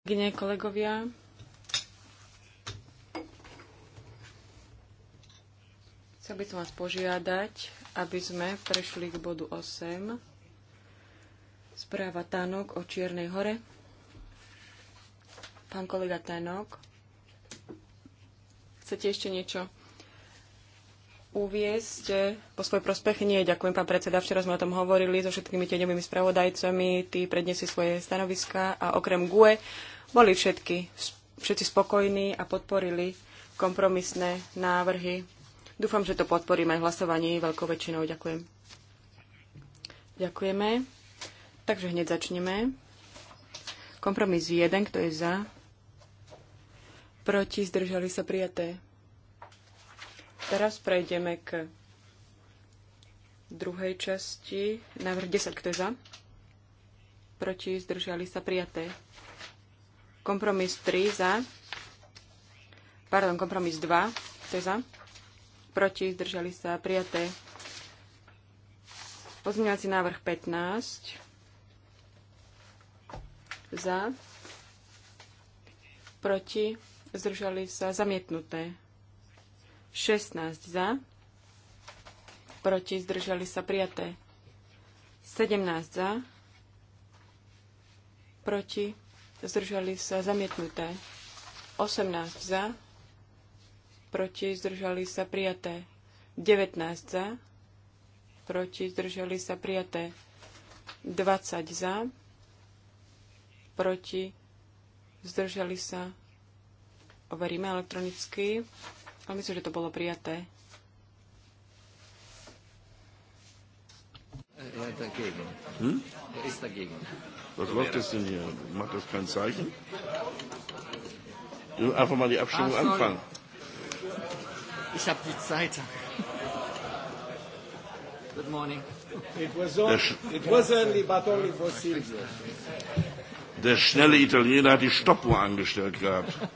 Kolegyne, kolegovia, chcel by som vás požiadať, aby sme prešli k bodu 8. Správa Tanok o Čiernej hore. Pán kolega Tanok, chcete ešte niečo uviesť po svoj prospech? Nie, ďakujem, pán predseda. Včera sme o tom hovorili so všetkými tieňovými spravodajcami. Tí predniesli svoje stanoviská a okrem GUE boli všetky, všetci spokojní a podporili kompromisné návrhy. Dúfam, že to podporíme aj hlasovaní veľkou väčšinou. Ďakujem. Ďakujeme. Takže hneď začneme. Kompromis 1, kto je za? Proti, zdržali sa prijaté. Teraz prejdeme k druhej časti. Návrh 10, kto je za? Proti, zdržali sa prijaté. Kompromis 3 za. Pardon, kompromis 2. Kto je za? Proti, zdržali sa, prijaté. Pozmeňovací návrh 15. Za. Proti, zdržali sa, zamietnuté. 16 za. Proti, zdržali sa, prijaté. 17 za. Proti, zdržali sa zamietnuté. 18 za, proti zdržali sa prijaté. 19 za, proti zdržali sa prijaté. 20 za, proti zdržali sa. Overíme elektronicky. A myslím, že to bolo prijaté. Eh, eh, hm? Was läuft das denn hier? Macht das kein Zeichen? Einfach mal die Abstimmung ah, anfangen. Ich habe die Zeit. Good morning. It was, on, it was early, but only for Silvio. Der schnelle Italiener hat die Stoppuhr angestellt gehabt.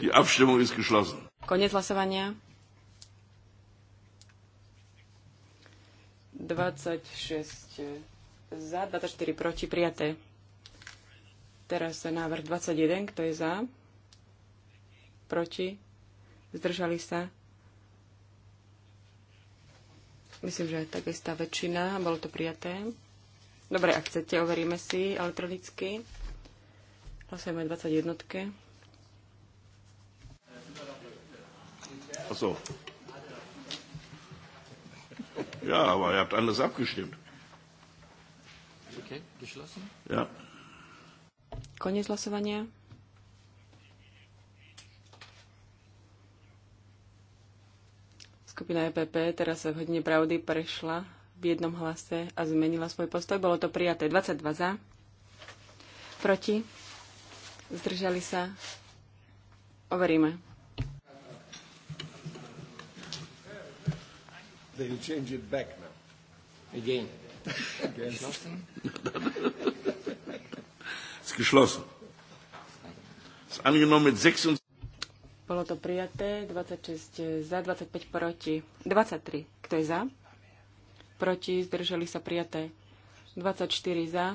Die Abstimmung ist geschlossen. Konec hlasovania. 26 eh, za, 24 proti, prijaté. Teraz návrh 21, kto je za, proti, zdržali sa. Myslím, že tak istá väčšina, bolo to prijaté. Dobre, ak chcete, overíme si elektronicky. Hlasujeme 21. Achso, ja, aber ihr habt anders abgestimmt. Okay, geschlossen? Ja. Koniec hlasovania. Skupina EPP teraz v hodine pravdy prešla v jednom hlase a zmenila svoj postoj. Bolo to prijaté 22 za, proti, zdržali sa. Overíme. They will change it back now. Again. Again. Geschlossen? Ist geschlossen. Ist angenommen mit 26. Bolo to prijaté, 26 eh, za, 25 proti, 23. Kto je za? Proti, zdržali sa prijaté. 24 za,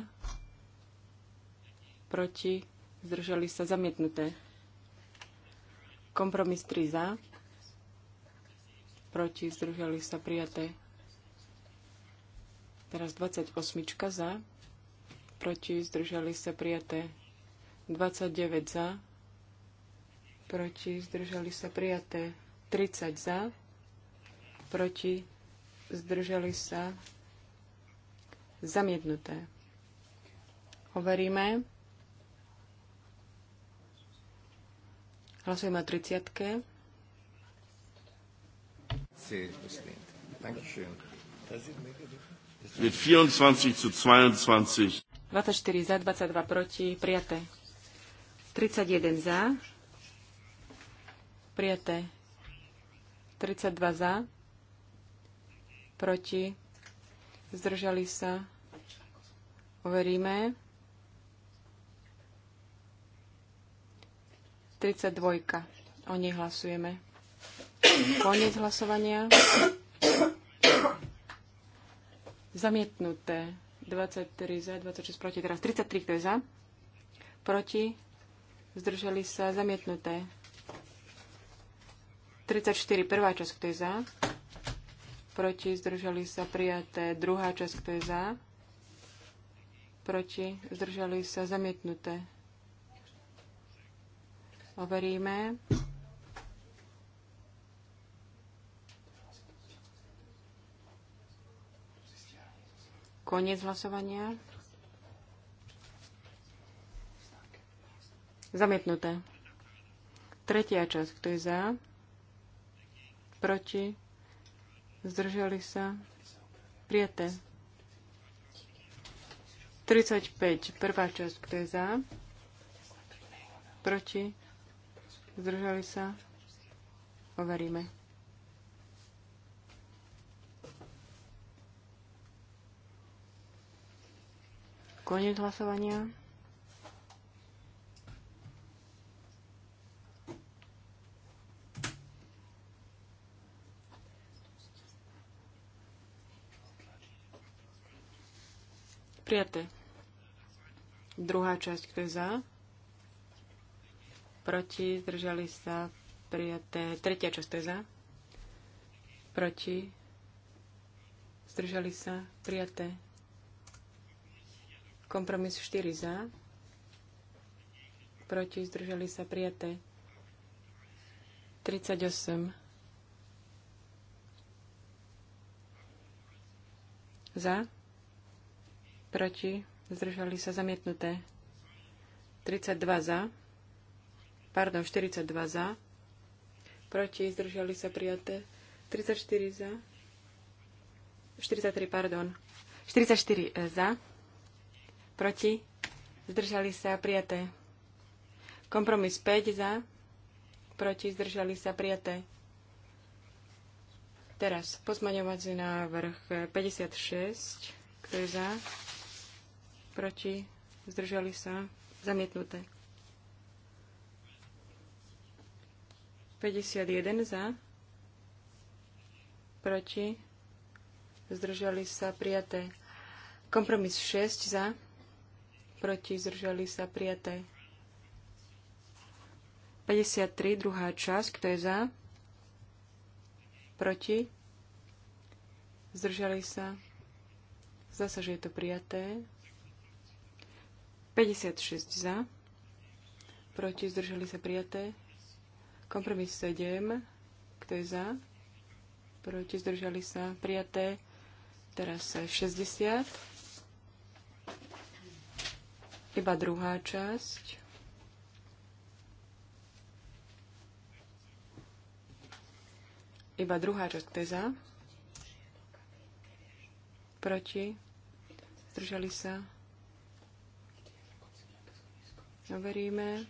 proti, zdržali sa zamietnuté. Kompromis 3 za, proti, zdržali sa prijaté. Teraz 28 za, proti, zdržali sa prijaté. 29 za, proti, zdržali sa prijaté. 30 za, proti, zdržali sa zamietnuté. Hovoríme. Hlasujeme o 30. 24 za, 22 proti, prijaté. 31 za, prijaté. 32 za, proti, zdržali sa, overíme. 32. O nej hlasujeme. Koniec hlasovania. Zamietnuté. 23 za, 26 proti. Teraz 33, kto je za? Proti. Zdržali sa. Zamietnuté. 34, prvá časť, kto je za? Proti. Zdržali sa. Prijaté. Druhá časť, kto je za? Proti. Zdržali sa. Zamietnuté. Overíme. Koniec hlasovania. Zamietnuté. Tretia časť. Kto je za? Proti? Zdržali sa? Prijaté. 35. Prvá časť. Kto je za? Proti? Zdržali sa? Overíme. Koniec hlasovania. Prijaté. Druhá časť, kto je za? Proti, zdržali sa, prijaté. Tretia časť, kto je za? Proti, zdržali sa, prijaté. Kompromis 4 za. Proti zdržali sa prijaté. 38 za. Proti zdržali sa zamietnuté. 32 za. Pardon, 42 za. Proti zdržali sa prijaté. 34 za. 43, pardon. 44 e, za proti, zdržali sa prijaté. Kompromis 5 za, proti, zdržali sa prijaté. Teraz pozmaňovací návrh 56, kto je za, proti, zdržali sa, zamietnuté. 51 za, proti, zdržali sa, prijaté. Kompromis 6 za, proti, zdržali sa prijaté. 53, druhá časť, kto je za, proti, zdržali sa, Zasa, že je to prijaté. 56 za, proti, zdržali sa prijaté. Kompromis 7, kto je za, proti, zdržali sa prijaté. Teraz 60 iba druhá časť. Iba druhá časť, kto je za? Proti? Zdržali sa? Veríme.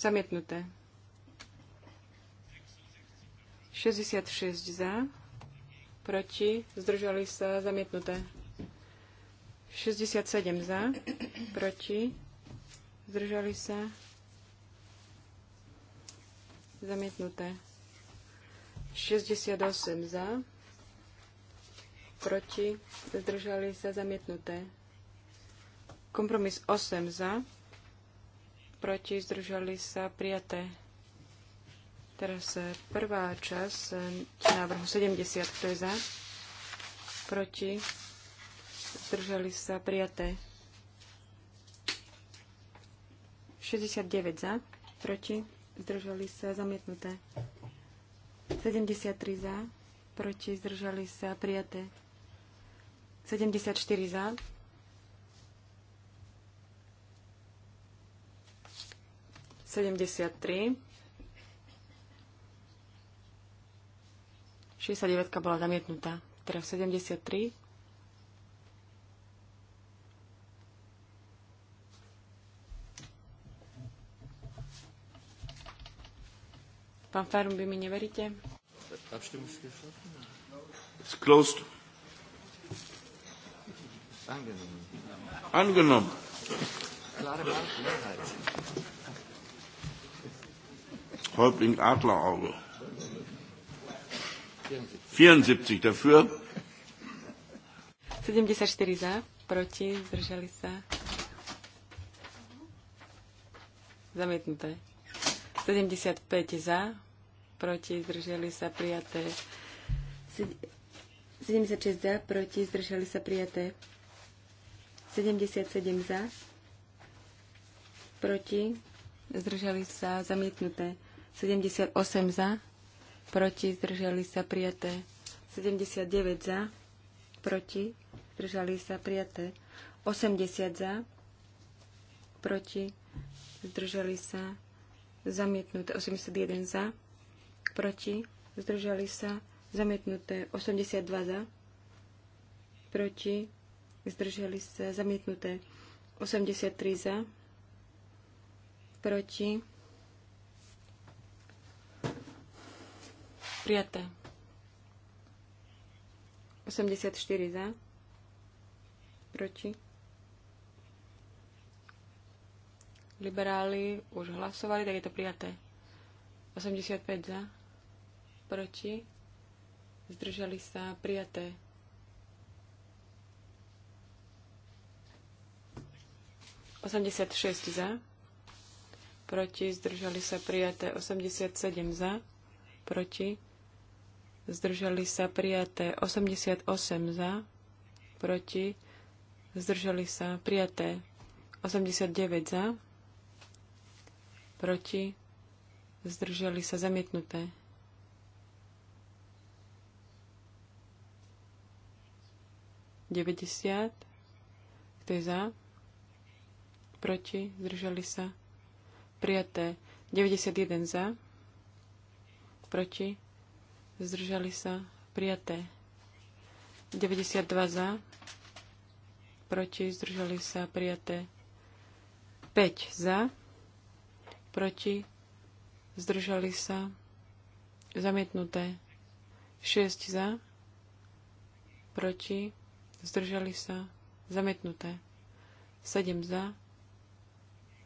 Zamietnuté. 66 za proti, zdržali sa, zamietnuté. 67 za, proti, zdržali sa, zamietnuté. 68 za, proti, zdržali sa, zamietnuté. Kompromis 8 za, proti, zdržali sa, prijaté. Teraz e, prvá časť e, návrhu 70. Kto je za? Proti? Zdržali sa prijaté. 69 za. Proti? Zdržali sa zamietnuté. 73 za. Proti? Zdržali sa prijaté. 74 za. Sedemdesiat tri 69 bola zamietnutá. Teraz 73. Pán Farum, vy mi neveríte? It's closed. Angenom. Angenom. Klare Häuptling Adlerauge. 74 dafür. 74 za, proti, zdržali sa. Zamietnuté. 75 za, proti, zdržali sa, prijaté. 76 za, proti, zdržali sa, prijaté. 77 za, proti, zdržali sa, zamietnuté. 78 za, proti, zdržali sa prijaté. 79 za, proti, zdržali sa prijaté. 80 za, proti, zdržali sa zamietnuté. 81 za, proti, zdržali sa zamietnuté. 82 za, proti, zdržali sa zamietnuté. 83 za, proti, Prijaté. 84 za. Proti. Liberáli už hlasovali, tak je to prijaté. 85 za. Proti. Zdržali sa. Prijaté. 86 za, proti zdržali sa prijaté 87 za, proti zdržali sa prijaté 88 za, proti, zdržali sa prijaté 89 za, proti, zdržali sa zamietnuté. Deväťdesiat, kto je za, proti, zdržali sa, prijaté 91 za, proti, zdržali sa, prijaté. 92 za, proti, zdržali sa, prijaté. 5 za, proti, zdržali sa, zamietnuté. 6 za, proti, zdržali sa, zamietnuté. 7 za,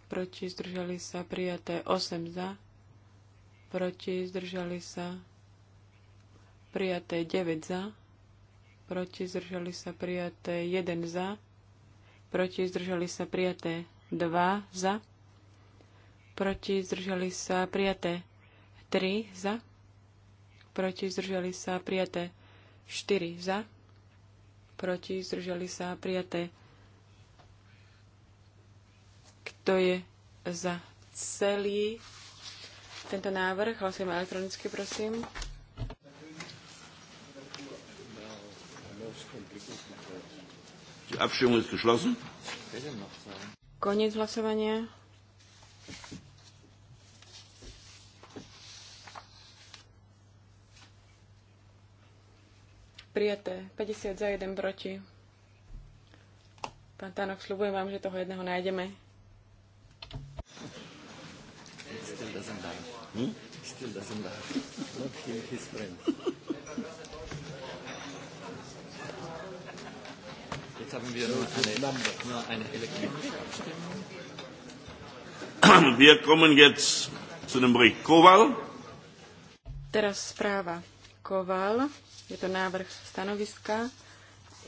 proti, zdržali sa, prijaté. 8 za, proti, zdržali sa, prijaté 9 za, proti zdržali sa prijaté 1 za, proti zdržali sa prijaté 2 za, proti zdržali sa prijaté 3 za, proti zdržali sa prijaté 4 za, proti zdržali sa prijaté. Kto je za celý tento návrh? Hlasujeme elektronicky, prosím. Abstimmung ist geschlossen. Koniec hlasovania. Prijaté. 50 za 1 proti. Pán Tánok, slúbujem vám, že toho jedného nájdeme. Still doesn't die. Hmm? Still doesn't die. Not him, his friend. Jetzt haben wir nur eine, nur eine elektronische Abstimmung. Wir kommen jetzt zu dem Bericht Koval. Teraz správa Koval. Je to návrh stanoviska.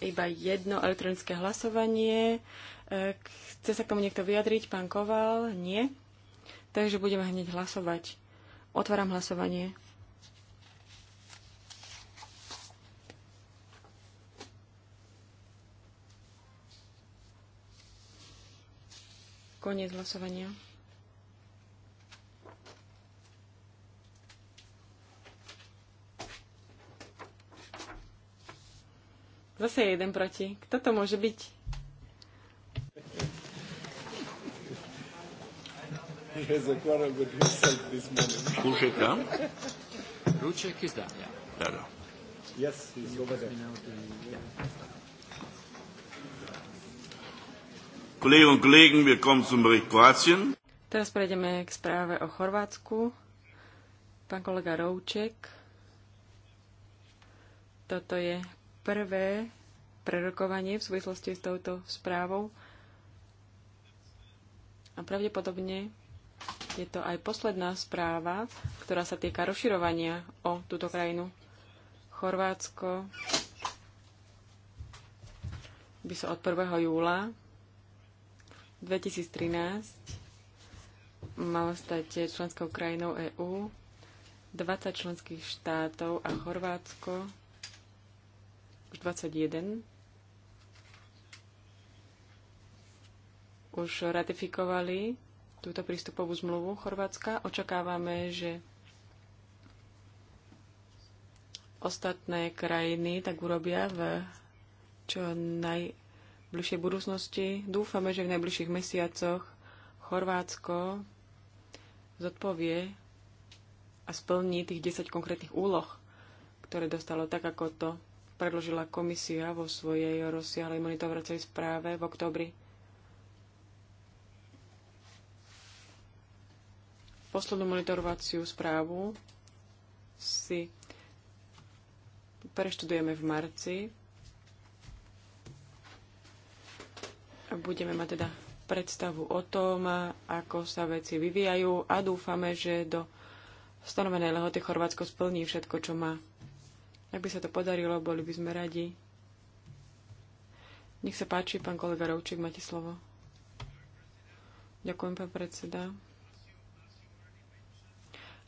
Iba jedno elektronické hlasovanie. E, chce sa k tomu niekto vyjadriť? Pán Koval? Nie. Takže budeme hneď hlasovať. Otváram hlasovanie. Koniec hlasovania. Zase je jeden proti. Kto to môže byť? Ruček tam? Ruček is down, yeah. Da, Yes, he's over there. Kolleginnen und Kollegen, zum Bericht Kroatien. Teraz prejdeme k správe o Chorvátsku. Pán kolega Rouček, toto je prvé prerokovanie v súvislosti s touto správou a pravdepodobne je to aj posledná správa, ktorá sa týka rozširovania o túto krajinu. Chorvátsko by sa od 1. júla 2013 malo stať členskou krajinou EÚ 20 členských štátov a Chorvátsko už 21 už ratifikovali túto prístupovú zmluvu Chorvátska. Očakávame, že ostatné krajiny tak urobia v čo naj v bližšej budúcnosti. Dúfame, že v najbližších mesiacoch Chorvátsko zodpovie a splní tých 10 konkrétnych úloh, ktoré dostalo tak, ako to predložila komisia vo svojej rozsiahlej monitorovacej správe v oktobri. Poslednú monitorovaciu správu si preštudujeme v marci Budeme mať teda predstavu o tom, ako sa veci vyvíjajú a dúfame, že do stanovenej lehoty Chorvátsko splní všetko, čo má. Ak by sa to podarilo, boli by sme radi. Nech sa páči, pán kolega Rovčík, máte slovo. Ďakujem, pán predseda.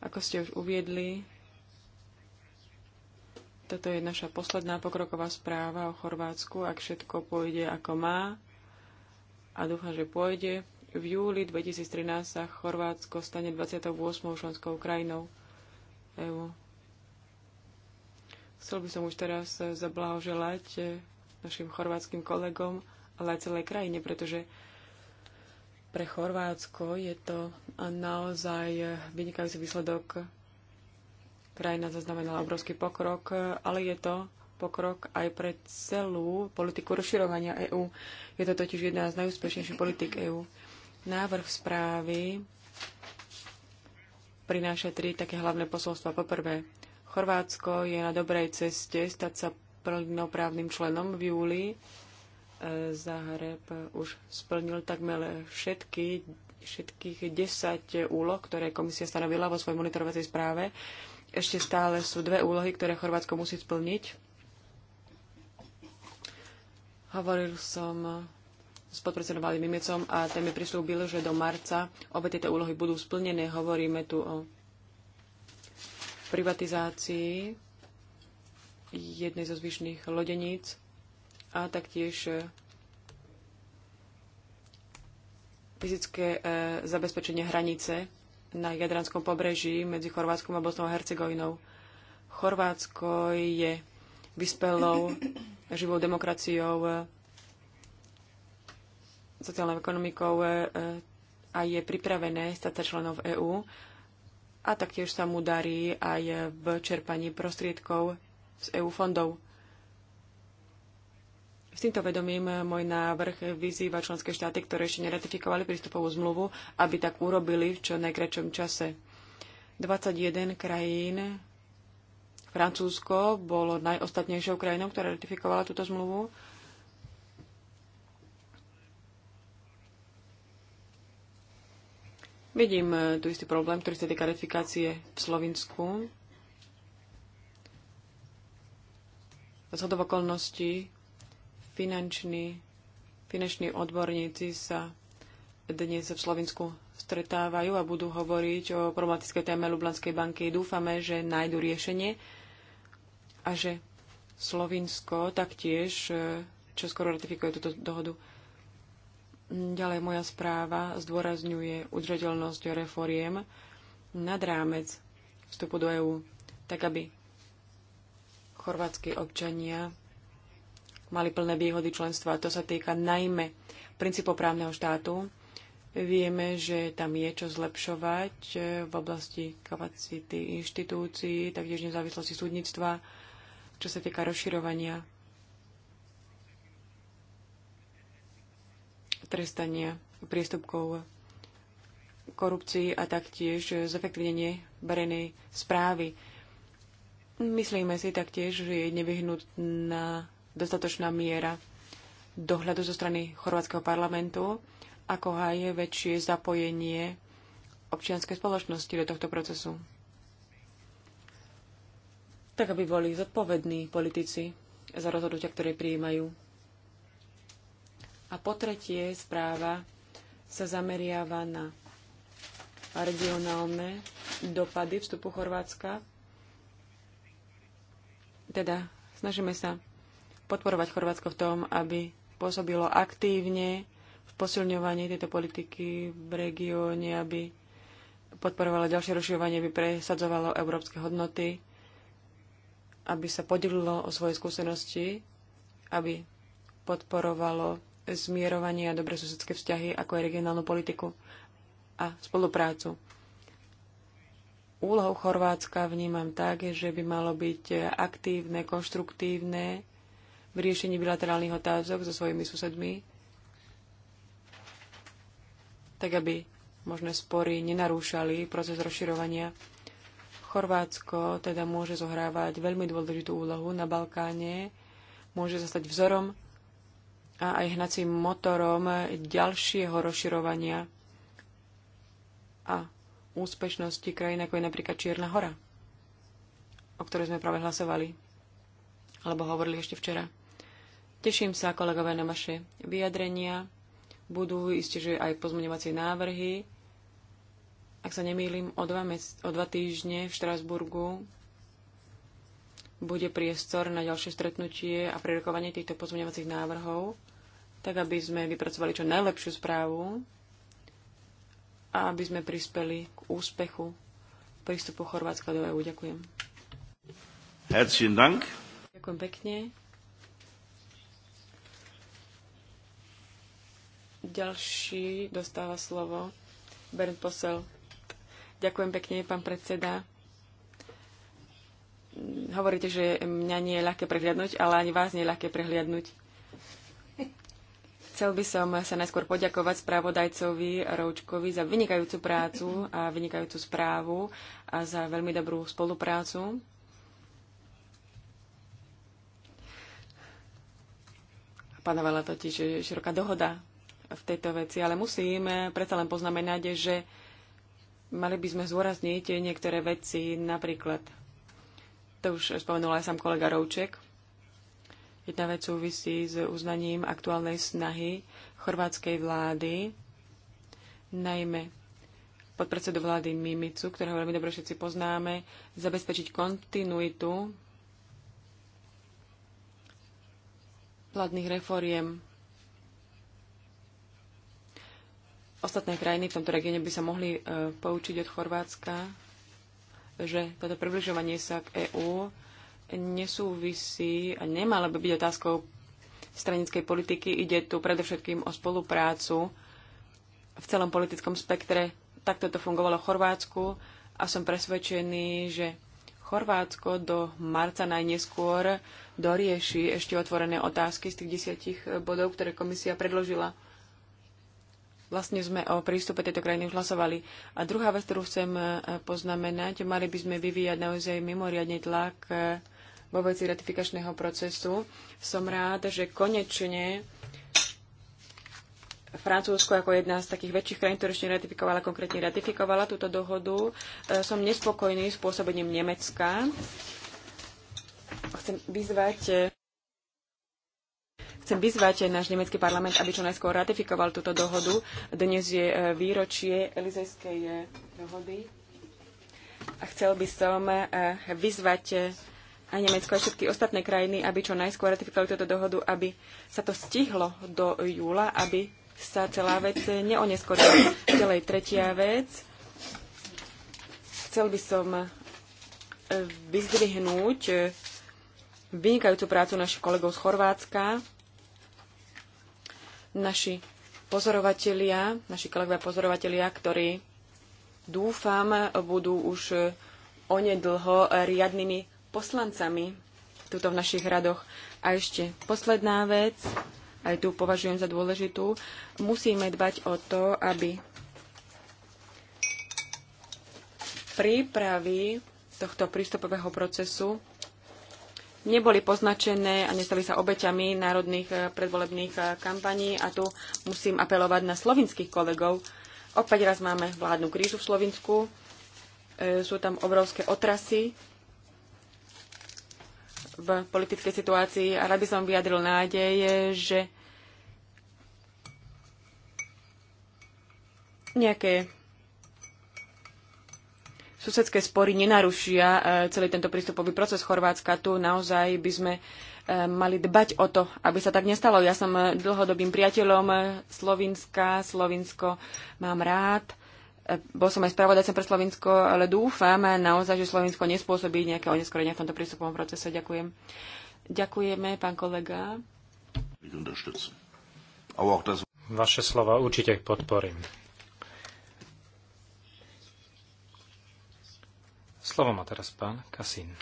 Ako ste už uviedli, toto je naša posledná pokroková správa o Chorvátsku. Ak všetko pôjde ako má, a dúfam, že pôjde. V júli 2013 sa Chorvátsko stane 28. členskou krajinou EÚ. Chcel by som už teraz zablahoželať e, našim chorvátskym kolegom, ale aj celej krajine, pretože pre Chorvátsko je to naozaj vynikajúci výsledok. Krajina zaznamenala obrovský pokrok, ale je to pokrok aj pre celú politiku rozširovania EÚ. Je to totiž jedna z najúspešnejších politik EÚ. Návrh správy prináša tri také hlavné posolstva. Poprvé, Chorvátsko je na dobrej ceste stať sa plnoprávnym členom v júli. E, Zahreb už splnil takmer všetky, všetkých 10 úloh, ktoré komisia stanovila vo svojej monitorovacej správe ešte stále sú dve úlohy, ktoré Chorvátsko musí splniť. Hovoril som s podpredsedom Valim Mimecom a ten mi prislúbil, že do marca obe tieto úlohy budú splnené. Hovoríme tu o privatizácii jednej zo zvyšných lodeníc a taktiež e, fyzické e, zabezpečenie hranice na Jadranskom pobreží medzi Chorvátskom a Bosnou a Hercegovinou. Chorvátsko je vyspelou živou demokraciou, e, sociálnou ekonomikou e, e, a je pripravené stať sa členom EÚ a taktiež sa mu darí aj v čerpaní prostriedkov z EÚ fondov. S týmto vedomím môj návrh vyzýva členské štáty, ktoré ešte neratifikovali prístupovú zmluvu, aby tak urobili v čo najkračom čase. 21 krajín Francúzsko bolo najostatnejšou krajinou, ktorá ratifikovala túto zmluvu. Vidím eh, tu istý problém, ktorý sa týka ratifikácie v Slovinsku. Zhodov okolností finanční, finanční odborníci sa dnes v Slovensku stretávajú a budú hovoriť o problematickej téme Lublanskej banky. Dúfame, že nájdu riešenie a že Slovinsko taktiež e, čo skoro ratifikuje túto dohodu. Ďalej moja správa zdôrazňuje udržateľnosť reforiem nad rámec vstupu do EÚ, tak aby chorvátsky občania mali plné výhody členstva. To sa týka najmä princípov právneho štátu. Vieme, že tam je čo zlepšovať e, v oblasti kapacity inštitúcií, taktiež nezávislosti súdnictva čo sa týka rozširovania trestania priestupkov korupcii a taktiež zefektívnenie verejnej správy. Myslíme si taktiež, že je nevyhnutná dostatočná miera dohľadu zo strany chorvátskeho parlamentu, ako aj väčšie zapojenie občianskej spoločnosti do tohto procesu tak aby boli zodpovední politici za rozhodnutia, ktoré prijímajú. A po tretie, správa sa zameriava na regionálne dopady vstupu Chorvátska. Teda snažíme sa podporovať Chorvátsko v tom, aby pôsobilo aktívne v posilňovaní tejto politiky v regióne, aby podporovalo ďalšie rozširovanie, aby presadzovalo európske hodnoty aby sa podelilo o svoje skúsenosti, aby podporovalo zmierovanie a susedské vzťahy, ako aj regionálnu politiku a spoluprácu. Úlohou Chorvátska vnímam tak, že by malo byť aktívne, konštruktívne v riešení bilaterálnych otázok so svojimi susedmi, tak aby možné spory nenarúšali proces rozširovania Chorvátsko teda môže zohrávať veľmi dôležitú úlohu na Balkáne, môže sa stať vzorom a aj hnacím motorom ďalšieho rozširovania a úspešnosti krajín, ako je napríklad Čierna hora, o ktorej sme práve hlasovali, alebo hovorili ešte včera. Teším sa, kolegové, na vaše vyjadrenia. Budú isté, že aj pozmeňovacie návrhy ak sa nemýlim, o dva, mes- o dva týždne v Štrasburgu bude priestor na ďalšie stretnutie a prerokovanie týchto pozmeňovacích návrhov, tak aby sme vypracovali čo najlepšiu správu a aby sme prispeli k úspechu prístupu Chorvátska do EU. Ďakujem. Herzlichen Dank. Ďakujem pekne. Ďalší dostáva slovo Bernd Posel. Ďakujem pekne, pán predseda. Hovoríte, že mňa nie je ľahké prehliadnúť, ale ani vás nie je ľahké prehliadnúť. Chcel by som sa najskôr poďakovať spravodajcovi Roučkovi za vynikajúcu prácu a vynikajúcu správu a za veľmi dobrú spoluprácu. Panovala totiž široká dohoda v tejto veci, ale musím predsa len poznamenať, že Mali by sme zúrazniť niektoré veci, napríklad, to už spomenul aj sám kolega Rouček, jedna vec súvisí s uznaním aktuálnej snahy chorvátskej vlády, najmä podpredsedu vlády Mimicu, ktorého veľmi dobre všetci poznáme, zabezpečiť kontinuitu vládnych reforiem ostatné krajiny v tomto regióne by sa mohli e, poučiť od Chorvátska, že toto približovanie sa k EÚ nesúvisí a nemalo by byť otázkou stranickej politiky. Ide tu predovšetkým o spoluprácu v celom politickom spektre. Takto to fungovalo v Chorvátsku a som presvedčený, že Chorvátsko do marca najneskôr dorieši ešte otvorené otázky z tých desiatich bodov, ktoré komisia predložila. Vlastne sme o prístupe tejto krajiny už hlasovali. A druhá vec, ktorú chcem e, poznamenať, mali by sme vyvíjať naozaj mimoriadný tlak e, vo veci ratifikačného procesu. Som rád, že konečne Francúzsko ako jedna z takých väčších krajín, ktoré ešte ratifikovala, konkrétne ratifikovala túto dohodu. E, som nespokojný s pôsobením Nemecka. Chcem vyzvať Chcem vyzvať náš nemecký parlament, aby čo najskôr ratifikoval túto dohodu. Dnes je e, výročie Elizejskej e, dohody. A chcel by som e, vyzvať a Nemecko a všetky ostatné krajiny, aby čo najskôr ratifikovali túto dohodu, aby sa to stihlo do júla, aby sa celá vec neoneskorila. Ďalej tretia vec. Chcel by som vyzdvihnúť vynikajúcu prácu našich kolegov z Chorvátska. Naši pozorovatelia, naši kolegovia pozorovatelia, ktorí dúfam budú už e, onedlho riadnymi poslancami tuto v našich radoch. A ešte posledná vec, aj tu považujem za dôležitú, musíme dbať o to, aby prípravy tohto prístupového procesu neboli poznačené a nestali sa obeťami národných e, predvolebných e, kampaní. A tu musím apelovať na slovinských kolegov. Opäť raz máme vládnu krízu v Slovinsku. E, sú tam obrovské otrasy v politickej situácii a rád by som vyjadril nádej, že nejaké susedské spory nenarušia e, celý tento prístupový proces Chorvátska. Tu naozaj by sme e, mali dbať o to, aby sa tak nestalo. Ja som e, dlhodobým priateľom Slovinska, Slovinsko mám rád. Bol som aj spravodajcom pre Slovinsko, ale dúfam naozaj, že Slovinsko nespôsobí nejaké oneskorenia v tomto prístupovom procese. Ďakujem. Ďakujeme, pán kolega. Vaše slova určite podporím. Slovo má teraz pán Kasín.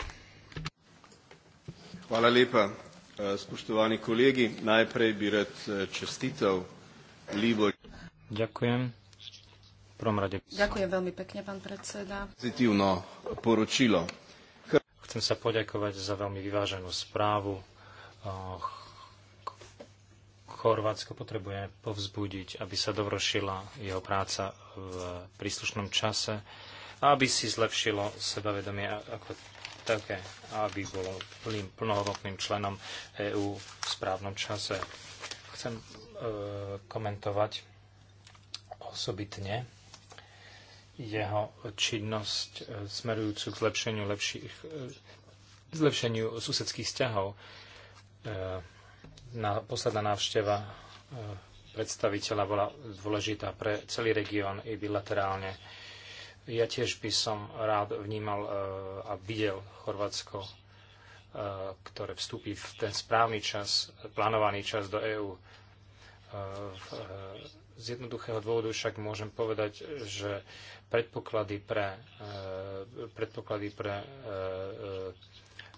Hvala lepa. E, spoštovani kolegi, najprej bi rad e, čestitev Ďakujem. Ďakujem veľmi pekne, pán predseda. Pozitívno poročilo. Chcem sa poďakovať za veľmi vyváženú správu. E, Chorvátsko potrebuje povzbudiť, aby sa dovršila jeho práca v príslušnom čase aby si zlepšilo sebavedomie ako také aby bolo plným, plnohodnotným členom EÚ v správnom čase. Chcem e, komentovať osobitne jeho činnosť e, smerujúcu k zlepšeniu, lepších, e, zlepšeniu susedských vzťahov. E, na, posledná návšteva e, predstaviteľa bola dôležitá pre celý región i bilaterálne ja tiež by som rád vnímal e, a videl Chorvátsko, e, ktoré vstúpi v ten správny čas, plánovaný čas do EÚ. E, z jednoduchého dôvodu však môžem povedať, že predpoklady pre, predpoklady pre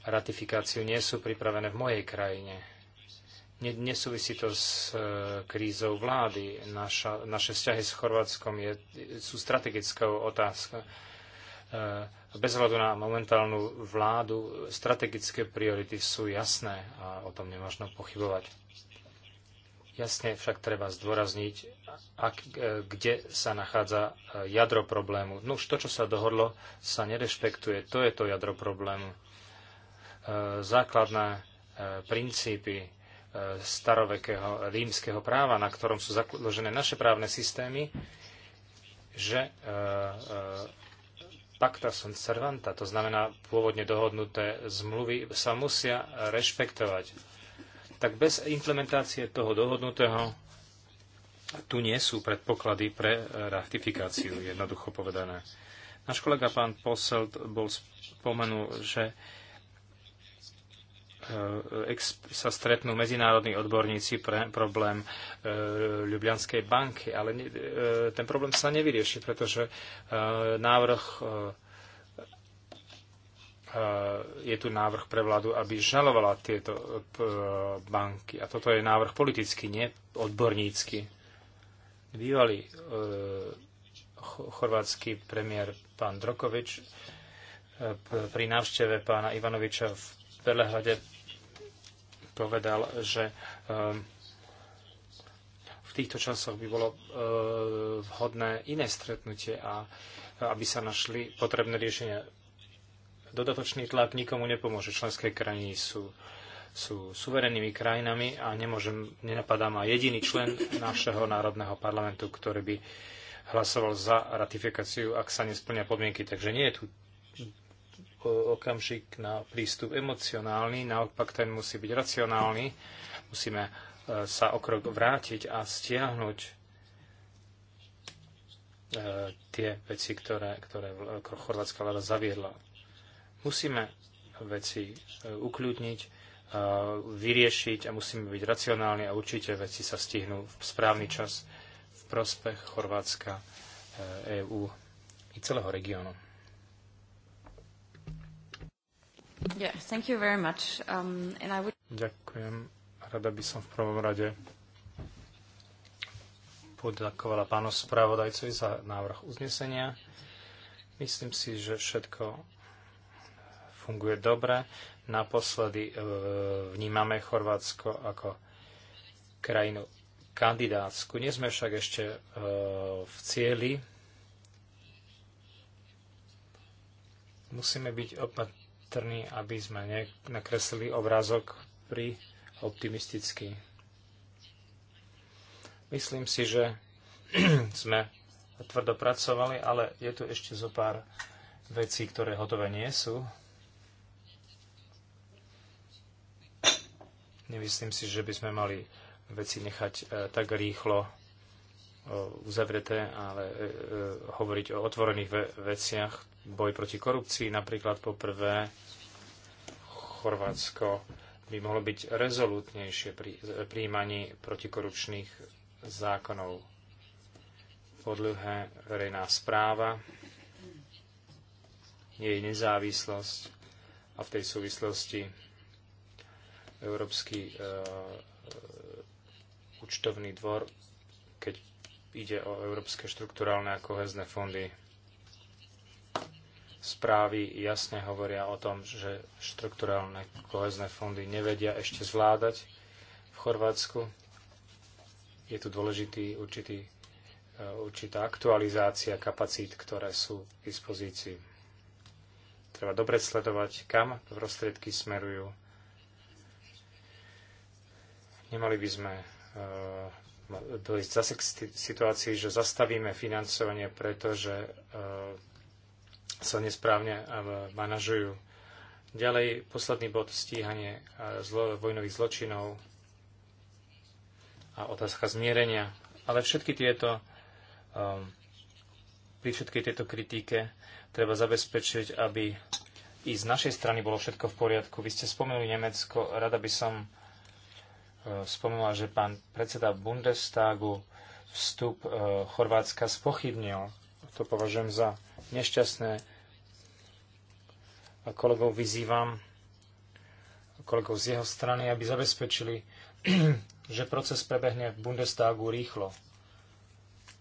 ratifikáciu nie sú pripravené v mojej krajine. Nesúvisí to s e, krízou vlády. Naša, naše vzťahy s Chorvátskom je, sú strategickou otázkou. E, bez hľadu na momentálnu vládu strategické priority sú jasné a o tom nemožno pochybovať. Jasne však treba zdôrazniť, ak, e, kde sa nachádza jadro problému. No už to, čo sa dohodlo, sa nerešpektuje. To je to jadro problému. Základné princípy starovekého rímskeho práva, na ktorom sú založené naše právne systémy, že e, e, pacta sunt servanta, to znamená pôvodne dohodnuté zmluvy, sa musia rešpektovať. Tak bez implementácie toho dohodnutého tu nie sú predpoklady pre ratifikáciu, jednoducho povedané. Náš kolega pán Posselt bol spomenul, že Eh, sa stretnú medzinárodní odborníci pre problém eh, Ljubljanskej banky, ale eh, ten problém sa nevyrieši, pretože návrh je tu návrh pre vládu, aby žalovala tieto banky. A toto je návrh politický, nie odbornícky. Bývalý chorvátsky premiér pán Drokovič pri návšteve pána Ivanoviča v Belehrade povedal, že ehm, v týchto časoch by bolo ehm, vhodné iné stretnutie a aby sa našli potrebné riešenia. Dodatočný tlak nikomu nepomôže. Členské krajiny sú, sú suverénnymi krajinami a nemôžem, nenapadá ma jediný člen našeho národného parlamentu, ktorý by hlasoval za ratifikáciu, ak sa nesplňa podmienky. Takže nie je tu okamžik na prístup emocionálny, naopak ten musí byť racionálny. Musíme e, sa o krok vrátiť a stiahnuť e, tie veci, ktoré, ktoré e, chorvátska vláda zaviedla. Musíme veci ukľudniť, vyriešiť a musíme byť racionálni a určite veci sa stihnú v správny čas v prospech Chorvátska, EÚ i celého regiónu. thank you very much. Um, and I would... Ďakujem. Rada by som v prvom rade poďakovala pánu spravodajcovi za návrh uznesenia. Myslím si, že všetko funguje dobre. Naposledy e, vnímame Chorvátsko ako krajinu kandidátsku. Nie sme však ešte e, v cieli. Musíme byť opatrní opatrní, aby sme nakreslili obrázok pri optimistický. Myslím si, že sme tvrdo pracovali, ale je tu ešte zo pár vecí, ktoré hotové nie sú. Nemyslím si, že by sme mali veci nechať e, tak rýchlo e, uzavreté, ale e, hovoriť o otvorených veciach, boj proti korupcii. Napríklad poprvé Chorvátsko by mohlo byť rezolútnejšie pri e, príjmaní protikorupčných zákonov. Po druhé, verejná správa, jej nezávislosť a v tej súvislosti Európsky e, e účtovný dvor, keď ide o európske štrukturálne a kohezné fondy, Správy jasne hovoria o tom, že štrukturálne kohezné fondy nevedia ešte zvládať v Chorvátsku. Je tu dôležitý určitý, e, určitá aktualizácia kapacít, ktoré sú k dispozícii. Treba dobre sledovať, kam prostriedky smerujú. Nemali by sme e, dojsť zase k situácii, že zastavíme financovanie, pretože e, sa nesprávne e, manažujú. Ďalej, posledný bod, stíhanie e, zlo, vojnových zločinov a otázka zmierenia. Ale všetky tieto, um, pri všetkej tejto kritike treba zabezpečiť, aby i z našej strany bolo všetko v poriadku. Vy ste spomenuli Nemecko, rada by som uh, spomenula, že pán predseda Bundestagu vstup uh, Chorvátska spochybnil. To považujem za nešťastné a kolegov vyzývam, kolegov z jeho strany, aby zabezpečili, že proces prebehne v Bundestagu rýchlo.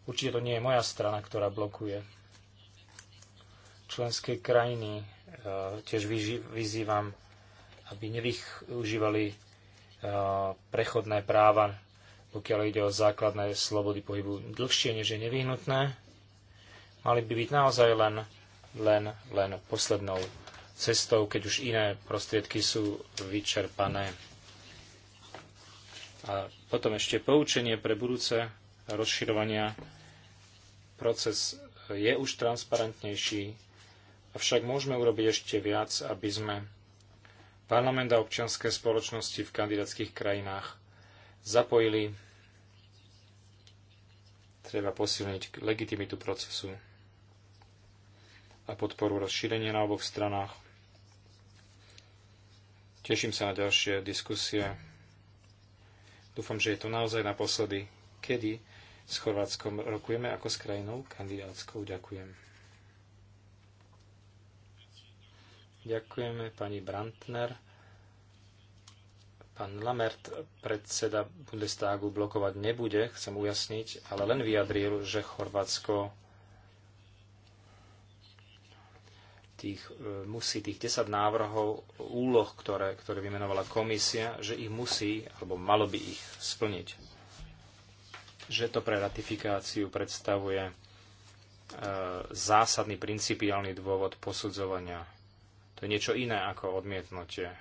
Určite to nie je moja strana, ktorá blokuje členské krajiny. E, tiež vyzývam, aby nevyužívali e, prechodné práva, pokiaľ ide o základné slobody pohybu dlhšie, než je nevyhnutné. Mali by byť naozaj len, len, len poslednou cestou, keď už iné prostriedky sú vyčerpané. A potom ešte poučenie pre budúce rozširovania. Proces je už transparentnejší, avšak môžeme urobiť ešte viac, aby sme parlament a občianské spoločnosti v kandidátskych krajinách zapojili. Treba posilniť legitimitu procesu a podporu rozšírenia na oboch stranách. Teším sa na ďalšie diskusie. Dúfam, že je to naozaj naposledy, kedy s Chorvátskom rokujeme ako s krajinou kandidátskou. Ďakujem. Ďakujeme pani Brantner. Pán Lamert, predseda Bundestagu, blokovať nebude, chcem ujasniť, ale len vyjadril, že Chorvátsko tých, e, musí tých 10 návrhov úloh, ktoré, ktoré vymenovala komisia, že ich musí, alebo malo by ich splniť. Že to pre ratifikáciu predstavuje e, zásadný principiálny dôvod posudzovania. To je niečo iné ako odmietnutie.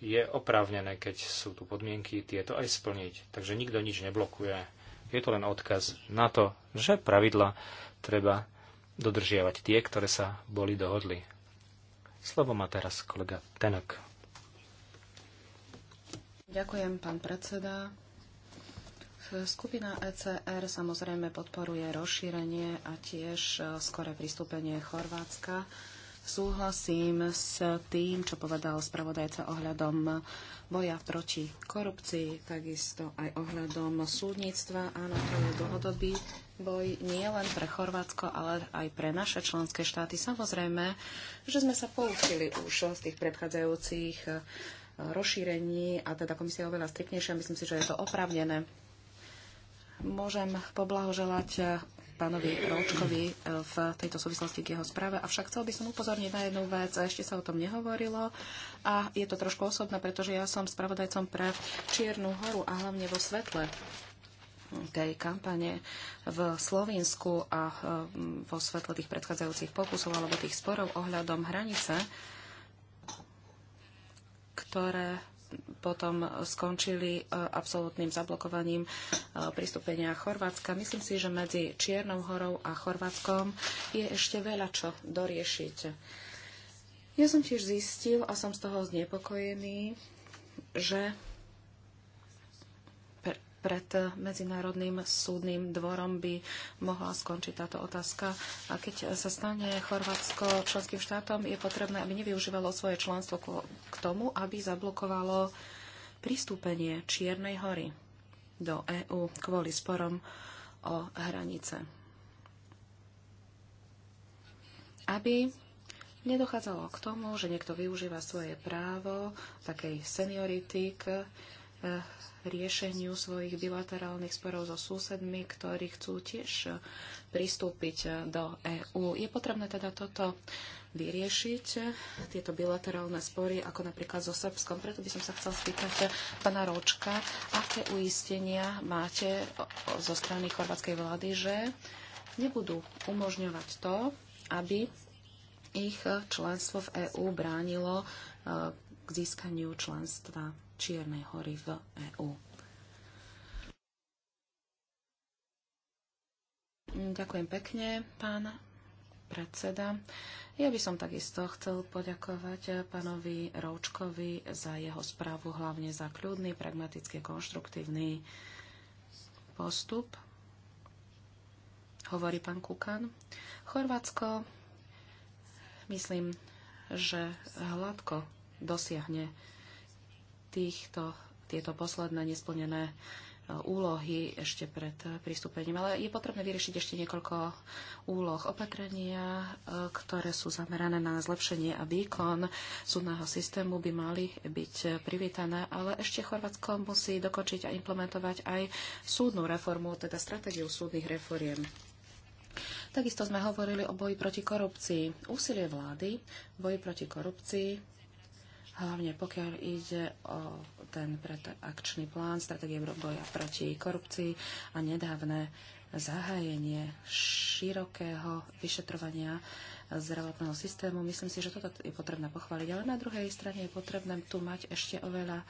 Je oprávnené, keď sú tu podmienky, tieto aj splniť. Takže nikto nič neblokuje. Je to len odkaz na to, že pravidla treba dodržiavať tie, ktoré sa boli dohodli. Slovo má teraz kolega Tenok. Ďakujem, pán predseda. Skupina ECR samozrejme podporuje rozšírenie a tiež eh, skore pristúpenie Chorvátska Súhlasím s tým, čo povedal spravodajca ohľadom boja proti korupcii, takisto aj ohľadom súdnictva. Áno, to je dlhodobý boj nie len pre Chorvátsko, ale aj pre naše členské štáty. Samozrejme, že sme sa poučili už z tých predchádzajúcich eh, rozšírení a teda komisia je oveľa striknejšia, Myslím si, že je to opravnené. Môžem poblahoželať eh, pánovi Roučkovi e, v tejto súvislosti k jeho správe. Avšak chcel by som upozorniť na jednu vec, a ešte sa o tom nehovorilo a je to trošku osobné, pretože ja som spravodajcom pre Čiernu horu a hlavne vo svetle tej kampane v Slovensku a e, vo svetle tých predchádzajúcich pokusov alebo tých sporov ohľadom hranice, ktoré potom skončili e, absolútnym zablokovaním e, pristúpenia Chorvátska. Myslím si, že medzi Čiernou horou a Chorvátskom je ešte veľa čo doriešiť. Ja som tiež zistil a som z toho znepokojený, že pred Medzinárodným súdnym dvorom by mohla skončiť táto otázka. A keď sa stane Chorvátsko členským štátom, je potrebné, aby nevyužívalo svoje členstvo k tomu, aby zablokovalo pristúpenie Čiernej hory do EÚ kvôli sporom o hranice. Aby nedochádzalo k tomu, že niekto využíva svoje právo takej seniority k Eh, riešeniu svojich bilaterálnych sporov so susedmi, ktorí chcú tiež eh, pristúpiť eh, do EÚ. Je potrebné teda toto vyriešiť, tieto bilaterálne spory, ako napríklad so Srbskom. Preto by som sa chcel spýtať pana Ročka, aké uistenia máte zo strany chorvátskej vlády, že nebudú umožňovať to, aby ich členstvo v EÚ bránilo k získaniu členstva Čiernej hory v EÚ. Ďakujem pekne, pán predseda. Ja by som takisto chcel poďakovať pánovi Roučkovi za jeho správu, hlavne za kľudný, pragmatický, konštruktívny postup. Hovorí pán Kukan. Chorvátsko, myslím, že hladko dosiahne týchto, tieto posledné nesplnené e, úlohy ešte pred pristúpením. Ale je potrebné vyriešiť ešte niekoľko úloh opatrenia, e, ktoré sú zamerané na zlepšenie a výkon súdneho systému by mali byť privítané, ale ešte Chorvátsko musí dokončiť a implementovať aj súdnu reformu, teda stratégiu súdnych reforiem. Takisto sme hovorili o boji proti korupcii. Úsilie vlády, boji proti korupcii hlavne pokiaľ ide o ten akčný plán stratégie boja proti korupcii a nedávne zahájenie širokého vyšetrovania zdravotného systému. Myslím si, že toto je potrebné pochváliť, ale na druhej strane je potrebné tu mať ešte oveľa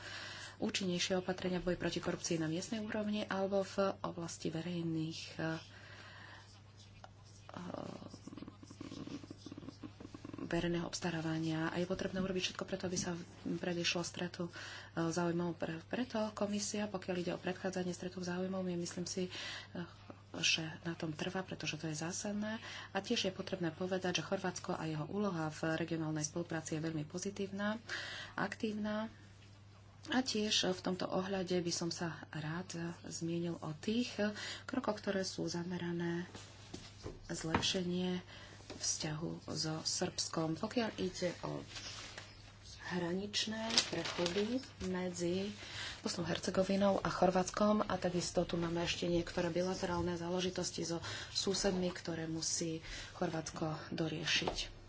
účinnejšie opatrenia boj boji proti korupcii na miestnej úrovni alebo v oblasti verejných eh, verejného obstarávania a je potrebné urobiť všetko preto, aby sa predišlo stretu e, záujmov. Preto komisia, pokiaľ ide o predchádzanie stretu záujmov, my myslím si, e, že na tom trvá, pretože to je zásadné. A tiež je potrebné povedať, že Chorvátsko a jeho úloha v regionálnej spolupráci je veľmi pozitívna, aktívna. A tiež v tomto ohľade by som sa rád zmienil o tých krokoch, ktoré sú zamerané zlepšenie vzťahu so Srbskom. Pokiaľ ide o hraničné prechody medzi Bosnou Hercegovinou a Chorvátskom a takisto tu máme ešte niektoré bilaterálne záležitosti so susedmi, ktoré musí Chorvátsko doriešiť.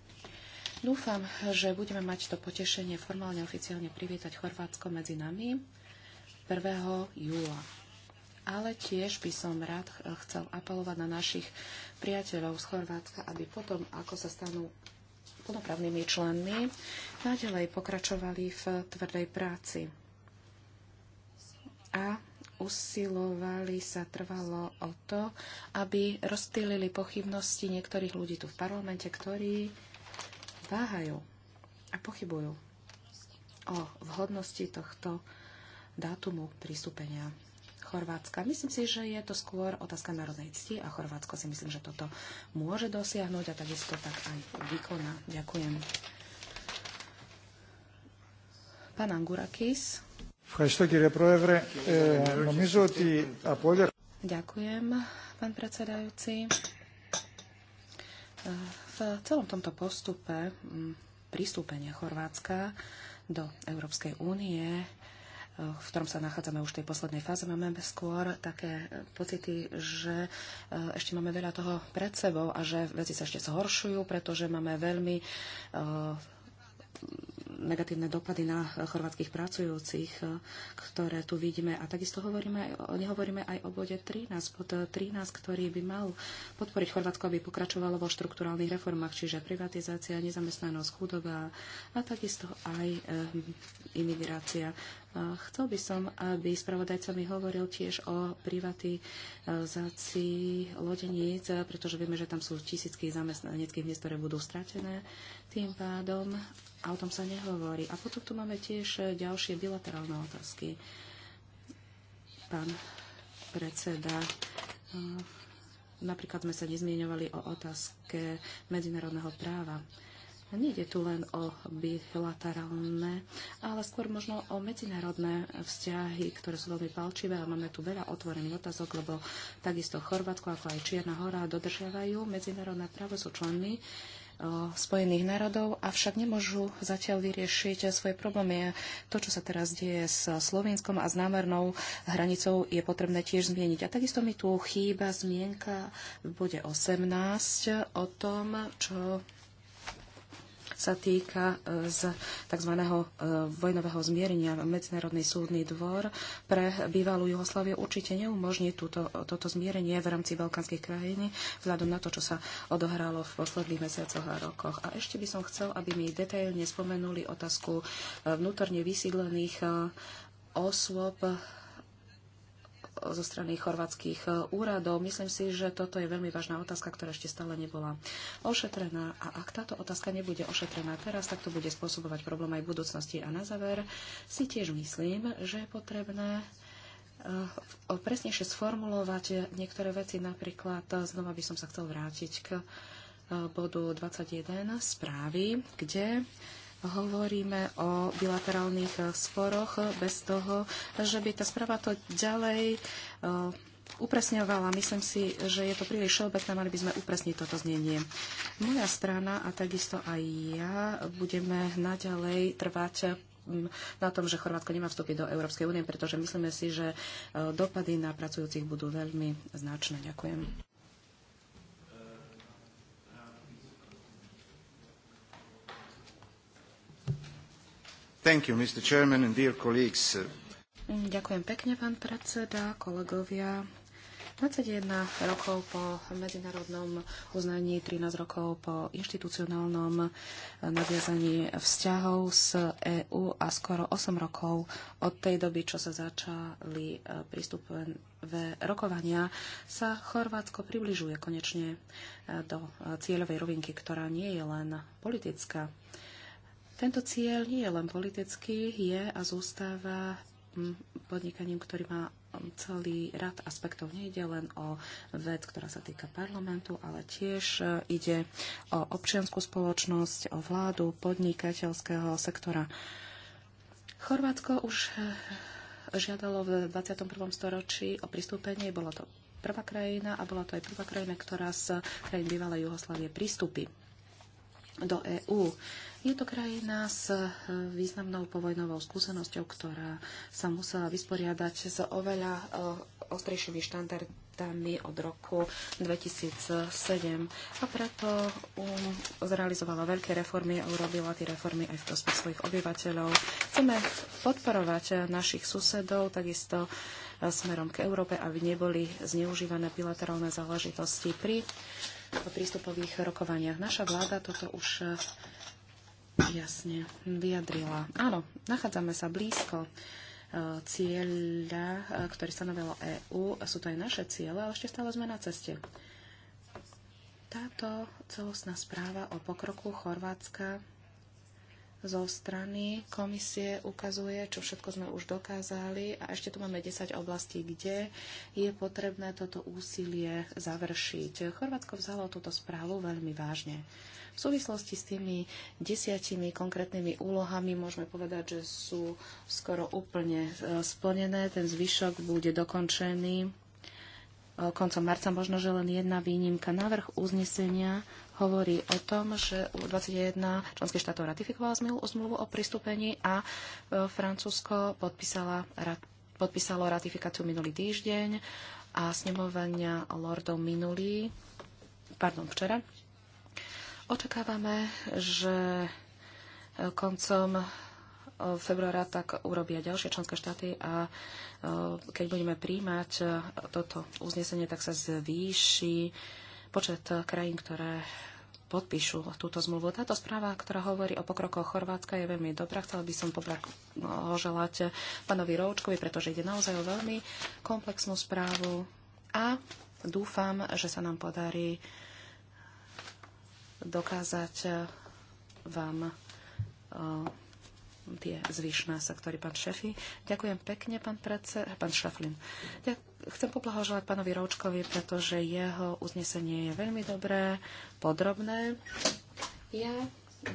Dúfam, že budeme mať to potešenie formálne oficiálne privítať Chorvátsko medzi nami 1. júla ale tiež by som rád chcel apelovať na našich priateľov z Chorvátska, aby potom, ako sa stanú plnopravnými členmi, naďalej pokračovali v tvrdej práci a usilovali sa trvalo o to, aby rozptýlili pochybnosti niektorých ľudí tu v parlamente, ktorí váhajú a pochybujú o vhodnosti tohto dátumu pristúpenia Chorvátska. Myslím si, že je to skôr otázka národnej cti a Chorvátsko si myslím, že toto môže dosiahnuť a takisto tak aj vykoná. Ďakujem. Pán Angurakis. Ďakujem, pán predsedajúci. V celom tomto postupe pristúpenia Chorvátska do Európskej únie v ktorom sa nachádzame už v tej poslednej fáze, máme skôr také e, pocity, že e, ešte máme veľa toho pred sebou a že veci sa ešte zhoršujú, pretože máme veľmi e, negatívne dopady na chorvátskych pracujúcich, ktoré tu vidíme. A takisto hovoríme, nehovoríme aj o bode 13, bod 13, ktorý by mal podporiť Chorvátsko, aby pokračovalo vo štruktúrálnych reformách, čiže privatizácia, nezamestnanosť, chudoba a takisto aj imigrácia. Chcel by som, aby spravodajca mi hovoril tiež o privatizácii lodeníc, pretože vieme, že tam sú tisícky zamestnaneckých miest, ktoré budú stratené tým pádom a o tom sa nehovorí. A potom tu máme tiež ďalšie bilaterálne otázky. Pán predseda, eh, napríklad sme sa nezmienovali o otázke medzinárodného práva. Nejde tu len o bilaterálne, ale skôr možno o medzinárodné vzťahy, ktoré sú veľmi palčivé a máme tu veľa otvorených otázok, lebo takisto Chorvátsko ako aj Čierna hora dodržiavajú medzinárodné právo, sú členmi Spojených národov, avšak nemôžu zatiaľ vyriešiť svoje problémy. To, čo sa teraz deje s Slovinskom a s námernou hranicou, je potrebné tiež zmieniť. A takisto mi tu chýba zmienka v bode 18 o tom, čo sa týka e, z tzv. E, vojnového zmierenia. Medzinárodný súdny dvor pre bývalú Jugosláviu určite neumožní túto, toto zmierenie v rámci balkánskych krajín vzhľadom na to, čo sa odohralo v posledných mesiacoch a rokoch. A ešte by som chcel, aby mi detailne spomenuli otázku e, vnútorne vysídlených osôb zo strany chorvátskych e, úradov. Myslím si, že toto je veľmi vážna otázka, ktorá ešte stále nebola ošetrená. A ak táto otázka nebude ošetrená teraz, tak to bude spôsobovať problém aj v budúcnosti. A na záver si tiež myslím, že je potrebné e, presnejšie sformulovať niektoré veci. Napríklad e, znova by som sa chcel vrátiť k bodu 21 správy, kde hovoríme o bilaterálnych eh, sporoch eh, bez toho, že by tá správa to ďalej eh, upresňovala. Myslím si, že je to príliš všeobecné, mali by sme upresniť toto znenie. Moja strana a takisto aj ja budeme naďalej trvať na tom, že Chorvátsko nemá vstúpiť do Európskej únie, pretože myslíme si, že dopady na pracujúcich budú veľmi značné. Ďakujem. Thank you, Mr. Chairman and dear colleagues. Ďakujem pekne, pán predseda, kolegovia. 21 rokov po medzinárodnom uznaní, 13 rokov po inštitucionálnom nadviazaní vzťahov z EÚ a skoro 8 rokov od tej doby, čo sa začali e, prístupové rokovania, sa Chorvátsko približuje konečne e, do e, cieľovej rovinky, ktorá nie je len politická tento cieľ nie je len politický, je a zostáva mm, podnikaním, ktorý má mm, celý rad aspektov. Nejde len o vec, ktorá sa týka parlamentu, ale tiež e, ide o občianskú spoločnosť, o vládu podnikateľského sektora. Chorvátsko už e, žiadalo v 21. storočí o pristúpenie. Bolo to prvá krajina a bola to aj prvá krajina, ktorá z krajín bývalej Juhoslavie pristúpi do EÚ. Je to krajina s e, významnou povojnovou skúsenosťou, ktorá sa musela vysporiadať s oveľa e, ostrejšími štandardami od roku 2007. A preto um, zrealizovala veľké reformy a urobila tie reformy aj v prospech svojich obyvateľov. Chceme podporovať našich susedov, takisto e, smerom k Európe, aby neboli zneužívané bilaterálne záležitosti pri v prístupových rokovaniach. Naša vláda toto už e, jasne vyjadrila. Áno, nachádzame sa blízko e, cieľa, e, ktorý stanovilo EÚ. Sú to aj naše ciele, ale ešte stále sme na ceste. Táto celostná správa o pokroku Chorvátska zo strany komisie ukazuje, čo všetko sme už dokázali a ešte tu máme 10 oblastí, kde je potrebné toto úsilie završiť. Chorvátsko vzalo túto správu veľmi vážne. V súvislosti s tými desiatimi konkrétnymi úlohami môžeme povedať, že sú skoro úplne e, splnené. Ten zvyšok bude dokončený e, koncom marca, možno, že len jedna výnimka. Návrh uznesenia hovorí o tom, že 21 členských štátov ratifikovala zmluvu, o pristúpení a e, Francúzsko podpísala, podpísalo ratifikáciu minulý týždeň a snemovania lordov minulý, pardon, včera. Očakávame, že e, koncom e, februára tak urobia ďalšie členské štáty a keď budeme príjmať toto uznesenie, tak sa zvýši počet eh, krajín, ktoré podpíšu túto zmluvu. Táto správa, ktorá hovorí o pokrokoch Chorvátska, je veľmi dobrá. Chcela by som poželať eh, pánovi Roučkovi, pretože ide naozaj o veľmi komplexnú správu a dúfam, že sa nám podarí dokázať eh, vám tie zvyšná sektory. Pán Šefi, ďakujem pekne, pán, prece, pán Šaflin. Ďakujem chcem poblahoželať pánovi Roučkovi, pretože jeho uznesenie je veľmi dobré, podrobné. Ja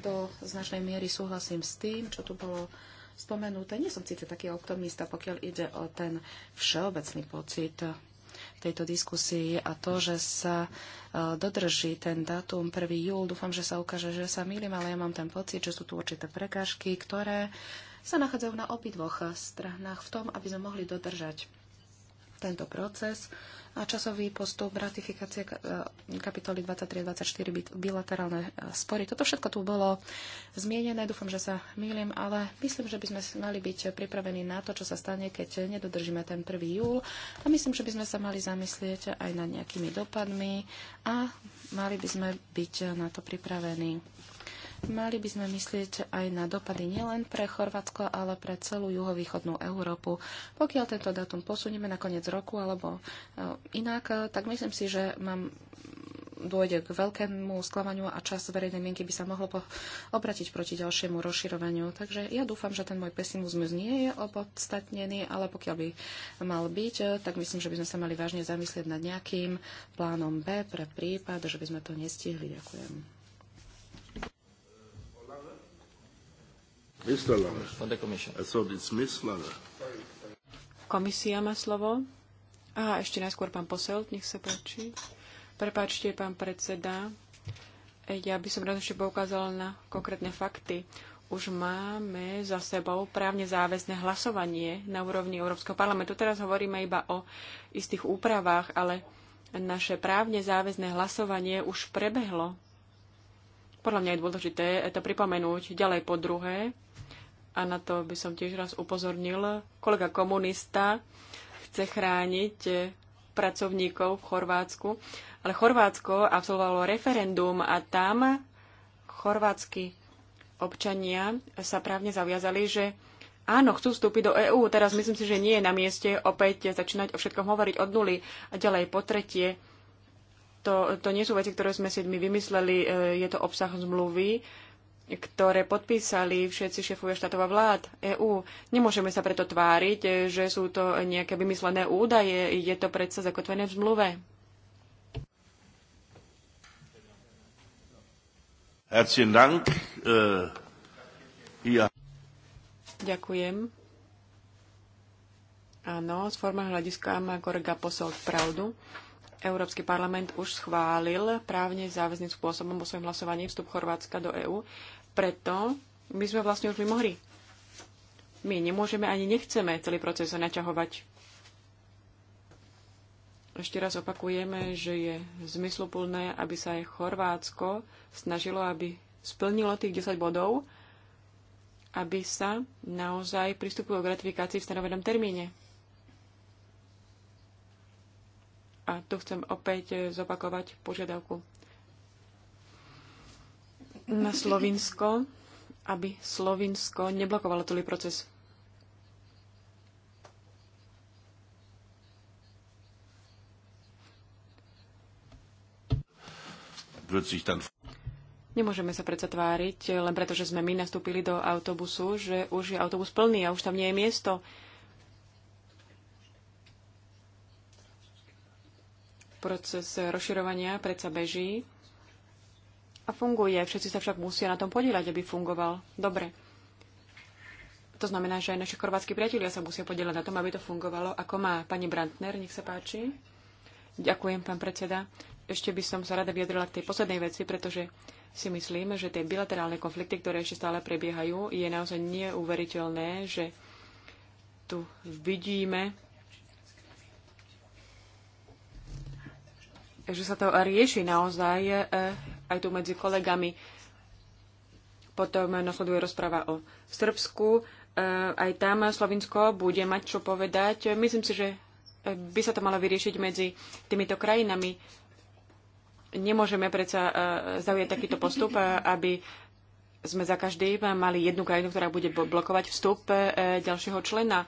do značnej miery súhlasím s tým, čo tu bolo spomenuté. Nie som síce taký optimista, pokiaľ ide o ten všeobecný pocit tejto diskusii a to, že sa e, dodrží ten dátum 1. júl. Dúfam, že sa ukáže, že sa milím, ale ja mám ten pocit, že sú tu určité prekážky, ktoré sa nachádzajú na obidvoch stranách v tom, aby sme mohli dodržať tento proces a časový postup ratifikácie e, kapitoly 23-24 bilaterálne e, spory. Toto všetko tu bolo zmienené, dúfam, že sa mýlim, ale myslím, že by sme mali byť pripravení na to, čo sa stane, keď nedodržíme ten 1. júl a myslím, že by sme sa mali zamyslieť aj nad nejakými dopadmi a mali by sme byť na to pripravení. Mali by sme myslieť aj na dopady nielen pre Chorvátsko, ale pre celú juhovýchodnú Európu. Pokiaľ tento dátum posunieme na koniec roku alebo e, inak, e, tak myslím si, že mám dôjde k veľkému sklamaniu a čas verejnej mienky by sa mohlo po- obratiť proti ďalšiemu rozširovaniu. Takže ja dúfam, že ten môj pesimizmus nie je opodstatnený, ale pokiaľ by mal byť, e, tak myslím, že by sme sa mali vážne zamyslieť nad nejakým plánom B pre prípad, že by sme to nestihli. Ďakujem. Mr. Lange. the commission. I thought it's Lange. Komisia má slovo. A ešte najskôr pán posel, nech sa páči. Prepáčte, pán predseda. Ja by som rád ešte poukázala na konkrétne fakty. Už máme za sebou právne záväzné hlasovanie na úrovni Európskeho parlamentu. Teraz hovoríme iba o istých úpravách, ale naše právne záväzné hlasovanie už prebehlo podľa mňa je dôležité to pripomenúť ďalej po druhé. A na to by som tiež raz upozornil. Kolega komunista chce chrániť pracovníkov v Chorvátsku. Ale Chorvátsko absolvovalo referendum a tam chorvátsky občania sa právne zaviazali, že áno, chcú vstúpiť do EÚ. Teraz myslím si, že nie je na mieste opäť začínať o všetkom hovoriť od nuly. A ďalej po tretie, to, to nie sú veci, ktoré sme si my vymysleli, e, je to obsah zmluvy, ktoré podpísali všetci šéfovia štátov a vlád EÚ. Nemôžeme sa preto tváriť, že sú to nejaké vymyslené údaje, je to predsa zakotvené v zmluve. Herzlichen Dank. ja. Äh, Ďakujem. Áno, z forma hľadiska má korega posol pravdu. Európsky parlament už schválil právne záväzným spôsobom vo svojom hlasovaní vstup Chorvátska do EÚ. Preto my sme vlastne už by mohli. My nemôžeme ani nechceme celý proces naťahovať. Ešte raz opakujeme, že je zmysluplné, aby sa aj Chorvátsko snažilo, aby splnilo tých 10 bodov, aby sa naozaj pristúpilo k ratifikácii v stanovenom termíne. A tu chcem opäť e, zopakovať požiadavku na Slovinsko, aby Slovinsko neblokovalo celý proces. Nemôžeme sa predsa tváriť, len preto, že sme my nastúpili do autobusu, že už je autobus plný a už tam nie je miesto. Proces rozširovania predsa beží a funguje. Všetci sa však musia na tom podielať, aby fungoval dobre. To znamená, že aj naši chorvátsky priatelia sa musia podielať na tom, aby to fungovalo, ako má pani Brantner. Nech sa páči. Ďakujem, pán predseda. Ešte by som sa rada vyjadrila k tej poslednej veci, pretože si myslím, že tie bilaterálne konflikty, ktoré ešte stále prebiehajú, je naozaj neuveriteľné, že tu vidíme že sa to rieši naozaj e, aj tu medzi kolegami. Potom nasleduje rozpráva o Srbsku. E, aj tam Slovinsko bude mať čo povedať. Myslím si, že by sa to malo vyriešiť medzi týmito krajinami. Nemôžeme predsa e, zaujať takýto postup, aby sme za každým mali jednu krajinu, ktorá bude blokovať vstup ďalšieho člena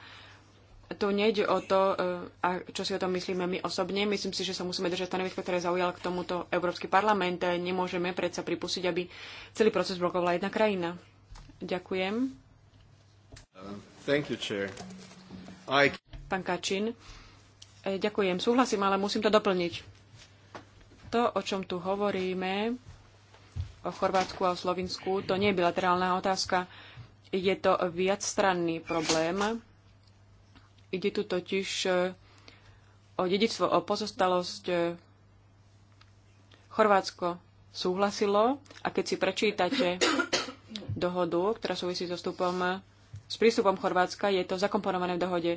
tu nejde o to, e, a čo si o tom myslíme my osobne. Myslím si, že sa musíme držať stanoviska, ktoré zaujal k tomuto Európsky parlament. Nemôžeme predsa pripustiť, aby celý proces blokovala jedna krajina. Ďakujem. Thank you, chair. I... Pán Kačin. E, ďakujem, súhlasím, ale musím to doplniť. To, o čom tu hovoríme, o Chorvátsku a o Slovensku, to nie je bilaterálna otázka. Je to viacstranný problém Ide tu totiž e, o dedictvo, o pozostalosť. E, Chorvátsko súhlasilo a keď si prečítate dohodu, ktorá súvisí so vstupom s prístupom Chorvátska je to zakomponované v dohode.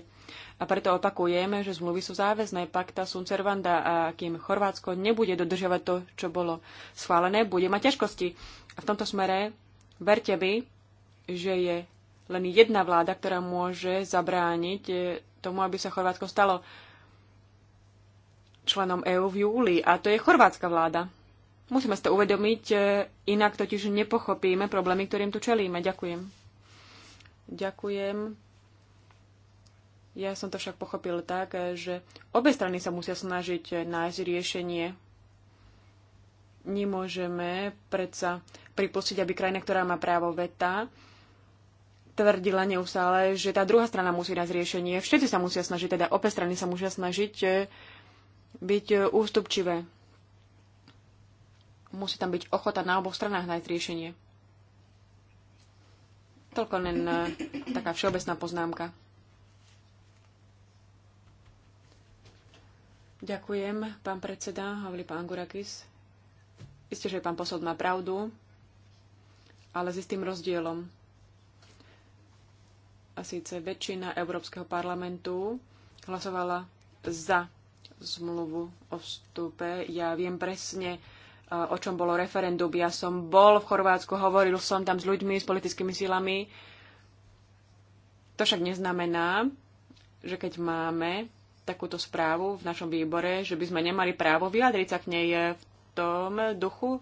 A preto opakujeme, že zmluvy sú záväzné, pakta sunt servanda a kým Chorvátsko nebude dodržiavať to, čo bolo schválené, bude mať ťažkosti. A v tomto smere verte mi, že je len jedna vláda, ktorá môže zabrániť e, tomu, aby sa Chorvátsko stalo členom EÚ v júli, a to je chorvátska vláda. Musíme si to uvedomiť, e, inak totiž nepochopíme problémy, ktorým tu čelíme. Ďakujem. Ďakujem. Ja som to však pochopil tak, e, že obe strany sa musia snažiť nájsť riešenie. Nemôžeme predsa pripustiť, aby krajina, ktorá má právo veta, tvrdila neustále, že tá druhá strana musí dať riešenie. Všetci sa musia snažiť, teda obe strany sa musia snažiť eh, byť eh, ústupčivé. Musí tam byť ochota na oboch stranách nájsť riešenie. Toľko len eh, taká všeobecná poznámka. Ďakujem, pán predseda, hovorí pán Gurakis. Isté, že pán posol má pravdu, ale s istým rozdielom síce väčšina Európskeho parlamentu hlasovala za zmluvu o vstupe. Ja viem presne, e, o čom bolo referendum. Ja som bol v Chorvátsku, hovoril som tam s ľuďmi, s politickými silami. To však neznamená, že keď máme takúto správu v našom výbore, že by sme nemali právo vyjadriť sa k nej v tom duchu,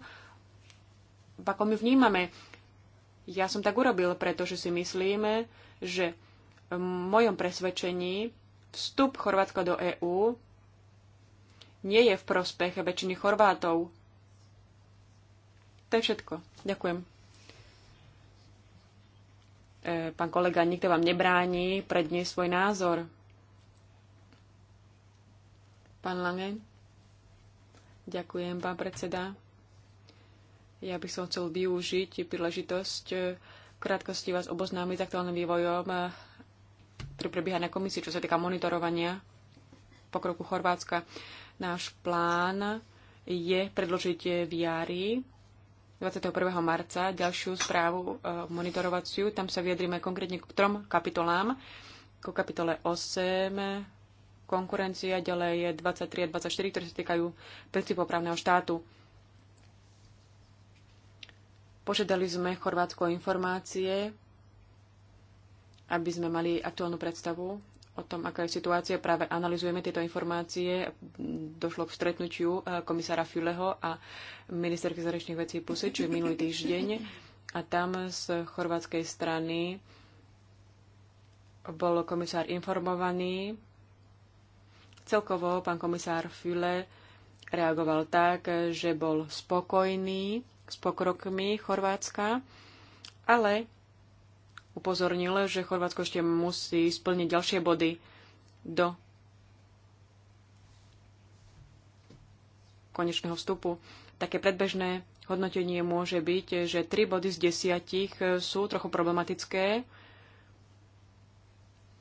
ako my vnímame. Ja som tak urobil, pretože si myslíme, že v mojom presvedčení vstup Chorvátska do EÚ nie je v prospech väčšiny Chorvátov. To je všetko. Ďakujem. E, pán kolega, nikto vám nebráni predniesť svoj názor. Pán Lange? Ďakujem, pán predseda. Ja by som chcel využiť príležitosť e, v krátkosti vás oboznámiť s aktuálnym vývojom, e, ktorý prebieha na komisii, čo sa týka monitorovania pokroku Chorvátska. Náš plán je predložiť v jari 21. marca ďalšiu správu e, monitorovaciu. Tam sa vyjadríme konkrétne k trom kapitolám. Ko kapitole 8 konkurencia, ďalej je 23 a 24, ktoré sa týkajú princípov právneho štátu. Požiadali sme Chorvátsko informácie, aby sme mali aktuálnu predstavu o tom, aká je situácia. Práve analizujeme tieto informácie. Došlo k stretnutiu eh, komisára Fileho a ministerky zahraničných vecí Puseč minulý týždeň. A tam z chorvátskej strany bol komisár informovaný. Celkovo pán komisár File reagoval tak, že bol spokojný s pokrokmi Chorvátska, ale upozornil, že Chorvátsko ešte musí splniť ďalšie body do konečného vstupu. Také predbežné hodnotenie môže byť, že tri body z desiatich sú trochu problematické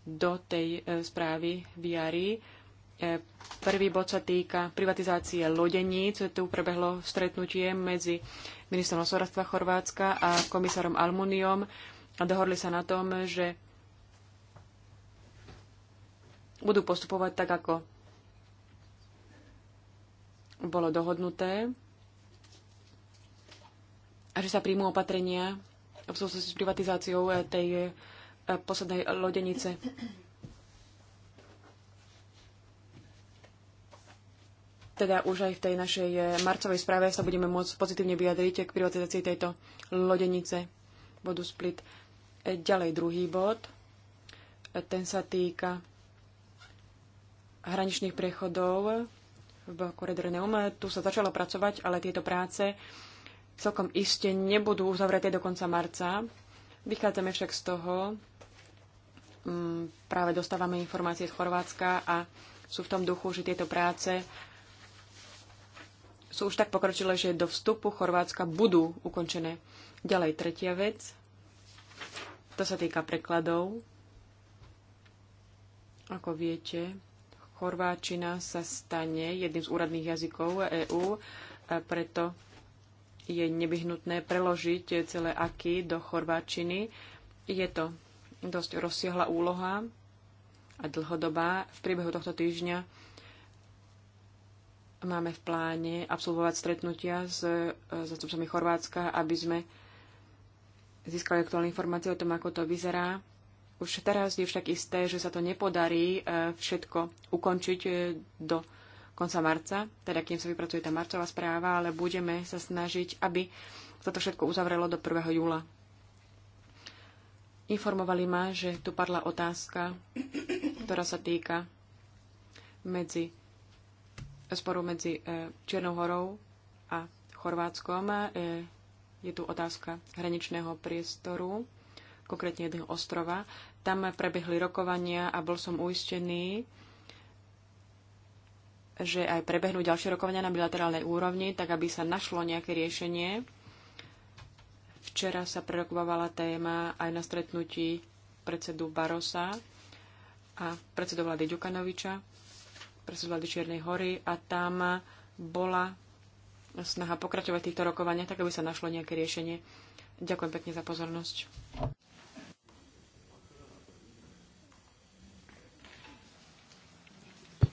do tej e, správy Viary Prvý bod sa týka privatizácie lodeníc. Tu prebehlo stretnutie medzi ministrom hospodárstva Chorvátska a komisárom Almuniom a dohodli sa na tom, že budú postupovať tak, ako bolo dohodnuté a že sa príjmú opatrenia v súvislosti s privatizáciou tej eh, poslednej lodenice teda už aj v tej našej eh, marcovej správe sa budeme môcť pozitívne vyjadriť k privatizácii tejto lodenice bodu Split. Eh, ďalej druhý bod. Eh, ten sa týka hraničných prechodov v koridore Neum. Tu sa začalo pracovať, ale tieto práce celkom iste nebudú uzavreté do konca marca. Vychádzame však z toho, mm, práve dostávame informácie z Chorvátska a sú v tom duchu, že tieto práce sú už tak pokročilé, že do vstupu Chorvátska budú ukončené. Ďalej tretia vec. To sa týka prekladov. Ako viete, chorváčina sa stane jedným z úradných jazykov EÚ, preto je nevyhnutné preložiť celé aky do chorváčiny. Je to dosť rozsiahla úloha a dlhodobá. V priebehu tohto týždňa Máme v pláne absolvovať stretnutia s e, zastupcami Chorvátska, aby sme získali aktuálne informácie o tom, ako to vyzerá. Už teraz je však isté, že sa to nepodarí e, všetko ukončiť e, do konca marca, teda kým sa vypracuje tá marcová správa, ale budeme sa snažiť, aby sa to všetko uzavrelo do 1. júla. Informovali ma, že tu padla otázka, ktorá sa týka medzi sporu medzi e, Černou horou a Chorvátskom. E, je tu otázka hraničného priestoru, konkrétne jedného ostrova. Tam prebehli rokovania a bol som uistený, že aj prebehnú ďalšie rokovania na bilaterálnej úrovni, tak aby sa našlo nejaké riešenie. Včera sa prerokovala téma aj na stretnutí predsedu Barosa a predsedu vlády Ďukanoviča presúdila do Čiernej hory a tam bola snaha pokračovať v týchto rokovaniach, tak aby sa našlo nejaké riešenie. Ďakujem pekne za pozornosť.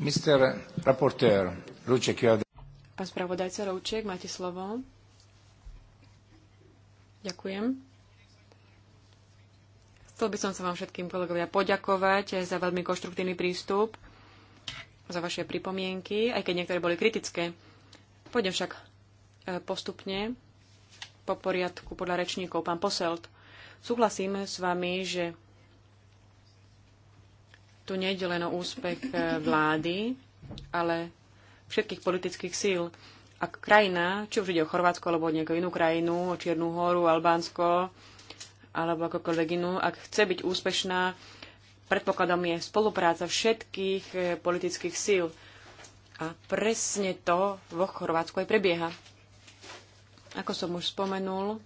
Mr. Rapporteur, Luček, ja... Pán spravodajca Rouček, máte slovo. Ďakujem. Chcel by som sa vám všetkým kolegovia poďakovať za veľmi konštruktívny prístup za vaše pripomienky, aj keď niektoré boli kritické. Pôjdem však e, postupne po poriadku podľa rečníkov. Pán Poselt, súhlasím s vami, že tu je len o úspech e, vlády, ale všetkých politických síl. Ak krajina, či už ide o Chorvátsko alebo o nejakú inú krajinu, o Čiernu horu, Albánsko alebo akokoľvek inú, ak chce byť úspešná, Predpokladom je spolupráca všetkých e, politických síl. A presne to vo Chorvátsku aj prebieha. Ako som už spomenul,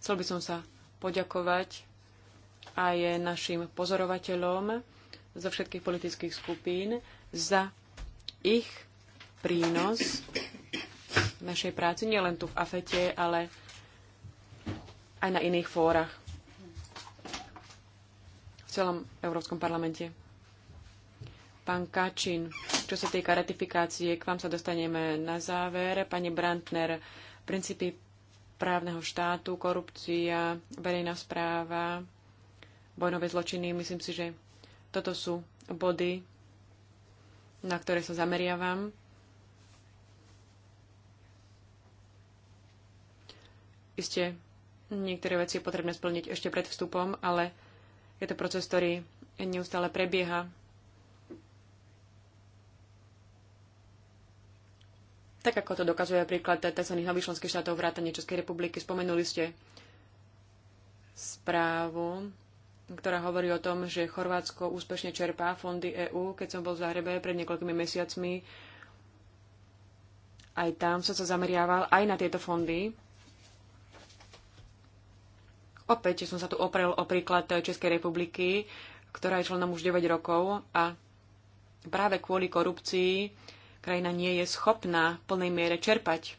chcel by som sa poďakovať aj našim pozorovateľom zo všetkých politických skupín za ich prínos našej práci, nielen tu v AFETE, ale aj na iných fórach celom Európskom parlamente. Pán Kačin, čo sa týka ratifikácie, k vám sa dostaneme na záver. Pani Brantner, princípy právneho štátu, korupcia, verejná správa, vojnové zločiny, myslím si, že toto sú body, na ktoré sa zameriavam. Isté, niektoré veci je potrebné splniť ešte pred vstupom, ale je to proces, ktorý neustále prebieha. Tak ako to dokazuje príklad tzv. nových členských štátov vrátane Českej republiky, spomenuli ste správu, ktorá hovorí o tom, že Chorvátsko úspešne čerpá fondy EÚ. Keď som bol v Zahrebe pred niekoľkými mesiacmi, aj tam som sa zameriaval aj na tieto fondy. Opäť som sa tu oprel o príklad Českej republiky, ktorá je členom už 9 rokov a práve kvôli korupcii krajina nie je schopná v plnej miere čerpať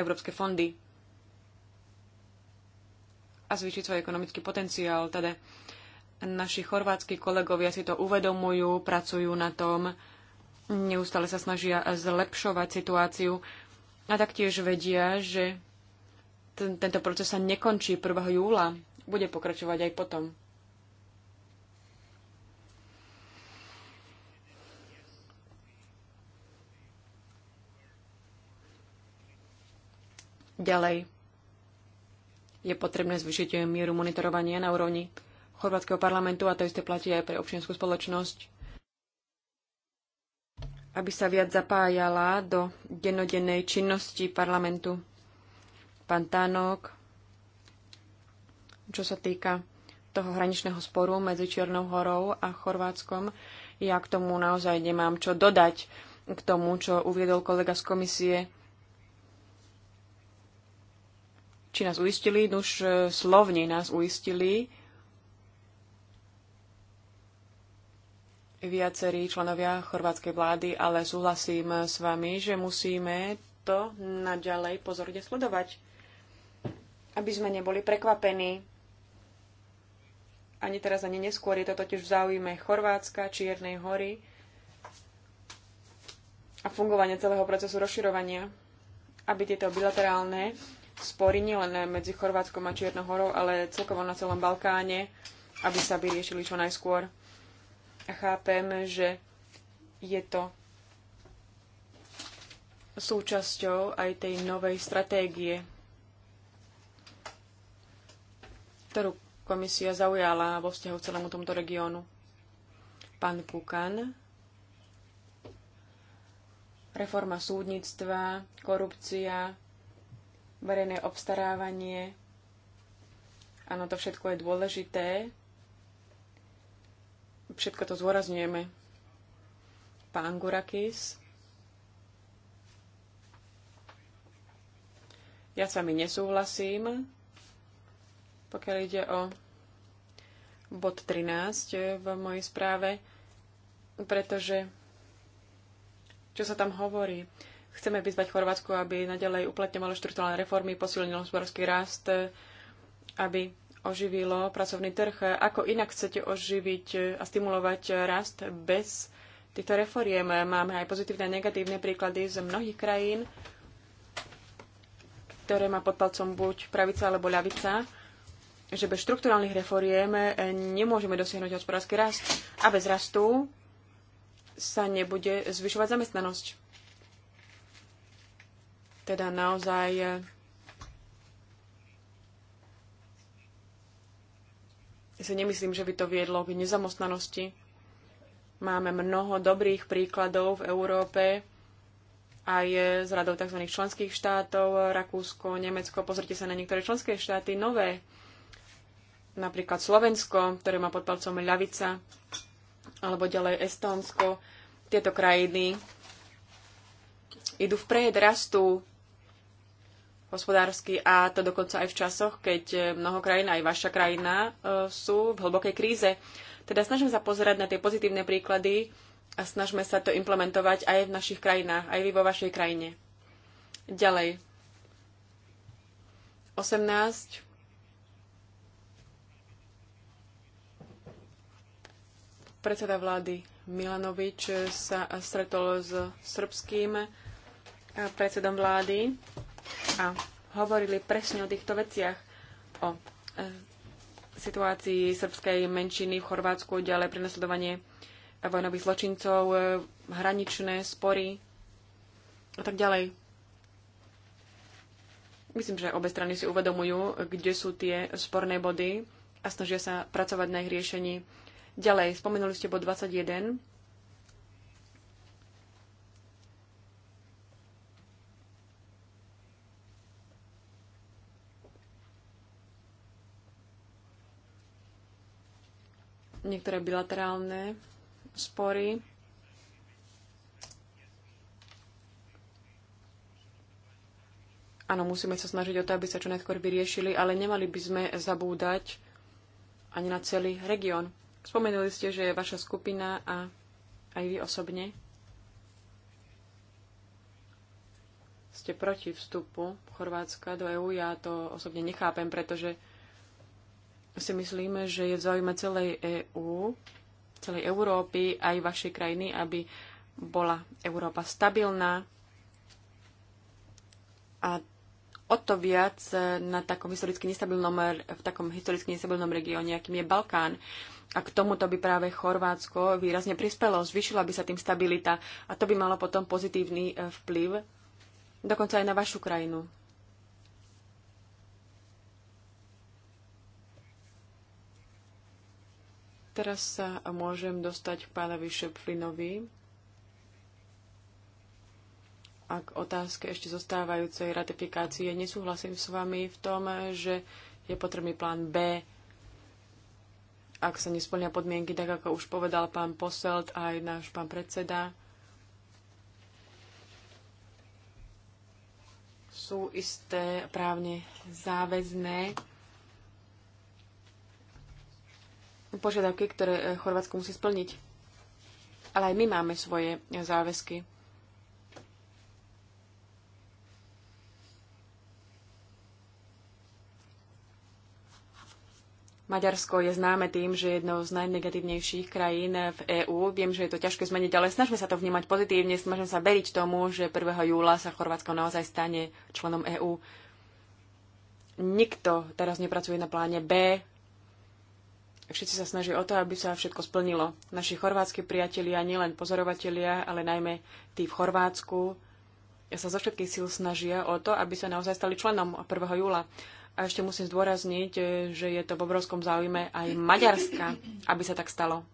európske fondy a zvýšiť svoj ekonomický potenciál. Teda naši chorvátsky kolegovia si to uvedomujú, pracujú na tom, neustále sa snažia zlepšovať situáciu a taktiež vedia, že ten, tento proces sa nekončí 1. júla, bude pokračovať aj potom. Ďalej je potrebné zvýšiť mieru monitorovania na úrovni chorvátskeho parlamentu a to isté platí aj pre občianskú spoločnosť, aby sa viac zapájala do dennodennej činnosti parlamentu pán čo sa týka toho hraničného sporu medzi Čiernou horou a Chorvátskom. Ja k tomu naozaj nemám čo dodať k tomu, čo uviedol kolega z komisie. Či nás uistili? Už e, slovne nás uistili. viacerí členovia chorvátskej vlády, ale súhlasím s vami, že musíme to naďalej pozorne sledovať aby sme neboli prekvapení. Ani teraz, ani neskôr je to totiž v záujme Chorvátska, Čiernej hory a fungovanie celého procesu rozširovania, aby tieto bilaterálne spory nielen medzi Chorvátskom a Čiernou horou, ale celkovo na celom Balkáne, aby sa vyriešili čo najskôr. A chápem, že je to súčasťou aj tej novej stratégie ktorú komisia zaujala vo vzťahu k celému tomuto regiónu. Pán Kukan, reforma súdnictva, korupcia, verejné obstarávanie. Áno, to všetko je dôležité. Všetko to zôrazňujeme. Pán Gurakis, ja s vami nesúhlasím pokiaľ ide o bod 13 eh, v mojej správe, pretože čo sa tam hovorí? Chceme vyzvať Chorvátsko, aby nadalej uplatňovalo štruktúrne reformy, posilnilo hospodársky rast, eh, aby oživilo pracovný trh. Ako inak chcete oživiť eh, a stimulovať rast bez týchto reforiem? Máme aj pozitívne a negatívne príklady z mnohých krajín, ktoré má pod palcom buď pravica alebo ľavica že bez štrukturálnych reforiem nemôžeme dosiahnuť hospodársky rast a bez rastu sa nebude zvyšovať zamestnanosť. Teda naozaj eh, si nemyslím, že by to viedlo k nezamestnanosti. Máme mnoho dobrých príkladov v Európe, aj eh, z radov tzv. členských štátov, Rakúsko, Nemecko. Pozrite sa na niektoré členské štáty nové napríklad Slovensko, ktoré má pod palcom ľavica, alebo ďalej Estónsko. Tieto krajiny idú vpred, rastú hospodársky a to dokonca aj v časoch, keď e, mnoho krajín, aj vaša krajina, e, sú v hlbokej kríze. Teda snažme sa pozerať na tie pozitívne príklady a snažme sa to implementovať aj v našich krajinách, aj vy vo vašej krajine. Ďalej. 18 Predseda vlády Milanovič sa stretol s srbským eh, predsedom vlády a hovorili presne o týchto veciach, o eh, situácii srbskej menšiny v Chorvátsku, ďalej prenasledovanie vojnových zločincov, eh, hraničné spory a tak ďalej. Myslím, že obe strany si uvedomujú, kde sú tie sporné body a snažia sa pracovať na ich riešení. Ďalej, spomenuli ste bod 21. niektoré bilaterálne spory. Áno, musíme sa snažiť o to, aby sa čo najskôr vyriešili, ale nemali by sme zabúdať ani na celý región. Spomenuli ste, že je vaša skupina a aj vy osobne ste proti vstupu Chorvátska do EÚ. Ja to osobne nechápem, pretože si myslíme, že je v záujme celej EÚ, celej Európy, aj vašej krajiny, aby bola Európa stabilná a o to viac na takom historicky nestabilnom, v takom historicky nestabilnom regióne, akým je Balkán. A k tomuto by práve Chorvátsko výrazne prispelo, zvyšila by sa tým stabilita a to by malo potom pozitívny e, vplyv dokonca aj na vašu krajinu. Teraz sa môžem dostať k pánovi Šepflinovi Ak otázke ešte zostávajúcej ratifikácie. Nesúhlasím s vami v tom, že je potrebný plán B ak sa nesplnia podmienky, tak ako už povedal pán Poselt a aj náš pán predseda, sú isté právne záväzné požiadavky, ktoré Chorvátsko musí splniť. Ale aj my máme svoje záväzky. Maďarsko je známe tým, že je jednou z najnegatívnejších krajín v EÚ. Viem, že je to ťažké zmeniť, ale snažme sa to vnímať pozitívne, snažme sa veriť tomu, že 1. júla sa Chorvátsko naozaj stane členom EÚ. Nikto teraz nepracuje na pláne B. Všetci sa snaží o to, aby sa všetko splnilo. Naši chorvátsky priatelia, nielen pozorovatelia, ale najmä tí v Chorvátsku, sa zo všetkých síl snažia o to, aby sa naozaj stali členom 1. júla. A ešte musím zdôrazniť, e, že je to v obrovskom záujme aj Maďarska, aby sa tak stalo.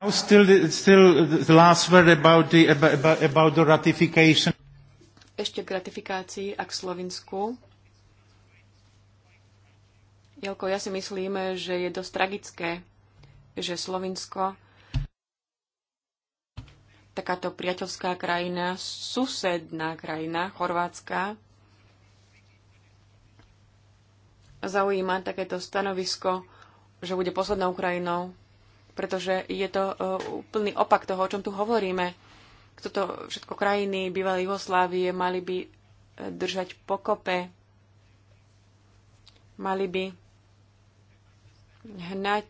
Ešte k ratifikácii a k Slovensku. Jelko, ja si myslím, že je dosť tragické, že Slovinsko takáto priateľská krajina, susedná krajina, Chorvátska, zaujíma takéto stanovisko, že bude poslednou krajinou, pretože je to e, úplný opak toho, o čom tu hovoríme. Toto všetko krajiny bývalej Jugoslávie mali by e, držať pokope, mali by hnať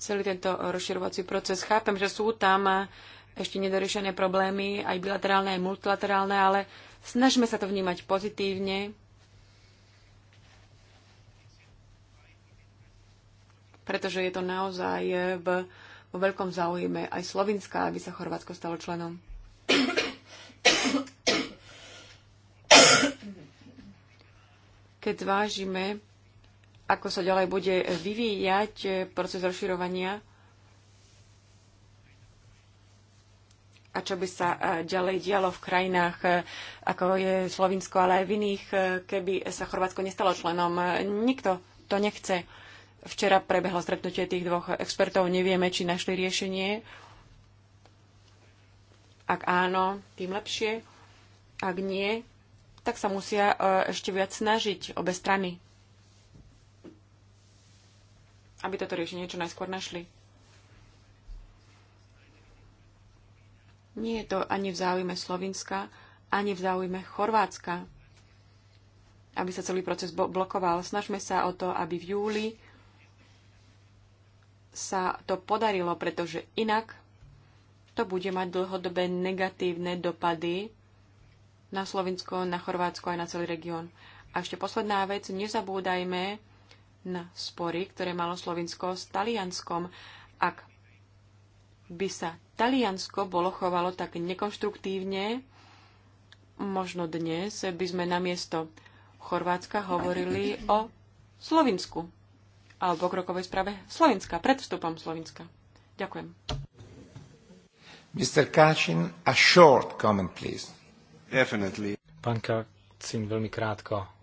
celý tento rozširovací proces. Chápem, že sú tam ešte nedorešené problémy, aj bilaterálne, aj multilaterálne, ale snažme sa to vnímať pozitívne. pretože je to naozaj v, vo veľkom záujme aj Slovenska, aby sa Chorvátsko stalo členom. Keď zvážime ako sa ďalej bude vyvíjať proces rozširovania a čo by sa e, ďalej dialo v krajinách, e, ako je Slovinsko, ale aj v iných, e, keby sa Chorvátsko nestalo členom. Nikto to nechce. Včera prebehlo stretnutie tých dvoch expertov. Nevieme, či našli riešenie. Ak áno, tým lepšie. Ak nie, tak sa musia ešte viac snažiť obe strany aby toto riešenie čo najskôr našli. Nie je to ani v záujme Slovinska, ani v záujme Chorvátska, aby sa celý proces blokoval. Snažme sa o to, aby v júli sa to podarilo, pretože inak to bude mať dlhodobé negatívne dopady na Slovinsko, na Chorvátsko aj na celý región. A ešte posledná vec, nezabúdajme na spory, ktoré malo Slovinsko s Talianskom. Ak by sa Taliansko bolo chovalo tak nekonštruktívne, možno dnes by sme na miesto Chorvátska hovorili o Slovinsku a o pokrokovej správe Slovenska, pred vstupom Slovenska. Ďakujem. Mr. Kacin, a short comment, please. Definitely. Pán Kacin, veľmi krátko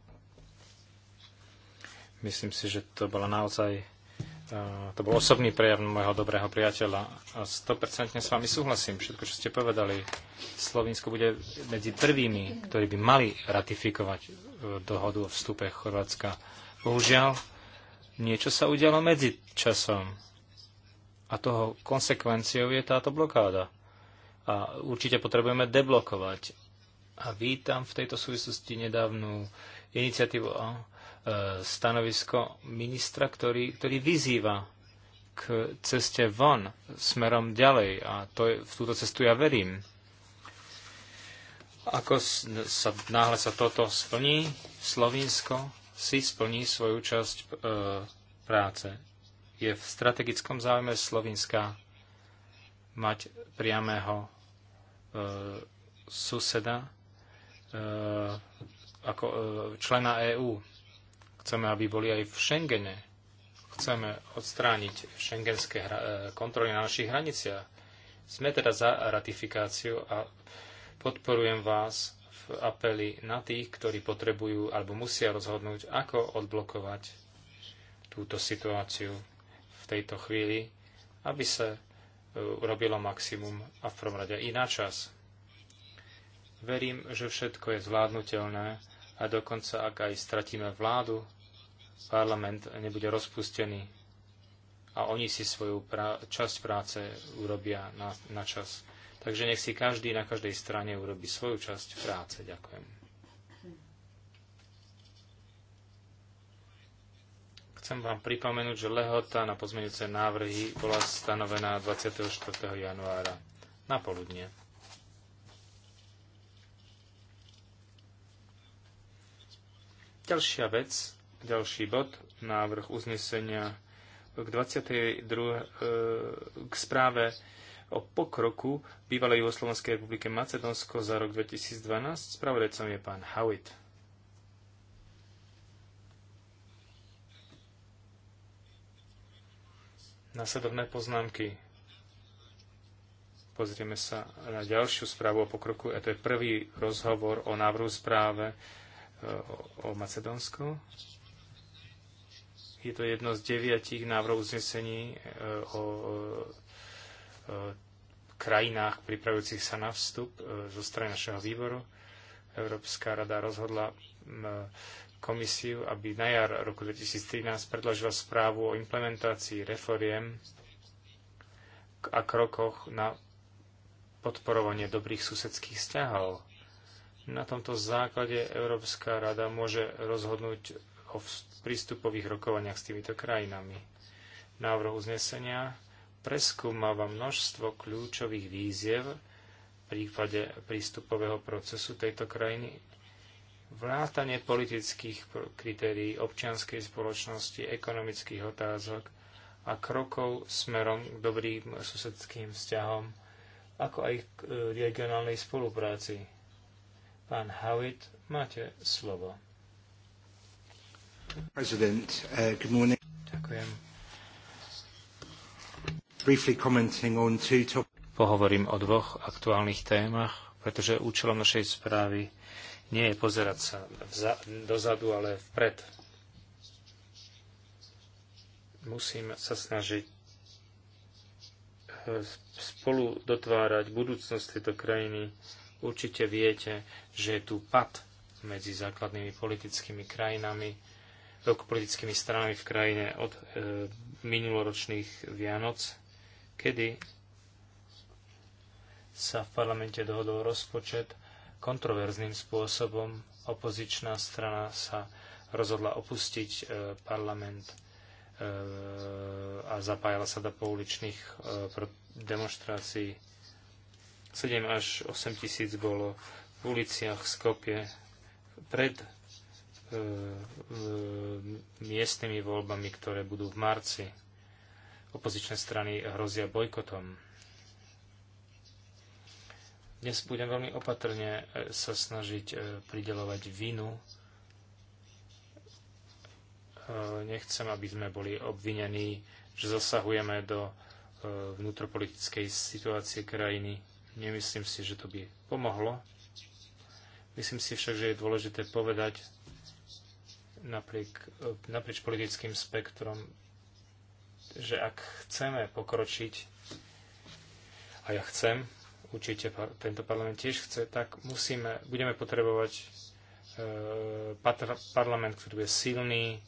Myslím si, že to bola naozaj eh, to bol osobný prejav môjho dobrého priateľa a 100% s vami súhlasím. Všetko, čo ste povedali, Slovinsko bude medzi prvými, ktorí by mali ratifikovať eh, dohodu o vstupe Chorvátska. Bohužiaľ, niečo sa udialo medzi časom a toho konsekvenciou je táto blokáda. A určite potrebujeme deblokovať. A vítam v tejto súvislosti nedávnu iniciatívu E, stanovisko ministra, ktorý, ktorý vyzýva k ceste von, smerom ďalej. A to je, v túto cestu ja verím. Ako sa, náhle sa toto splní, Slovinsko si splní svoju časť e, práce. Je v strategickom záujme Slovinska mať priamého e, suseda e, ako e, člena EÚ Chceme, aby boli aj v Schengene. Chceme odstrániť šengenské e, kontroly na našich hraniciach. Sme teda za ratifikáciu a podporujem vás v apeli na tých, ktorí potrebujú alebo musia rozhodnúť, ako odblokovať túto situáciu v tejto chvíli, aby sa e, urobilo maximum a v prvom rade i na čas. Verím, že všetko je zvládnutelné a dokonca ak aj stratíme vládu, parlament nebude rozpustený a oni si svoju časť práce urobia na, na čas. Takže nech si každý na každej strane urobi svoju časť práce. Ďakujem. Chcem vám pripomenúť, že lehota na pozmeňujúce návrhy bola stanovená 24. januára na poludne. Ďalšia vec, ďalší bod, návrh uznesenia k 22. E, k správe o pokroku bývalej Jugoslovenskej republike Macedónsko za rok 2012. Spravodajcom je pán Howitt. Následovné poznámky. Pozrieme sa na ďalšiu správu o pokroku. A to je prvý rozhovor o návrhu správe e, o Macedónsku. Je to jedno z deviatich návrhov uznesení e, o e, e, krajinách pripravujúcich sa na vstup zo strany našeho výboru. Európska rada rozhodla komisiu, aby na jar roku 2013 predložila správu o implementácii reforiem a krokoch na podporovanie dobrých susedských vzťahov. Na tomto základe Európska rada môže rozhodnúť o prístupových rokovaniach s týmito krajinami. Návrh uznesenia preskúmava množstvo kľúčových víziev v prípade prístupového procesu tejto krajiny, vrátanie politických kritérií občianskej spoločnosti, ekonomických otázok a krokov smerom k dobrým susedským vzťahom, ako aj k e, regionálnej spolupráci. Pán Howitt, máte slovo. Uh, Ďakujem. Pohovorím o dvoch aktuálnych témach, pretože účelom našej správy nie je pozerať sa vza- dozadu, ale vpred. Musím sa snažiť eh, spolu dotvárať budúcnosť tejto krajiny. Určite viete, že je tu pad medzi základnými politickými krajinami, politickými stranami v krajine od e, minuloročných Vianoc, kedy sa v parlamente dohodol rozpočet kontroverzným spôsobom. Opozičná strana sa rozhodla opustiť e, parlament e, a zapájala sa do pouličných e, demonstrácií. 7 až 8 tisíc bolo v uliciach Skopie pred E, e, miestnymi voľbami, ktoré budú v marci. Opozičné strany hrozia bojkotom. Dnes budem veľmi opatrne e, sa snažiť pridelovať vinu. Nechcem, aby sme boli obvinení, že zasahujeme do vnútropolitickej situácie krajiny. Nemyslím si, že to by pomohlo. Myslím si však, že je dôležité povedať, napriek, e, naprieč politickým spektrom, že ak chceme pokročiť, a ja chcem, určite tento parlament tiež chce, tak musíme, budeme potrebovať e, parlament, ktorý bude silný,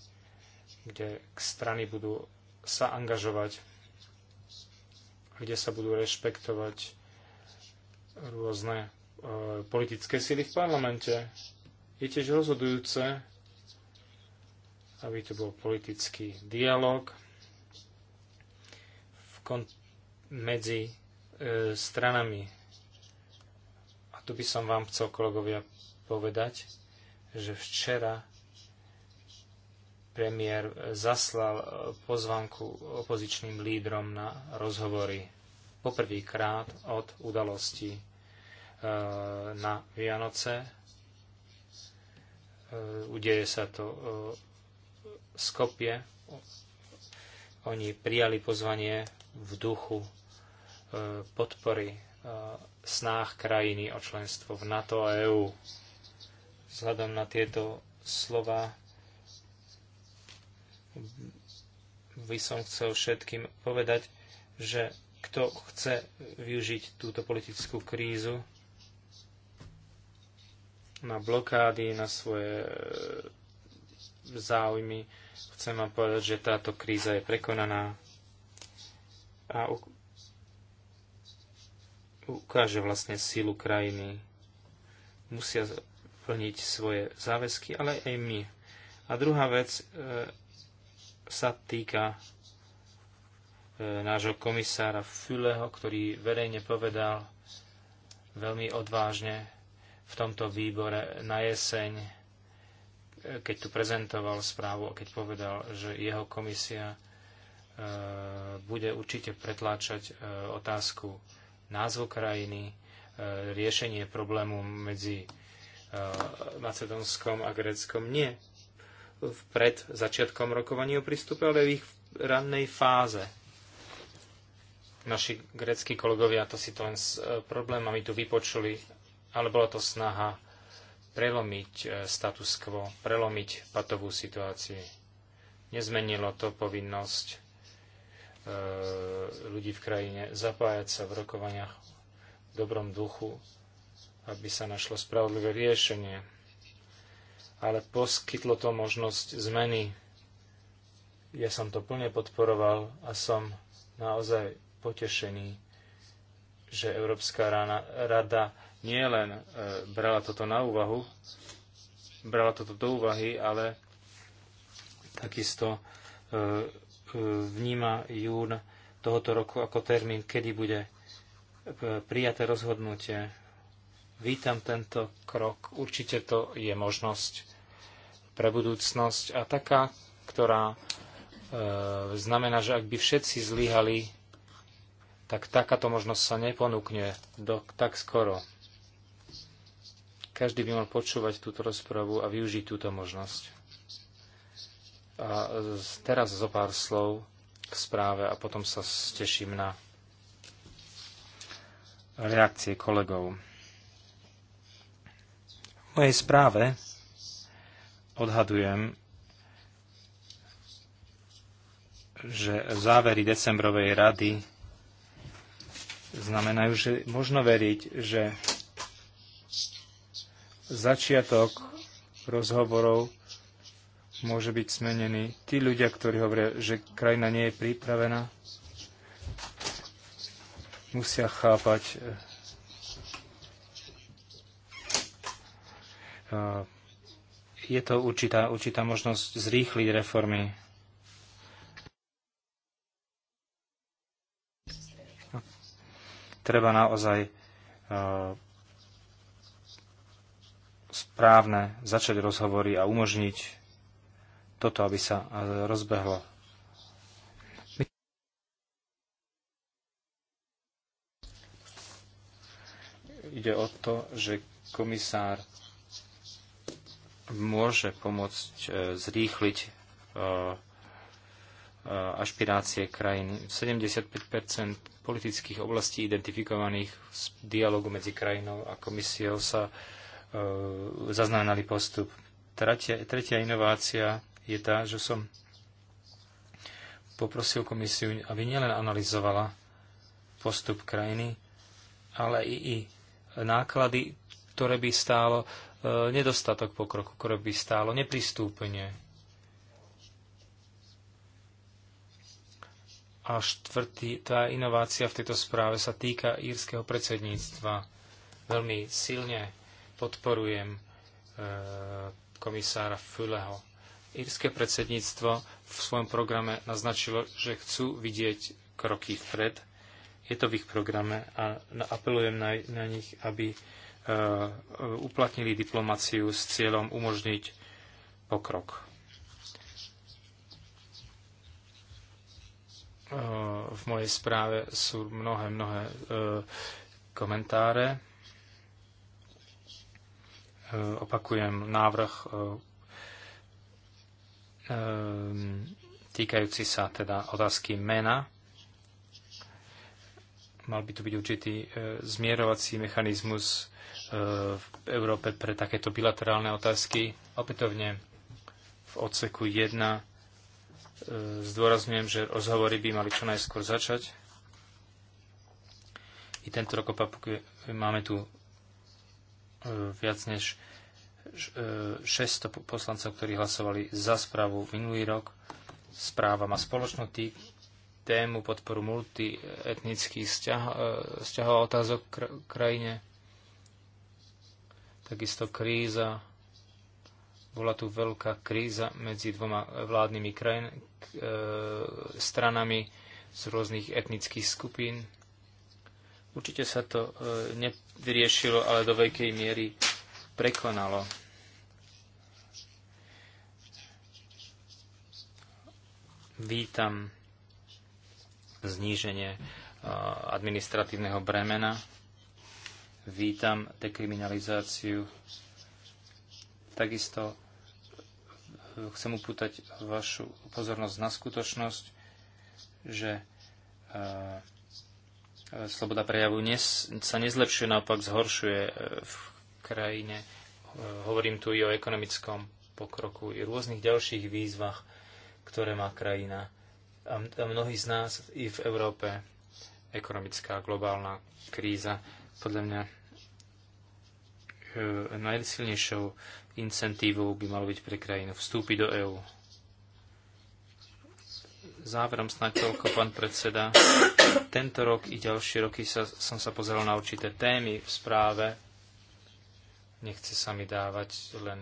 kde strany budú sa angažovať, kde sa budú rešpektovať rôzne e, politické síly v parlamente. Je tiež rozhodujúce, aby to bol politický dialog medzi e, stranami. A tu by som vám chcel, kolegovia, povedať, že včera premiér zaslal pozvanku opozičným lídrom na rozhovory poprvýkrát od udalosti e, na Vianoce. E, udeje sa to e, Skopie. Oni prijali pozvanie v duchu e, podpory e, snách krajiny o členstvo v NATO a EÚ. Vzhľadom na tieto slova by som chcel všetkým povedať, že kto chce využiť túto politickú krízu na blokády, na svoje e, záujmy, Chcem vám povedať, že táto kríza je prekonaná a ukáže vlastne silu krajiny. Musia plniť svoje záväzky, ale aj my. A druhá vec e, sa týka e, nášho komisára Füleho, ktorý verejne povedal veľmi odvážne v tomto výbore na jeseň keď tu prezentoval správu a keď povedal, že jeho komisia e, bude určite pretláčať e, otázku názvu krajiny, e, riešenie problému medzi Macedónskom a Gréckom nie pred začiatkom rokovania o prístupe, ale v ich rannej fáze. Naši greckí kolegovia to si to len s problémami tu vypočuli, ale bola to snaha prelomiť e, status quo, prelomiť patovú situáciu. Nezmenilo to povinnosť e, ľudí v krajine zapájať sa v rokovaniach v dobrom duchu, aby sa našlo spravodlivé riešenie. Ale poskytlo to možnosť zmeny. Ja som to plne podporoval a som naozaj potešený, že Európska rada nie len e, brala toto na úvahu, brala toto do úvahy, ale takisto e, e vníma jún tohoto roku ako termín, kedy bude e, prijaté rozhodnutie. Vítam tento krok. Určite to je možnosť pre budúcnosť a taká, ktorá e, znamená, že ak by všetci zlyhali, tak takáto možnosť sa neponúkne do, tak skoro. Každý by mal počúvať túto rozpravu a využiť túto možnosť. A teraz zo pár slov k správe a potom sa steším na reakcie kolegov. V mojej správe odhadujem, že závery decembrovej rady znamenajú, že možno veriť, že začiatok rozhovorov môže byť smenený. Tí ľudia, ktorí hovoria, že krajina nie je pripravená, musia chápať eh, je to určitá, určitá možnosť zrýchliť reformy. Treba naozaj eh, správne začať rozhovory a umožniť toto, aby sa e, rozbehlo. Ide o to, že komisár môže pomôcť e, zrýchliť e, ašpirácie krajiny. 75 politických oblastí identifikovaných z dialogu medzi krajinou a komisiou sa E, zaznamenali postup. Tretia, tretia inovácia je tá, že som poprosil komisiu, aby nielen analyzovala postup krajiny, ale i, i náklady, ktoré by stálo e, nedostatok pokroku, ktoré by stálo nepristúpenie. A štvrtý, tá inovácia v tejto správe sa týka írskeho predsedníctva veľmi silne podporujem e, komisára Füleho. Írske predsedníctvo v svojom programe naznačilo, že chcú vidieť kroky vpred. Je to v ich programe a apelujem na, na nich, aby e, uplatnili diplomáciu s cieľom umožniť pokrok. E, v mojej správe sú mnohé, mnohé komentáre. E, opakujem, návrh e, e, týkajúci sa teda otázky mena. Mal by tu byť určitý zmierovací mechanizmus v Európe pre takéto bilaterálne otázky. Opätovne v odseku 1 zdôrazňujem, že rozhovory by mali čo najskôr začať. I tento rok opakujem, máme tu viac než 600 e, poslancov, ktorí hlasovali za správu minulý rok. Správa má spoločnú tému podporu multietnických vzťahov e, a otázok kr- krajine. Takisto kríza. Bola tu veľká kríza medzi dvoma vládnymi krajin, e, stranami z rôznych etnických skupín Určite sa to e, nevyriešilo, ale do veľkej miery prekonalo. Vítam zníženie e, administratívneho bremena. Vítam dekriminalizáciu. Takisto e, chcem upútať vašu pozornosť na skutočnosť, že sloboda prejavu nes, sa nezlepšuje, naopak zhoršuje e, v krajine. E, hovorím tu i o ekonomickom pokroku, i rôznych ďalších výzvach, ktoré má krajina. A mnohí z nás i v Európe ekonomická globálna kríza podľa mňa e, najsilnejšou incentívou by malo byť pre krajinu vstúpiť do EÚ. Záverom snáď toľko, pán predseda, tento rok i ďalšie roky sa, som sa pozeral na určité témy v správe. Nechce sa mi dávať len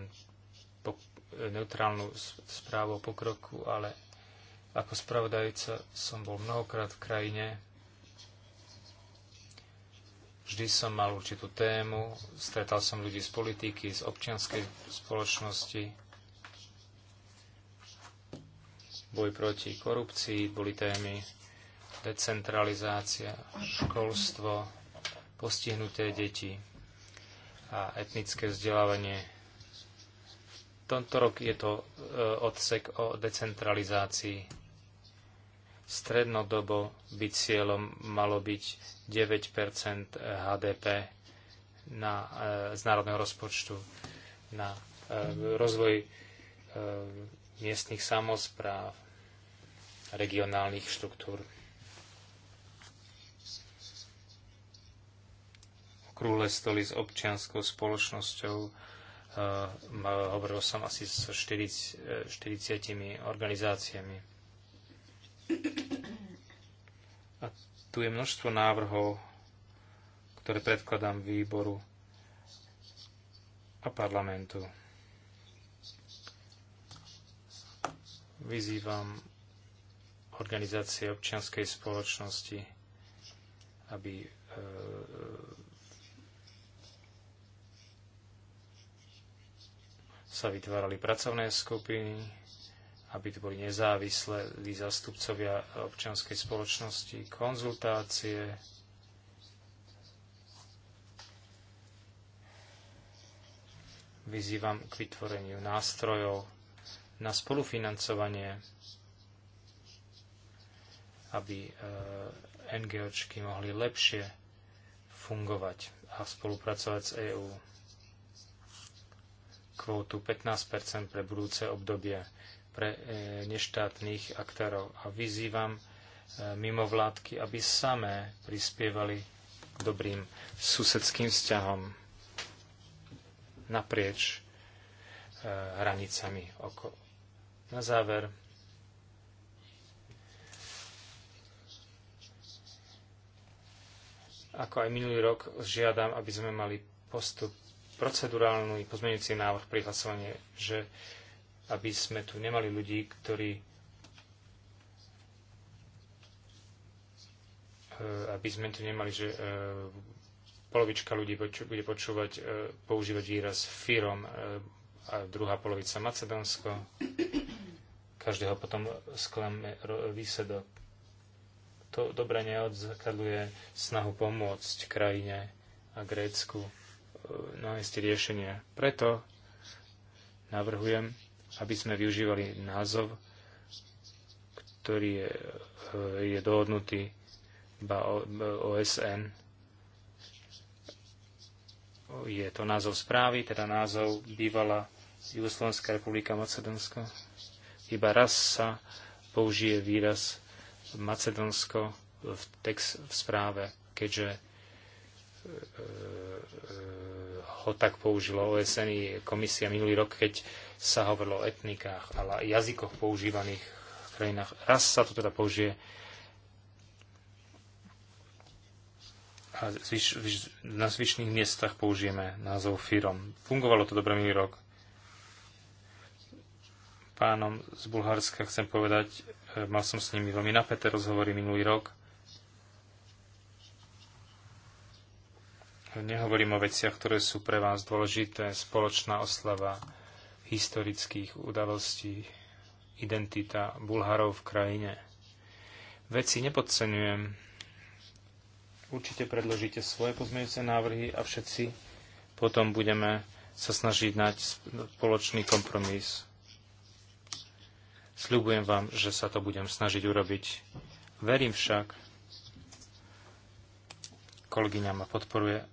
po, e, neutrálnu správu o pokroku, ale ako spravodajca som bol mnohokrát v krajine. Vždy som mal určitú tému, stretal som ľudí z politiky, z občianskej spoločnosti, boj proti korupcii boli témy, decentralizácia, školstvo, postihnuté deti a etnické vzdelávanie. Tento rok je to e, odsek o decentralizácii. Strednodobo by cieľom malo byť 9 HDP na, e, z národného rozpočtu na e, rozvoj miestnych samozpráv, regionálnych štruktúr. Krúhle stoli s občianskou spoločnosťou. E, hovoril som asi s so 40, 40 organizáciami. A tu je množstvo návrhov, ktoré predkladám výboru a parlamentu. Vyzývam organizácie občianskej spoločnosti, aby e, sa vytvárali pracovné skupiny, aby tu boli nezávislé zástupcovia občianskej spoločnosti, konzultácie. Vyzývam k vytvoreniu nástrojov na spolufinancovanie, aby e, NGOčky mohli lepšie fungovať a spolupracovať s EÚ kvótu 15 pre budúce obdobie pre e, neštátnych aktérov a vyzývam e, mimovládky, aby samé prispievali k dobrým susedským vzťahom naprieč e, hranicami oko. Na záver ako aj minulý rok žiadam, aby sme mali postup procedurálny pozmeňujúci návrh pri hlasovaní, že aby sme tu nemali ľudí, ktorí eh, aby sme tu nemali, že eh, polovička ľudí bude počúvať, eh, používať výraz firom a druhá polovica Macedónsko. Každého potom sklame výsledok. To dobre neodzakadluje snahu pomôcť krajine a Grécku nájsť riešenie. Preto navrhujem, aby sme využívali názov, ktorý je, e, je dohodnutý iba OSN. Je to názov správy, teda názov bývala Jugoslovenská republika Macedónsko. Iba raz sa použije výraz Macedónsko v text v správe, keďže e, e, ho tak použilo OSN i komisia minulý rok, keď sa hovorilo o etnikách a jazykoch používaných v krajinách. Raz sa to teda použije a zvyš, zvyš, na zvyšných miestach použijeme názov firom. Fungovalo to dobre minulý rok. Pánom z Bulharska chcem povedať, e, mal som s nimi veľmi napäté rozhovory minulý rok Nehovorím o veciach, ktoré sú pre vás dôležité. Spoločná oslava historických udalostí, identita Bulharov v krajine. Veci nepodceňujem. Určite predložíte svoje pozmeňujúce návrhy a všetci potom budeme sa snažiť nať spoločný kompromis. Sľubujem vám, že sa to budem snažiť urobiť. Verím však, kolegyňa ma podporuje,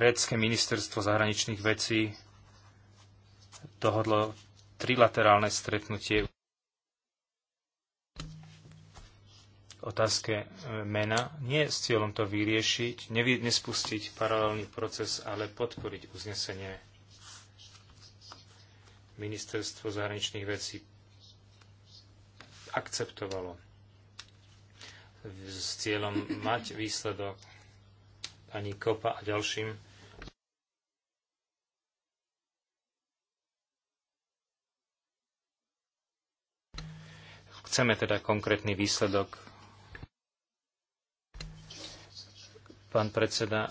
Grécke ministerstvo zahraničných vecí dohodlo trilaterálne stretnutie otázke e, mena, nie s cieľom to vyriešiť, nevy, nespustiť paralelný proces, ale podporiť uznesenie ministerstvo zahraničných vecí akceptovalo s cieľom mať výsledok pani Kopa a ďalším Chceme teda konkrétny výsledok. Pán predseda,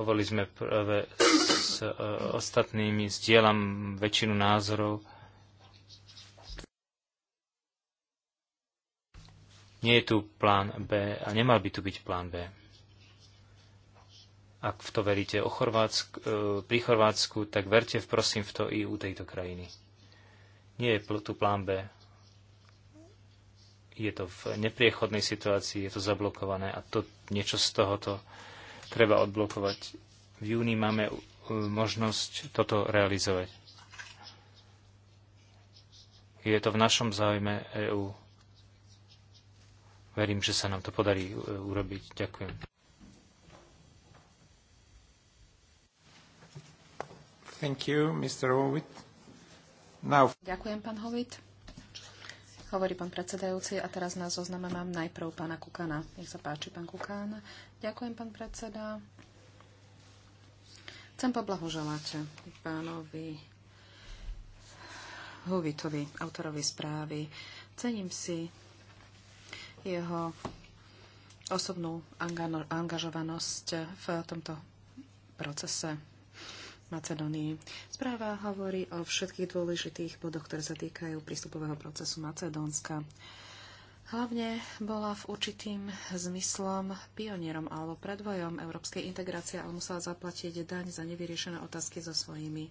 hovorili sme práve s e, ostatnými, zdieľam väčšinu názorov. Nie je tu plán B a nemal by tu byť plán B. Ak v to veríte o Chorvátsku, e, pri Chorvátsku, tak verte v, prosím v to i u tejto krajiny. Nie je tu plán B je to v nepriechodnej situácii, je to zablokované a to, niečo z tohoto treba odblokovať. V júni máme e, možnosť toto realizovať. Je to v našom záujme EÚ. Verím, že sa nám to podarí e, urobiť. Ďakujem. Thank you, Mr. Now... Ďakujem, pán Hovit hovorí pán predsedajúci. A teraz na zozname mám najprv pána Kukana. Nech sa páči, pán Kukán. Ďakujem, pán predseda. Chcem poblahoželať pánovi Huvitovi, autorovi správy. Cením si jeho osobnú angažovanosť v tomto procese Macedónii. Správa hovorí o všetkých dôležitých bodoch, ktoré sa týkajú prístupového procesu Macedónska. Hlavne bola v určitým zmyslom pionierom alebo predvojom európskej integrácie, ale musela zaplatiť daň za nevyriešené otázky so svojimi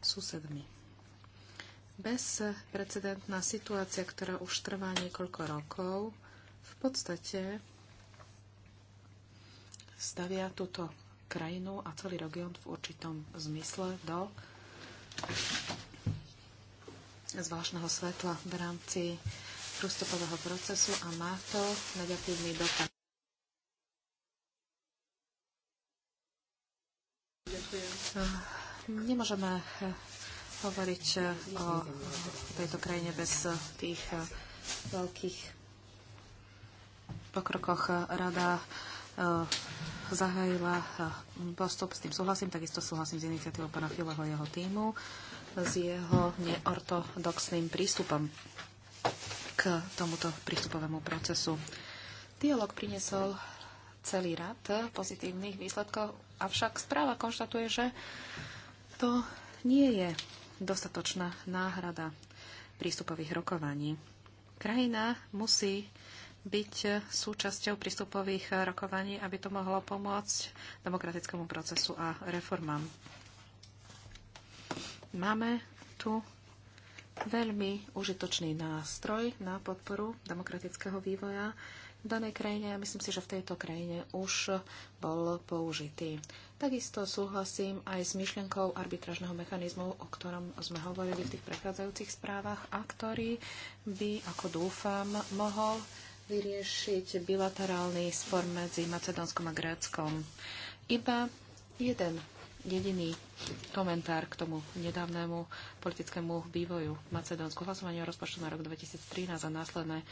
susedmi. Bezprecedentná situácia, ktorá už trvá niekoľko rokov, v podstate stavia túto krajinu a celý región v určitom zmysle do zvláštneho svetla v rámci prístupového procesu a má to negatívny dopad. Nemôžeme eh, hovoriť eh, o tejto krajine bez eh, tých veľkých pokrokoch rada Eh, zahájila postup, eh, s tým súhlasím, takisto súhlasím s iniciatívou pana Fileho jeho týmu, s jeho neortodoxným prístupom k tomuto prístupovému procesu. Dialóg priniesol celý rad pozitívnych výsledkov, avšak správa konštatuje, že to nie je dostatočná náhrada prístupových rokovaní. Krajina musí byť súčasťou prístupových rokovaní, aby to mohlo pomôcť demokratickému procesu a reformám. Máme tu veľmi užitočný nástroj na podporu demokratického vývoja v danej krajine a myslím si, že v tejto krajine už bol použitý. Takisto súhlasím aj s myšlienkou arbitražného mechanizmu, o ktorom sme hovorili v tých prechádzajúcich správach a ktorý by, ako dúfam, mohol vyriešiť bilaterálny spor medzi Macedónskom a Gréckom. Iba jeden jediný komentár k tomu nedávnemu politickému vývoju v Macedónsku. Hlasovanie o rozpočtu na rok 2013 a následné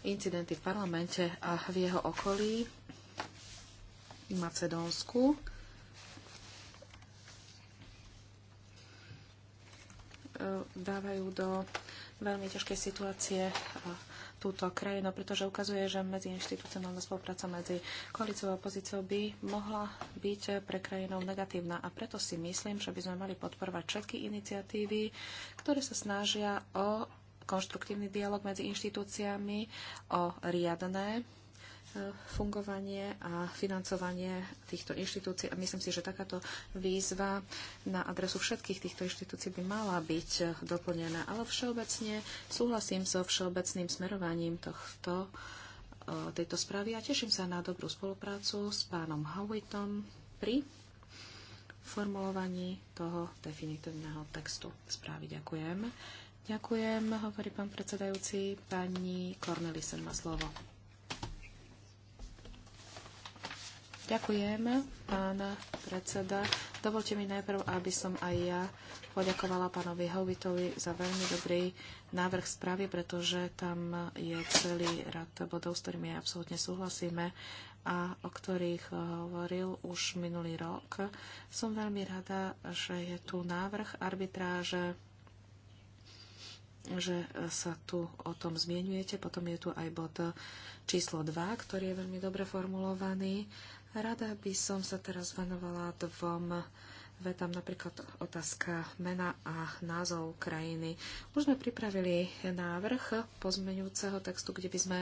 incidenty v parlamente a v jeho okolí v Macedónsku. E, dávajú do veľmi ťažkej situácie túto krajinu, pretože ukazuje, že medzi inštitucionálna spolupráca medzi koalíciou a opozíciou by mohla byť pre krajinou negatívna. A preto si myslím, že by sme mali podporovať všetky iniciatívy, ktoré sa snažia o konštruktívny dialog medzi inštitúciami, o riadne fungovanie a financovanie týchto inštitúcií. A myslím si, že takáto výzva na adresu všetkých týchto inštitúcií by mala byť doplnená. Ale všeobecne súhlasím so všeobecným smerovaním tohto, tejto správy a teším sa na dobrú spoluprácu s pánom Howittom pri formulovaní toho definitívneho textu správy. Ďakujem. Ďakujem, hovorí pán predsedajúci. Pani Kornelisen má slovo. Ďakujem, pán predseda. Dovolte mi najprv, aby som aj ja poďakovala pánovi Hovitovi za veľmi dobrý návrh správy, pretože tam je celý rad bodov, s ktorými absolútne súhlasíme a o ktorých eh, hovoril už minulý rok. Som veľmi rada, že je tu návrh arbitráže že sa tu o tom zmienujete. Potom je tu aj bod číslo 2, ktorý je veľmi dobre formulovaný Rada by som sa teraz venovala dvom vetám, napríklad otázka mena a názov krajiny. Už sme pripravili návrh pozmeňujúceho textu, kde by sme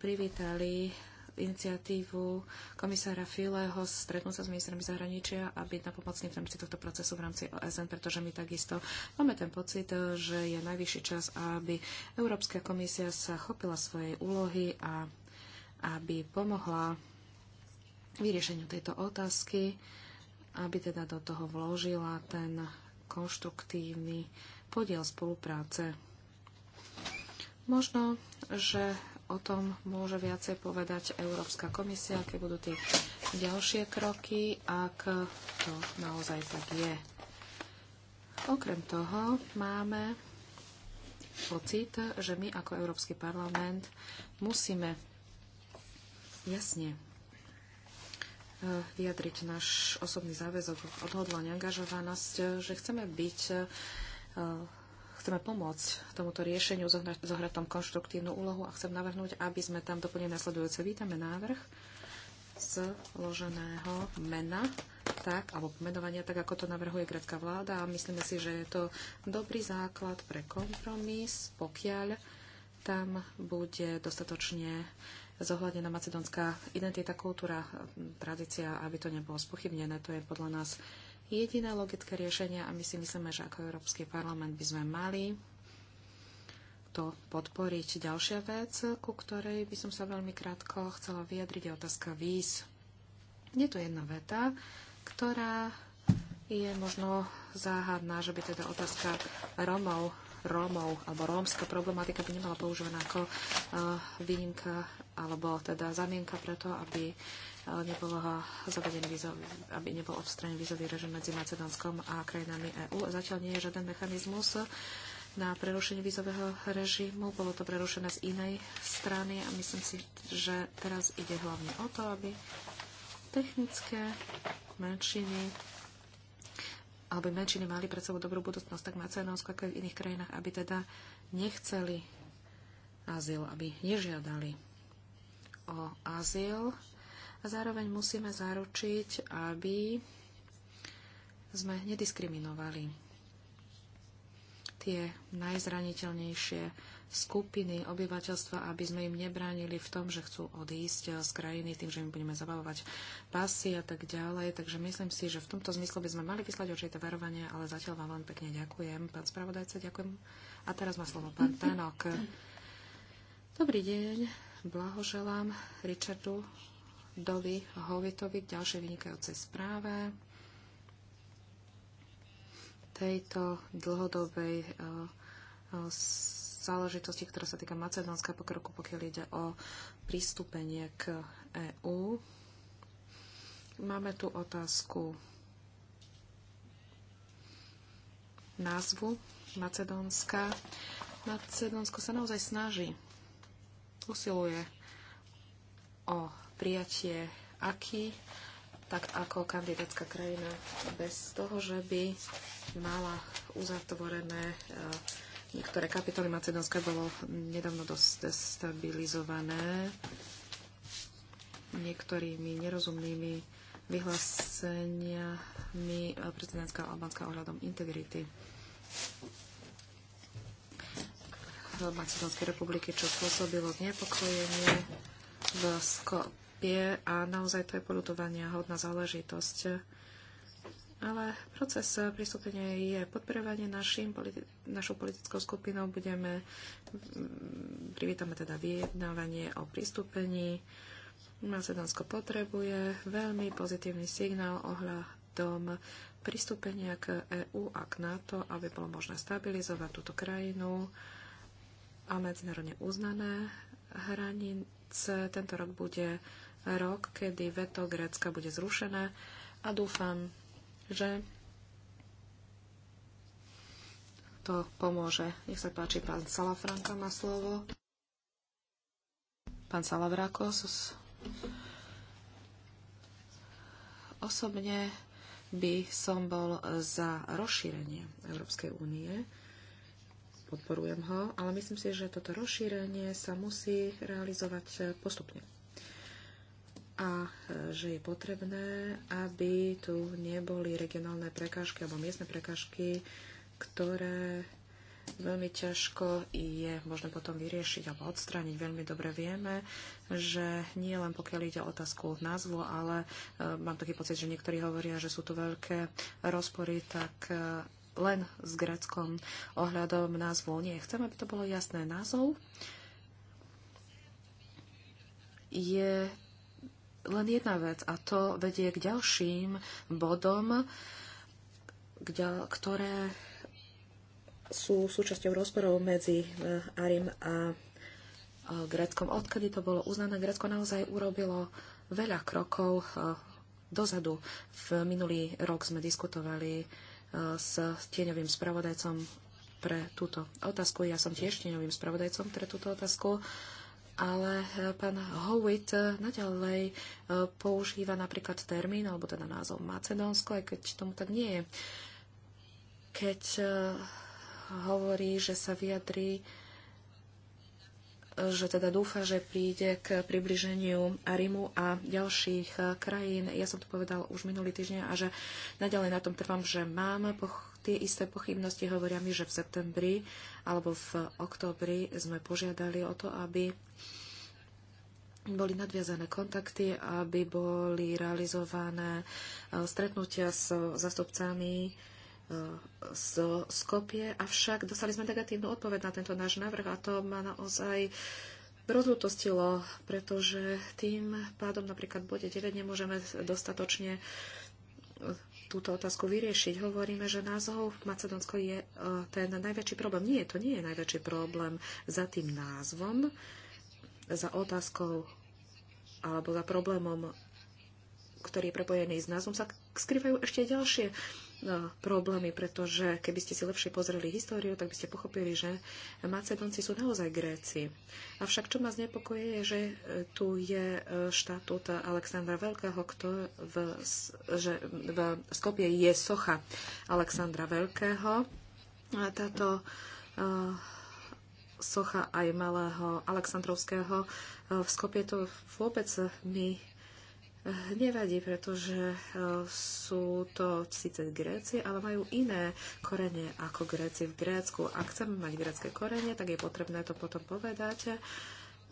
privítali iniciatívu komisára Fileho stretnúť sa s ministrami zahraničia a byť pomocný v rámci tohto procesu v rámci OSN, pretože my takisto máme ten pocit, že je najvyšší čas, aby Európska komisia sa chopila svojej úlohy a aby pomohla vyriešeniu tejto otázky, aby teda do toho vložila ten konštruktívny podiel spolupráce. Možno, že o tom môže viacej povedať Európska komisia, aké budú tie ďalšie kroky, ak to naozaj tak je. Okrem toho máme pocit, že my ako Európsky parlament musíme jasne vyjadriť náš osobný záväzok, odhodlanie, angažovanosť, že chceme byť, e, chceme pomôcť tomuto riešeniu, zohrať tam konštruktívnu úlohu a chcem navrhnúť, aby sme tam doplnili nasledujúce. Vítame návrh z loženého mena, tak, alebo menovania, tak ako to navrhuje grecká vláda a myslíme si, že je to dobrý základ pre kompromis, pokiaľ tam bude dostatočne zohľadená macedónska identita, kultúra, tradícia, aby to nebolo spochybnené. To je podľa nás jediné logické riešenie a my si myslíme, že ako Európsky parlament by sme mali to podporiť. Ďalšia vec, ku ktorej by som sa veľmi krátko chcela vyjadriť, je otázka víz. Je to jedna veta, ktorá je možno záhadná, že by teda otázka Romov Rómov alebo rómska problematika by nemala používaná ako uh, výnimka alebo teda zamienka pre to, aby eh, nebolo zavedený vizový, aby nebol odstranený vízový režim medzi Macedónskom a krajinami EÚ. Zatiaľ nie je žiaden mechanizmus na prerušenie vízového režimu. Bolo to prerušené z inej strany a myslím si, že teraz ide hlavne o to, aby technické menšiny alebo menšiny mali pred sebou dobrú budúcnosť, tak Macedónsko, ako aj v iných krajinách, aby teda nechceli azyl, aby nežiadali o azyl a zároveň musíme zaručiť, aby sme nediskriminovali tie najzraniteľnejšie skupiny obyvateľstva, aby sme im nebránili v tom, že chcú odísť z krajiny tým, že im budeme zabavovať pasy a tak ďalej. Takže myslím si, že v tomto zmysle by sme mali vyslať určité varovanie, ale zatiaľ vám len pekne ďakujem. Pán spravodajca, ďakujem. A teraz má slovo pán Tanok. Dobrý deň. Blahoželám Richardu Dovi Hovitovi k ďalšej vynikajúcej správe tejto dlhodobej eh, eh, záležitosti, ktorá sa týka Macedónska pokroku, pokiaľ ide o pristúpenie k EÚ. Máme tu otázku názvu Macedónska. Macedónsko sa naozaj snaží usiluje o prijatie aký, tak ako kandidátska krajina, bez toho, že by mala uzatvorené e, niektoré kapitoly Macedónska bolo nedávno dosť destabilizované niektorými nerozumnými vyhláseniami e, prezidentská Albánska ohľadom integrity. Macedónskej republiky, čo spôsobilo znepokojenie v Skopie a naozaj to je poľutovania hodná záležitosť. Ale proces pristúpenia je podporovanie našim, politi- našou politickou skupinou. Budeme, privítame teda vyjednávanie o pristúpení. Macedónsko potrebuje veľmi pozitívny signál ohľadom pristúpenia k EÚ a k NATO, aby bolo možné stabilizovať túto krajinu a medzinárodne uznané hranice. Tento rok bude rok, kedy veto Grécka bude zrušené a dúfam, že to pomôže. Nech sa páči, pán Salafranka má slovo. Pán Salavrakos. Osobne by som bol za rozšírenie Európskej únie podporujem ho, ale myslím si, že toto rozšírenie sa musí realizovať e, postupne. A e, že je potrebné, aby tu neboli regionálne prekážky alebo miestne prekážky, ktoré veľmi ťažko je možno potom vyriešiť alebo odstrániť. Veľmi dobre vieme, že nie len pokiaľ ide o otázku názvu, ale e, mám taký pocit, že niektorí hovoria, že sú tu veľké rozpory, tak e, len s Greckom ohľadom názvu. Nie, chcem, aby to bolo jasné. Názov je len jedna vec a to vedie k ďalším bodom, ktoré sú súčasťou rozporov medzi eh, Arim a eh, Greckom. Odkedy to bolo uznané, Grécko naozaj urobilo veľa krokov eh, dozadu. V minulý rok sme diskutovali E, s tieňovým spravodajcom pre túto otázku. Ja som tiež tieňovým spravodajcom pre túto otázku, ale e, pán Howitt e, naďalej používa napríklad termín, alebo teda názov Macedónsko, aj keď tomu tak nie je. Keď hovorí, že sa vyjadrí že teda dúfa, že príde k približeniu Rimu a ďalších eh, krajín. Ja som to povedal už minulý týždeň a že nadalej na tom trvám, že mám poch- tie isté pochybnosti. Hovoria mi, že v septembri alebo v októbri sme požiadali o to, aby boli nadviazané kontakty, aby boli realizované eh, stretnutia s zastupcami zo Skopie, avšak dostali sme negatívnu odpoveď na tento náš návrh a to ma naozaj rozlutostilo, pretože tým pádom napríklad v bode 9 nemôžeme dostatočne e, túto otázku vyriešiť. Hovoríme, že názov Macedónsko je e, ten najväčší problém. Nie, to nie je najväčší problém za tým názvom, za otázkou alebo za problémom, ktorý je prepojený s názvom, sa skrývajú ešte ďalšie problémy, pretože keby ste si lepšie pozreli históriu, tak by ste pochopili, že Macedónci sú naozaj Gréci. Avšak čo ma znepokoje je, že e, tu je e, štatút Alexandra Veľkého, kto v, že v Skopie je socha Alexandra Veľkého. A táto e, socha aj malého Aleksandrovského v Skopie to vôbec mi Nevadí, pretože e, sú to síce Gréci, ale majú iné korene ako Gréci v Grécku. Ak chceme mať grécké korene, tak je potrebné to potom povedať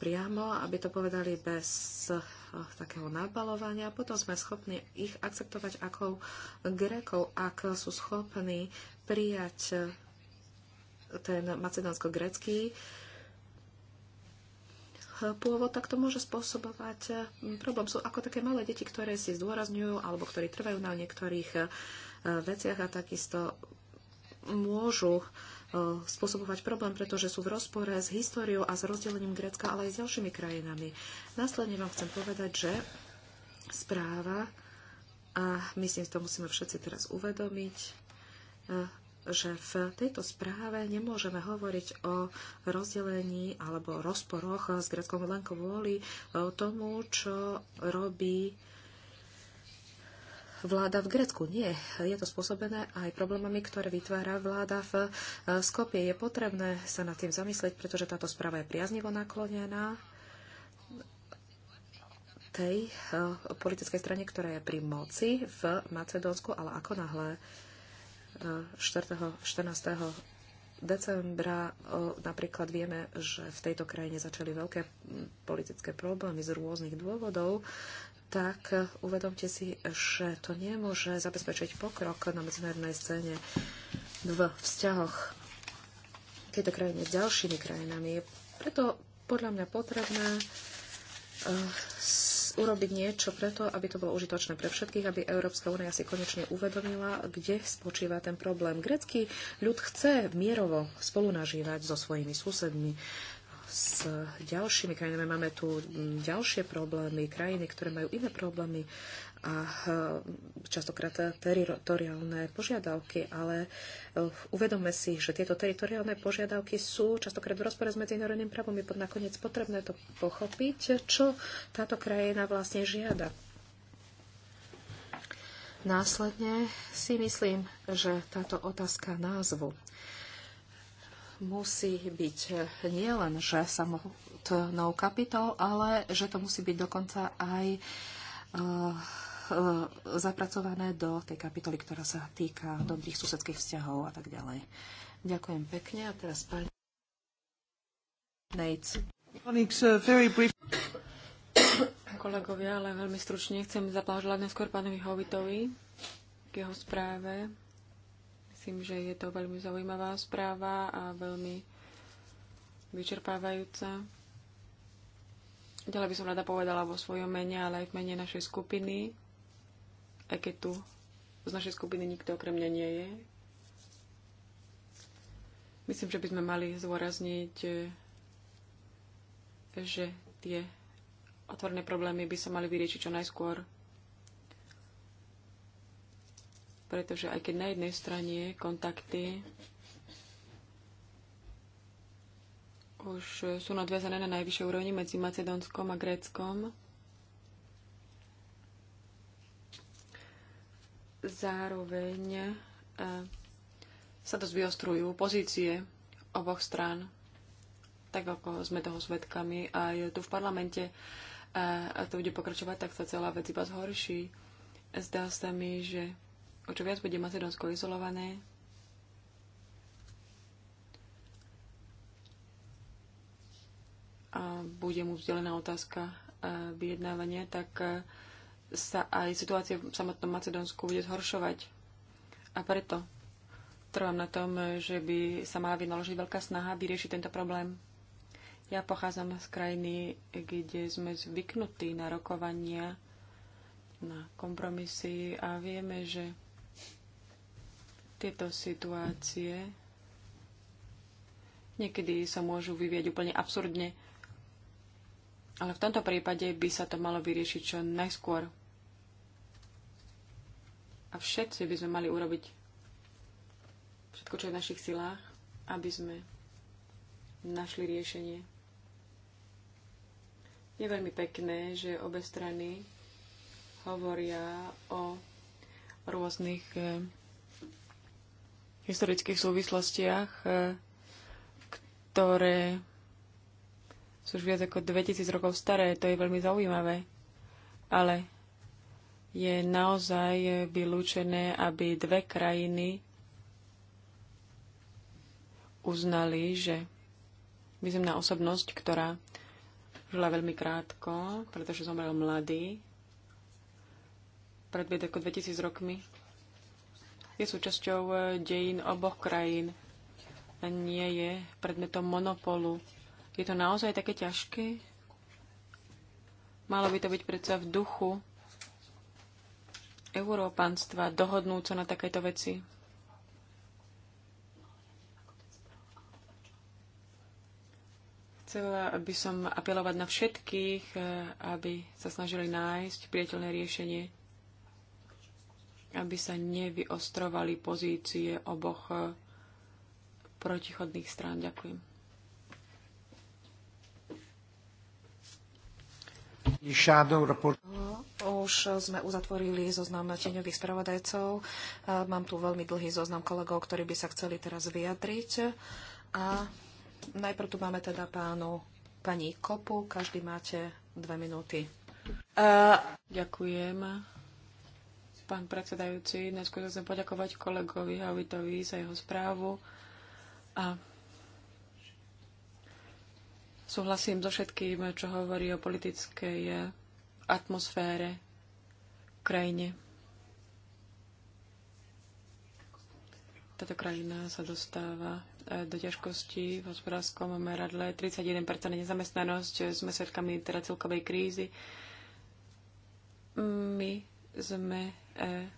priamo, aby to povedali bez e, takého nabalovania. Potom sme schopní ich akceptovať ako Grékov, ak sú schopní prijať ten macedónsko-grécky uh, pôvod, tak to môže spôsobovať eh, problém. Sú ako také malé deti, ktoré si zdôrazňujú alebo ktorí trvajú na niektorých eh, veciach a takisto môžu eh, spôsobovať problém, pretože sú v rozpore s históriou a s rozdelením Grécka, ale aj s ďalšími krajinami. Následne vám chcem povedať, že správa, a myslím, to musíme všetci teraz uvedomiť, že v tejto správe nemôžeme hovoriť o rozdelení alebo rozporoch s Greckom len kvôli e, tomu, čo robí vláda v Grécku. Nie, je to spôsobené aj problémami, ktoré vytvára vláda v e, Skopie. Je potrebné sa nad tým zamyslieť, pretože táto správa je priaznivo naklonená tej e, politickej strane, ktorá je pri moci v Macedónsku, ale ako náhle 4. 14. decembra napríklad vieme, že v tejto krajine začali veľké politické problémy z rôznych dôvodov tak e, uvedomte si, že to nemôže zabezpečiť pokrok na medzinárodnej scéne v vzťahoch tejto krajiny s ďalšími krajinami. Preto podľa mňa potrebné uh, urobiť niečo preto, aby to bolo užitočné pre všetkých, aby Európska únia si konečne uvedomila, kde spočíva ten problém. Grecký ľud chce mierovo spolunažívať so svojimi susedmi, s ďalšími krajinami. Máme tu ďalšie problémy, krajiny, ktoré majú iné problémy a eh, častokrát teritoriálne požiadavky, ale eh, uvedome si, že tieto teritoriálne požiadavky sú častokrát v rozpore s medzinárodným právom. Je nakoniec potrebné to pochopiť, čo táto krajina vlastne žiada. Následne si myslím, že táto otázka názvu musí byť eh, nielen, že samotnou kapitol, ale že to musí byť dokonca aj uh, Eh, zapracované do tej kapitoly, ktorá sa týka dobrých susedských vzťahov a tak ďalej. Ďakujem pekne a teraz pani Nejc. Eh, Kolegovia, ale veľmi stručne chcem zablahoželať neskôr pánovi Hovitovi k jeho správe. Myslím, že je to veľmi zaujímavá správa a veľmi vyčerpávajúca. Ďalej by som rada povedala vo svojom mene, ale aj v mene našej skupiny, aj keď tu z našej skupiny nikto okrem mňa nie je. Myslím, že by sme mali zdôrazniť, e, že tie otvorené problémy by sa mali vyriešiť čo najskôr. Pretože aj keď na jednej strane kontakty už sú nadviazané na najvyššej úrovni medzi Macedónskom a Gréckom, Zároveň e, sa dosť vyostrujú pozície oboch strán, tak ako sme toho svedkami aj tu v parlamente. E, a to bude pokračovať, tak sa celá vec iba zhorší. Zdá sa mi, že o čo viac bude Macedónsko izolované, a bude mu vzdelená otázka e, vyjednávania, tak sa aj situácia v samotnom Macedónsku bude zhoršovať. A preto trvám na tom, že by sa mala vynaložiť veľká snaha vyriešiť tento problém. Ja pochádzam z krajiny, kde sme zvyknutí na rokovania, na kompromisy a vieme, že tieto situácie niekedy sa môžu vyvieť úplne absurdne. Ale v tomto prípade by sa to malo vyriešiť čo najskôr. A všetci by sme mali urobiť všetko, čo je v našich silách, aby sme našli riešenie. Je veľmi pekné, že obe strany hovoria o rôznych eh, historických súvislostiach, eh, ktoré sú už viac ako 2000 rokov staré. To je veľmi zaujímavé. Ale je naozaj vylúčené, aby dve krajiny uznali, že významná osobnosť, ktorá žila veľmi krátko, pretože zomrel mladý, pred ako 2000 rokmi, je súčasťou eh, dejín oboch krajín. A nie je predmetom monopolu. Je to naozaj také ťažké? Malo by to byť predsa v duchu európanstva dohodnúť sa na takéto veci? Chcela by som apelovať na všetkých, eh, aby sa snažili nájsť priateľné riešenie, aby sa nevyostrovali pozície oboch eh, protichodných strán. Ďakujem. Už sme uzatvorili zoznam tieňových spravodajcov. Mám tu veľmi dlhý zoznam kolegov, ktorí by sa chceli teraz vyjadriť. A najprv tu máme teda pánu, pani Kopu. Každý máte dve minúty. Uh, ďakujem. Pán predsedajúci, najskôr chcem poďakovať kolegovi Havitovi za jeho správu a Súhlasím so všetkým, čo hovorí o politickej eh, atmosfére v krajine. Táto krajina sa dostáva eh, do ťažkostí v hospodárskom meradle. 31% nezamestnanosť, sme svetkami teda celkovej krízy. My sme eh,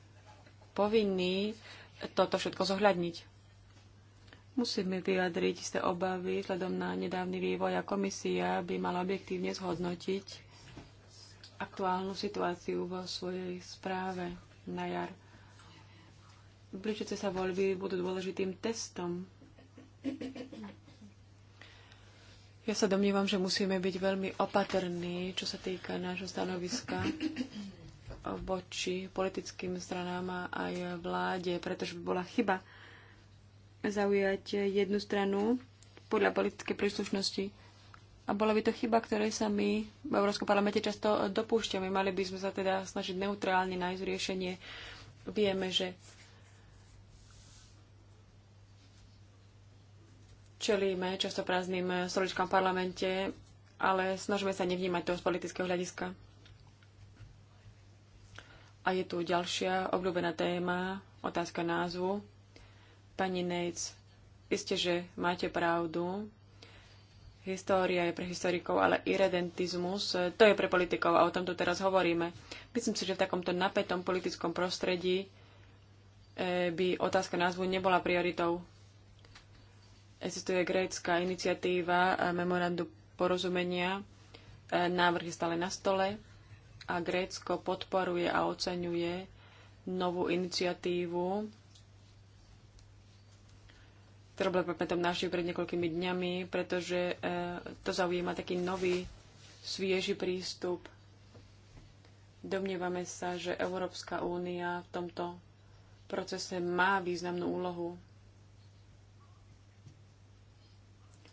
povinní toto všetko zohľadniť. Musíme vyjadriť isté obavy vzhľadom na nedávny vývoj a komisia by mala objektívne zhodnotiť aktuálnu situáciu vo svojej správe na jar. Bližšie sa voľby budú dôležitým testom. Ja sa domnívam, že musíme byť veľmi opatrní, čo sa týka nášho stanoviska voči politickým stranám a aj vláde, pretože by bola chyba zaujať jednu stranu podľa politickej príslušnosti. A bola by to chyba, ktorej sa my v Európskom parlamente často dopúšťame. Mali by sme sa teda snažiť neutrálne nájsť riešenie. Vieme, že čelíme často prázdnym stoličkám v parlamente, ale snažíme sa nevnímať to z politického hľadiska. A je tu ďalšia obľúbená téma, otázka názvu. Pani Nejc, isté, že máte pravdu. História je pre historikov, ale irredentizmus, eh, to je pre politikov a o tom tu teraz hovoríme. Myslím si, že v takomto napätom politickom prostredí eh, by otázka názvu nebola prioritou. Existuje grécka iniciatíva eh, Memorandu porozumenia, návrh je stále na stole a Grécko podporuje a oceňuje novú iniciatívu ktorá bola predmetom návštevy pred niekoľkými dňami, pretože e, to zaujíma taký nový, svieži prístup. Domnievame sa, že Európska únia v tomto procese má významnú úlohu.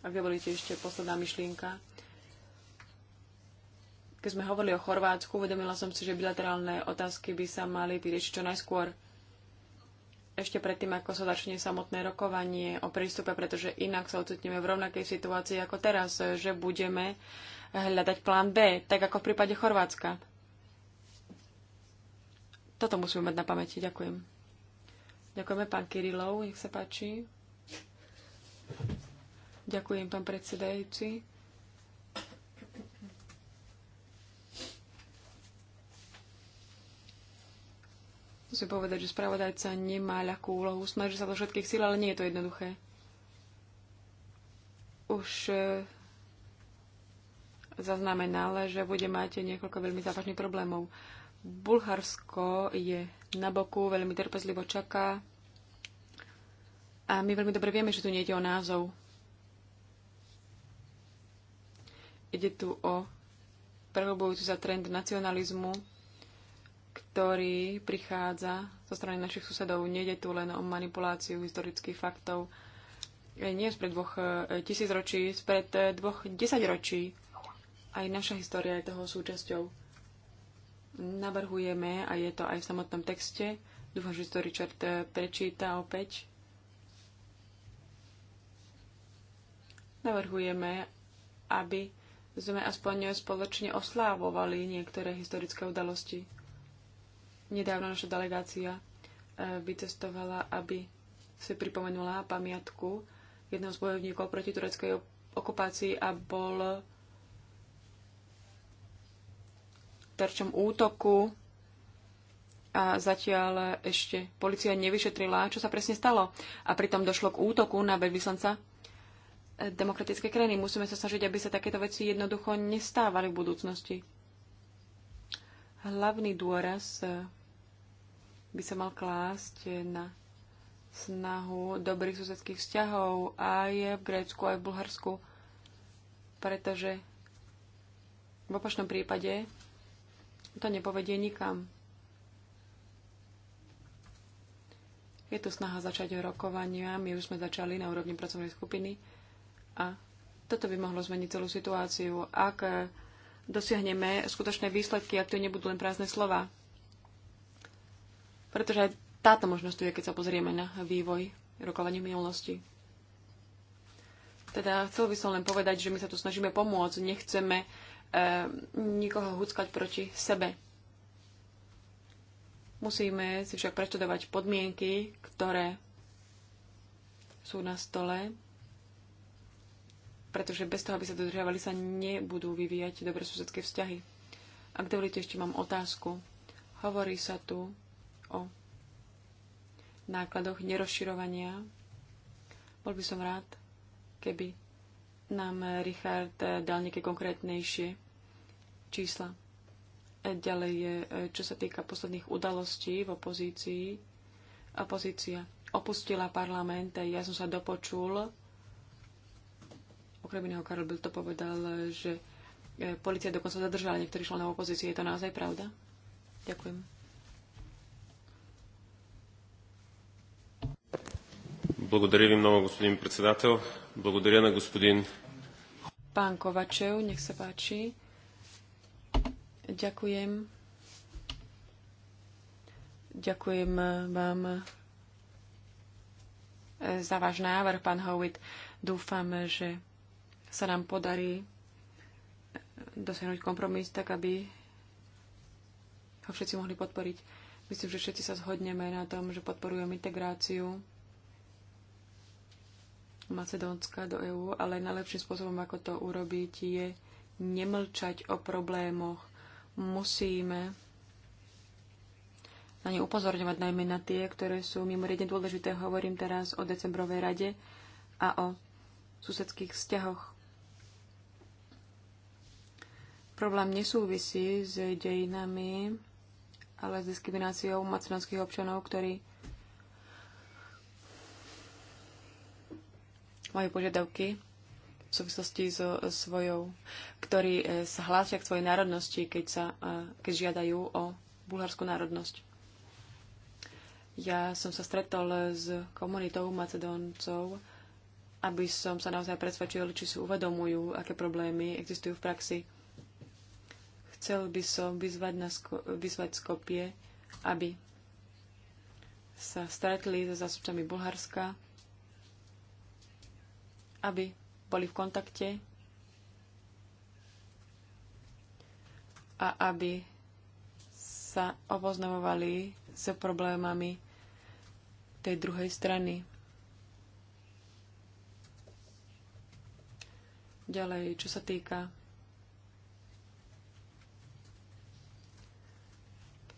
Ak dovolíte ešte posledná myšlienka. Keď sme hovorili o Chorvátsku, uvedomila som si, že bilaterálne otázky by sa mali vyriešiť čo najskôr ešte predtým, ako sa začne samotné rokovanie o prístupe, pretože inak sa ocitneme v rovnakej situácii ako teraz, že budeme hľadať plán B, tak ako v prípade Chorvátska. Toto musíme mať na pamäti. Ďakujem. Ďakujeme pán Kirilov, nech sa páči. Ďakujem, pán predsedajúci. Musím povedať, že spravodajca nemá ľahkú úlohu, snaží sa do všetkých síl, ale nie je to jednoduché. Už e, zaznamenal, že bude mať niekoľko veľmi závažných problémov. Bulharsko je na boku, veľmi trpezlivo čaká a my veľmi dobre vieme, že tu nie ide o názov. Ide tu o prehlbujúci sa trend nacionalizmu, ktorý prichádza zo strany našich susedov. Nejde tu len o manipuláciu historických faktov. E, nie spred dvoch e, tisíc ročí, spred e, dvoch desaťročí. Aj naša história je toho súčasťou. Navrhujeme, a je to aj v samotnom texte, dúfam, že to Richard prečíta opäť, navrhujeme, aby sme aspoň spoločne oslávovali niektoré historické udalosti. Nedávno naša delegácia e, vycestovala, aby si pripomenula pamiatku jedného z bojovníkov proti tureckej okupácii a bol terčom útoku a zatiaľ ešte policia nevyšetrila, čo sa presne stalo. A pritom došlo k útoku na veľvyslanca e, demokratické krajiny. Musíme sa snažiť, aby sa takéto veci jednoducho nestávali v budúcnosti. Hlavný dôraz e, by sa mal klásť na snahu dobrých susedských vzťahov aj v Grécku, aj v Bulharsku, pretože v opačnom prípade to nepovedie nikam. Je tu snaha začať rokovania, my už sme začali na úrovni pracovnej skupiny a toto by mohlo zmeniť celú situáciu, ak dosiahneme skutočné výsledky, ak to nebudú len prázdne slova. Pretože aj táto možnosť tu je, keď sa pozrieme na vývoj rokovania minulosti. Teda chcel by som len povedať, že my sa tu snažíme pomôcť, nechceme e, nikoho huckať proti sebe. Musíme si však preštudovať podmienky, ktoré sú na stole, pretože bez toho, aby sa dodržiavali, sa nebudú vyvíjať dobré susedské vzťahy. Ak dovolíte, ešte mám otázku. Hovorí sa tu o nákladoch nerozširovania. Bol by som rád, keby nám Richard dal nejaké konkrétnejšie čísla. E, ďalej je, e, čo sa týka posledných udalostí v opozícii. Opozícia opustila parlament. E, ja som sa dopočul, okrem iného Karol Bill to povedal, že policia dokonca zadržala niektorých členov opozície. Je to naozaj pravda? Ďakujem. Благодаря ви много, господин председател. Благодаря на господин... Pán Ковачев, nech sa páči. Ďakujem. Ďakujem vám za váš návrh, pán Howitt. Dúfame, že sa nám podarí dosiahnuť kompromis tak, aby ho všetci mohli podporiť. Myslím, že všetci sa zhodneme na tom, že podporujem integráciu Macedónska do EÚ, ale najlepším spôsobom, ako to urobiť, je nemlčať o problémoch. Musíme na ne upozorňovať najmä na tie, ktoré sú mimoriadne dôležité. Hovorím teraz o decembrovej rade a o susedských vzťahoch. Problém nesúvisí s dejinami, ale s diskrimináciou macedónskych občanov, ktorí majú požiadavky v súvislosti so e, svojou, ktorí e, sa hlásia k svojej národnosti, keď, sa, e, keď žiadajú o bulharskú národnosť. Ja som sa stretol s komunitou Macedóncov, aby som sa naozaj presvedčil, či si uvedomujú, aké problémy existujú v praxi. Chcel by som vyzvať, na sko- vyzvať Skopie, aby sa stretli so zástupcami Bulharska, aby boli v kontakte a aby sa oboznamovali s problémami tej druhej strany. Ďalej, čo sa týka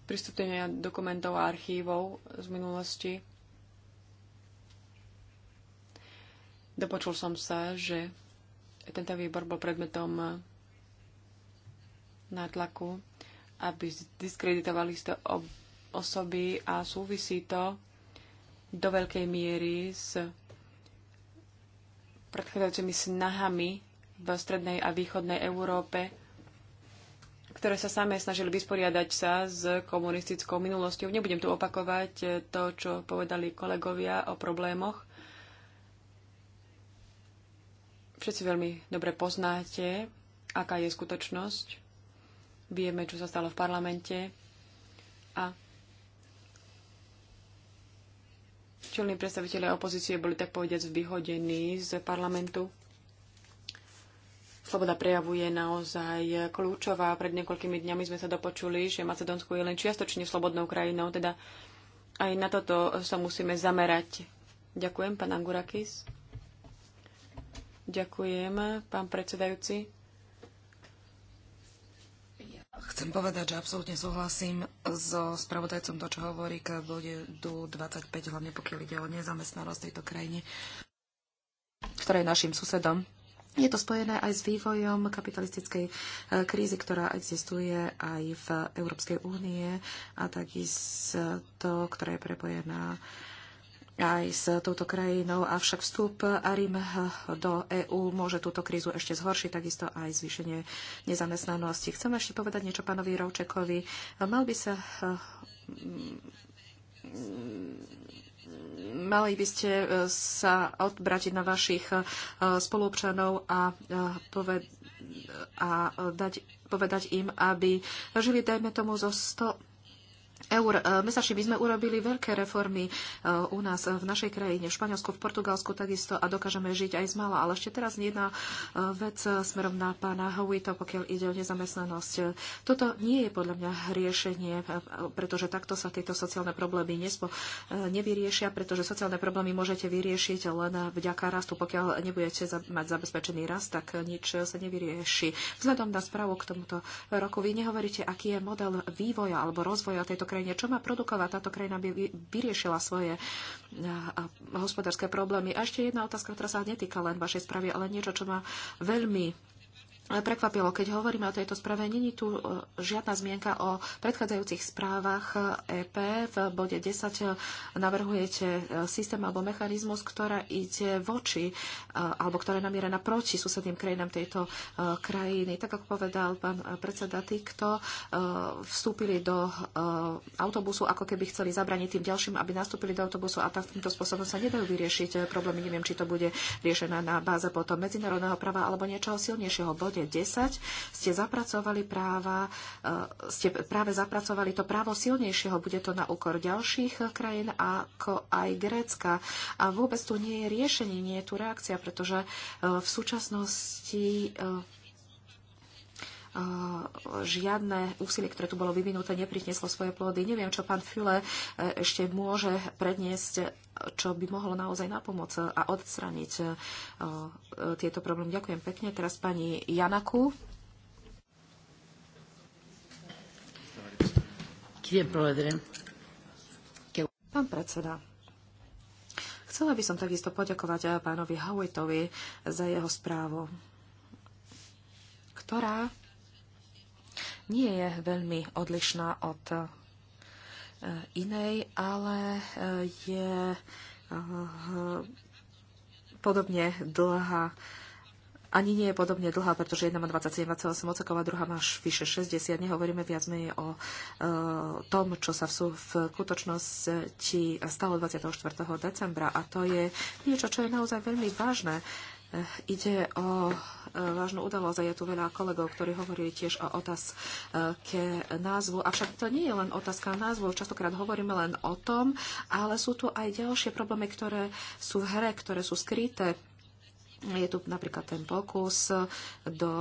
pristúpenia dokumentov a archívov z minulosti, Dopočul som sa, že tento výbor bol predmetom nátlaku, aby diskreditovali ste osoby a súvisí to do veľkej miery s predchádzajúcimi snahami v strednej a východnej Európe, ktoré sa samé snažili vysporiadať sa s komunistickou minulosťou. Nebudem tu opakovať to, čo povedali kolegovia o problémoch, Všetci veľmi dobre poznáte, aká je skutočnosť. Vieme, čo sa stalo v parlamente. A čelní predstavitelia opozície boli tak povediac vyhodení z parlamentu. Sloboda prejavu je naozaj kľúčová. Pred niekoľkými dňami sme sa dopočuli, že Macedónsko je len čiastočne slobodnou krajinou, teda aj na toto sa musíme zamerať. Ďakujem, pán Angurakis. Ďakujem, pán predsedajúci. Chcem povedať, že absolútne súhlasím so spravodajcom to, čo hovorí k bodu 25, hlavne pokiaľ ide o nezamestnanosť v tejto krajine, ktorá je našim susedom. Je to spojené aj s vývojom kapitalistickej e, krízy, ktorá existuje aj v Európskej únie a takisto, ktorá je prepojená uh, aj s touto krajinou, avšak vstup Arim do EÚ môže túto krízu ešte zhoršiť, takisto aj zvýšenie nezamestnanosti. Chcem ešte povedať niečo pánovi Rovčekovi. Mal by sa hm, mali by ste eh, sa odbratiť na vašich eh, spolupčanov a, eh, poved- a dať, povedať im, aby žili, dajme tomu, zo 100 eur e, mesaši, My sme urobili veľké reformy e, u nás e, v našej krajine, v Španielsku, v Portugalsku takisto a dokážeme žiť aj z mala. Ale ešte teraz jedna vec smerom na pána Howita, pokiaľ ide o nezamestnanosť. Toto nie je podľa mňa riešenie, pretože takto sa tieto sociálne problémy nespo, nevyriešia, pretože sociálne problémy môžete vyriešiť len vďaka rastu. Pokiaľ nebudete mať zabezpečený rast, tak nič sa nevyrieši. Vzhľadom na správu k tomuto roku, vy nehovoríte, aký je model vývoja alebo rozvoja tejto krajine, čo má produkovať táto krajina, aby vyriešila svoje eh, hospodárske problémy. A ešte jedna otázka, ktorá sa netýka len vašej správy, ale niečo, čo ma veľmi prekvapilo, keď hovoríme o tejto správe, není tu e, žiadna zmienka o predchádzajúcich správach EP. E v bode 10 e, navrhujete systém alebo mechanizmus, ktorá ide voči, alebo ktorá je namierená proti susedným krajinám tejto krajiny. Tak ako povedal pán predseda, tí, kto vstúpili do autobusu, ako keby chceli zabraniť tým ďalším, aby nastúpili do autobusu a takýmto spôsobom sa nedajú vyriešiť problémy. Neviem, či to bude riešené na báze potom medzinárodného práva alebo niečoho silnejšieho. Bod bode 10 ste zapracovali práva, e, ste práve zapracovali to právo silnejšieho, bude to na úkor ďalších krajín ako aj Grécka. A vôbec tu nie je riešenie, nie je tu reakcia, pretože e, v súčasnosti e, žiadne úsilie, ktoré tu bolo vyvinuté, neprinieslo svoje plody. Neviem, čo pán Füle e, ešte môže predniesť, čo by mohlo naozaj napomôcť a odstraniť e, e, tieto problémy. Ďakujem pekne. Teraz pani Janaku. Pán predseda, chcela by som takisto poďakovať pánovi Howitovi za jeho správu, ktorá nie je veľmi odlišná od eh, inej, ale eh, je eh, podobne dlhá ani nie je podobne dlhá, pretože jedna má 27,8 ocekov a druhá má vyše 60. Nehovoríme viac menej o e, tom, čo sa v, skutočnosti stalo 24. decembra. A to je niečo, čo je naozaj veľmi vážne. E, Ide o e, vážnu udalosť a je tu veľa kolegov, ktorí hovorili tiež o otázke názvu. Avšak to nie je len otázka názvu, častokrát hovoríme len o tom, ale sú tu aj ďalšie problémy, ktoré sú v hre, ktoré sú skryté. Je tu napríklad ten pokus do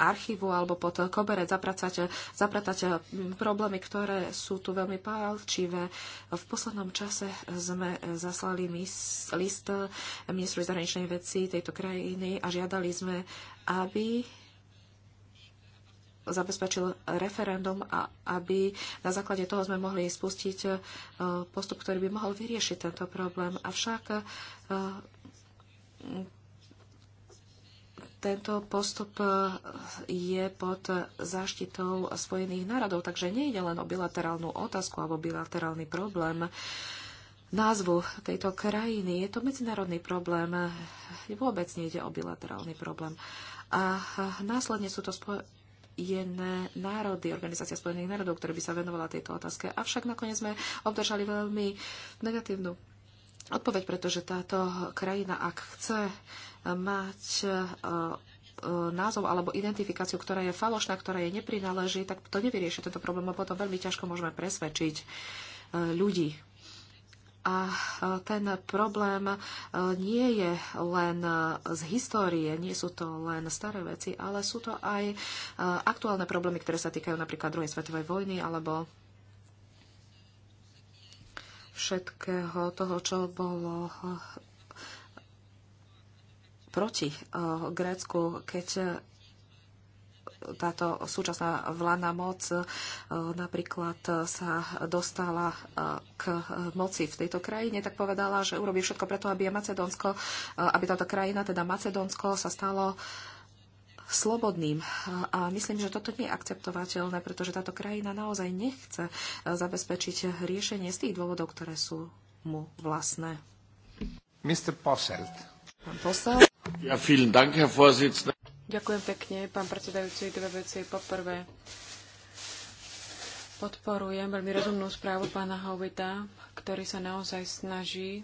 archívu alebo pod koberec zapracať, zapratať problémy, ktoré sú tu veľmi palčivé. V poslednom čase sme zaslali mis, list ministru zahraničnej veci tejto krajiny a žiadali sme, aby zabezpečil referendum a aby na základe toho sme mohli spustiť e, postup, ktorý by mohol vyriešiť tento problém. Avšak e, tento postup e, je pod záštitou Spojených národov, takže nejde len o bilaterálnu otázku alebo bilaterálny problém názvu tejto krajiny. Je to medzinárodný problém, e, vôbec nejde o bilaterálny problém. A následne sú to Spojené národy, Organizácia Spojených národov, ktorá by sa venovala tejto otázke. Avšak nakoniec sme obdržali veľmi negatívnu odpoveď, pretože táto krajina, ak chce mať e, e, názov alebo identifikáciu, ktorá je falošná, ktorá je neprináleží, tak to nevyrieši tento problém a potom veľmi ťažko môžeme presvedčiť e, ľudí. A ten problém nie je len z histórie, nie sú to len staré veci, ale sú to aj aktuálne problémy, ktoré sa týkajú napríklad druhej svetovej vojny alebo všetkého toho, čo bolo eh, proti eh, Grécku, keď eh, táto súčasná vládna moc napríklad sa dostala k moci v tejto krajine, tak povedala, že urobí všetko preto, aby Macedónsko, aby táto krajina, teda Macedónsko sa stalo uh, slobodným. A myslím, že toto nie je akceptovateľné, pretože táto krajina naozaj nechce eh, zabezpečiť riešenie z tých dôvodov, ktoré sú mu vlastné. Mr. Posselt. Pán Posselt. Ja, vielen Dank, Herr Vorsitzender. Ďakujem pekne, pán predsedajúci. Dve veci. Poprvé, podporujem veľmi rozumnú správu pána Hovita, ktorý sa naozaj snaží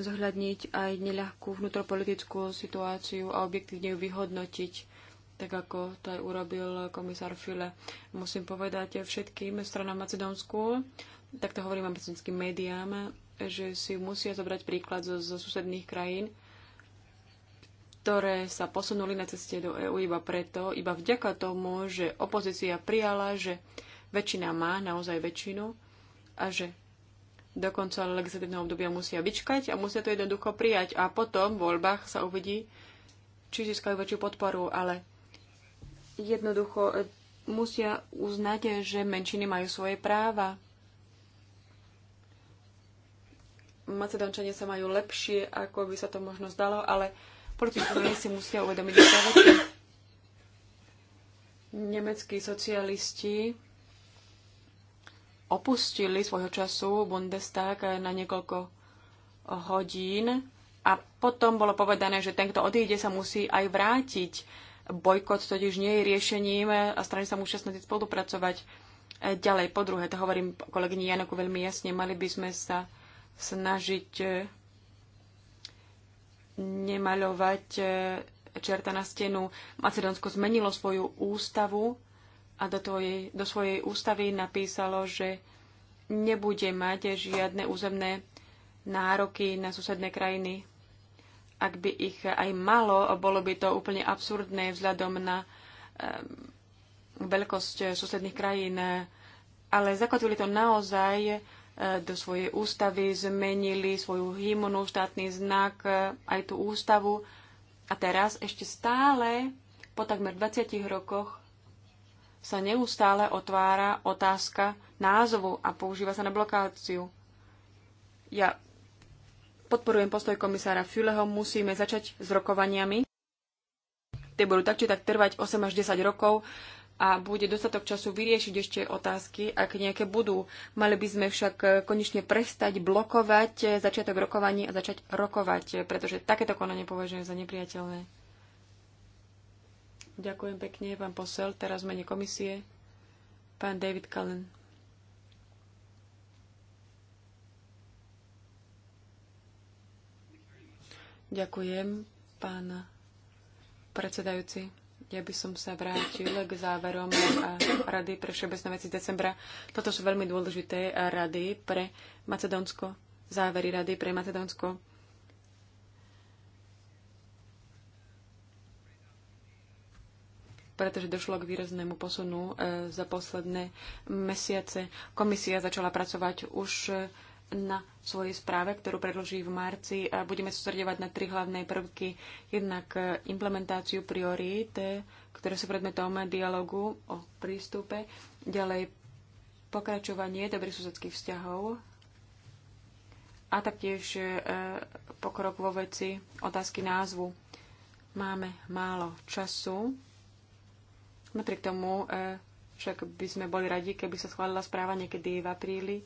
zohľadniť aj neľahkú vnútropolitickú situáciu a objektívne ju vyhodnotiť, tak ako to aj urobil komisár File. Musím povedať všetkým stranám Macedónsku, tak to hovorím macedónským médiám, že si musia zobrať príklad zo, zo susedných krajín, ktoré sa posunuli na ceste do EÚ iba preto, iba vďaka tomu, že opozícia prijala, že väčšina má naozaj väčšinu a že do konca legislatívneho obdobia musia vyčkať a musia to jednoducho prijať. A potom v voľbách sa uvidí, či získajú väčšiu podporu, ale jednoducho e, musia uznať, že menšiny majú svoje práva. Macedončania sa majú lepšie, ako by sa to možno zdalo, ale političania si musia uvedomiť, že Nemeckí socialisti opustili svojho času Bundestag na niekoľko hodín a potom bolo povedané, že ten, kto odíde, sa musí aj vrátiť. Bojkot totiž nie je riešením a strany sa musia snažiť spolupracovať. E, ďalej, po druhé, to hovorím kolegyni Janoku veľmi jasne, mali by sme sa snažiť e, nemaľovať e, čerta na stenu. Macedónsko zmenilo svoju ústavu a do, tvojej, do svojej ústavy napísalo, že nebude mať žiadne územné nároky na susedné krajiny. Ak by ich aj malo, bolo by to úplne absurdné vzhľadom na veľkosť susedných krajín. Ale zakotvili to naozaj eh, do svojej ústavy, zmenili svoju hymnu, štátny znak, eh, aj tú ústavu. A teraz ešte stále, po takmer 20 rokoch, sa neustále otvára otázka názvu a používa sa na blokáciu. Ja podporujem postoj komisára Füleho, musíme začať s rokovaniami. Tie budú tak či tak trvať 8 až 10 rokov a bude dostatok času vyriešiť ešte otázky, ak nejaké budú. Mali by sme však konečne prestať blokovať eh, začiatok rokovaní a začať rokovať, eh, pretože takéto konanie považujem za nepriateľné. Ďakujem pekne, pán posel. Teraz mene komisie. Pán David Cullen. Ďakujem, pán predsedajúci. Ja by som sa vrátil k záverom Rady pre všeobecné veci z decembra. Toto sú veľmi dôležité rady pre Macedónsko, závery Rady pre Macedónsko pretože došlo k výraznému posunu e, za posledné mesiace. Komisia začala pracovať už e, na svojej správe, ktorú predloží v marci a budeme sústredovať na tri hlavné prvky. Jednak e, implementáciu priorít, ktoré sú predmetom dialogu o prístupe, ďalej pokračovanie dobrých susedských vzťahov a taktiež pokrok vo veci otázky názvu. Máme málo času Napriek tomu e, však by sme boli radi, keby sa schválila správa niekedy v apríli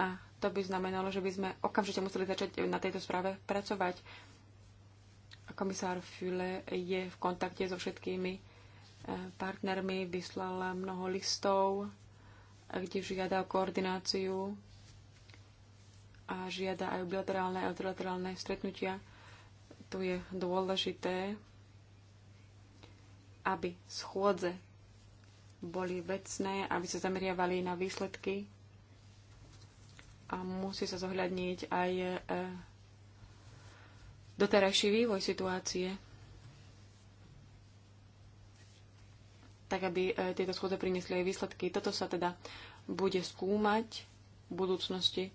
a to by znamenalo, že by sme okamžite museli začať na tejto správe pracovať. Komisár Füle je v kontakte so všetkými e, partnermi, vyslal mnoho listov, e, kde žiada o koordináciu a žiada aj o bilaterálne a trilaterálne stretnutia. Tu je dôležité aby schôdze boli vecné, aby sa zameriavali na výsledky a musí sa zohľadniť aj e, doterajší vývoj situácie, tak aby e, tieto schôdze priniesli aj výsledky. Toto sa teda bude skúmať v budúcnosti.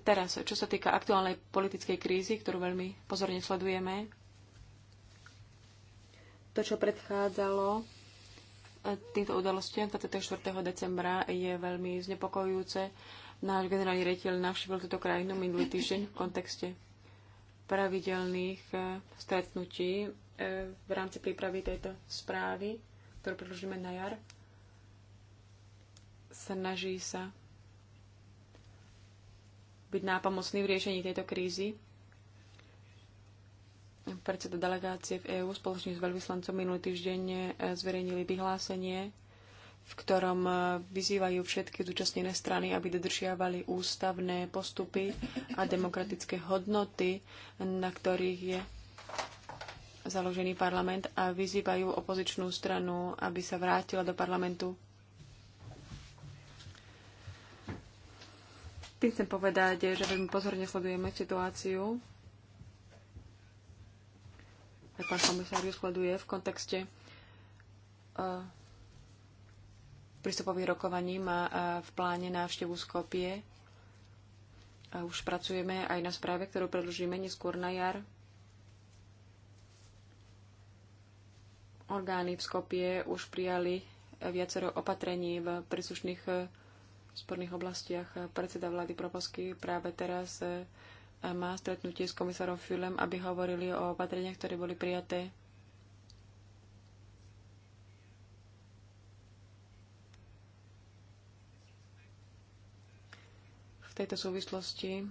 Teraz, čo sa týka aktuálnej politickej krízy, ktorú veľmi pozorne sledujeme, to, čo predchádzalo e, týmto udalostiam 24. decembra je veľmi znepokojujúce. Náš generálny riaditeľ navštívil túto krajinu minulý týždeň v kontexte pravidelných e, stretnutí e, v rámci prípravy tejto správy, ktorú predložíme na jar. Snaží sa byť nápomocný v riešení tejto krízy predseda delegácie v EÚ spoločne s veľvyslancom minulý týždeň e, zverejnili vyhlásenie, v ktorom e, vyzývajú všetky zúčastnené strany, aby dodržiavali ústavné postupy a demokratické hodnoty, na ktorých je založený parlament a vyzývajú opozičnú stranu, aby sa vrátila do parlamentu. Tým chcem povedať, že veľmi pozorne sledujeme situáciu pán komisáriu skladuje v kontexte e, prístupových rokovaní má e, v pláne návštevu Skopie. A už pracujeme aj na správe, ktorú predložíme neskôr na jar. Orgány v Skopie už prijali viacero opatrení v príslušných e, sporných oblastiach. Predseda vlády Propasky práve teraz má stretnutie s komisárom Fülem, aby hovorili o opatreniach, ktoré boli prijaté. V tejto súvislosti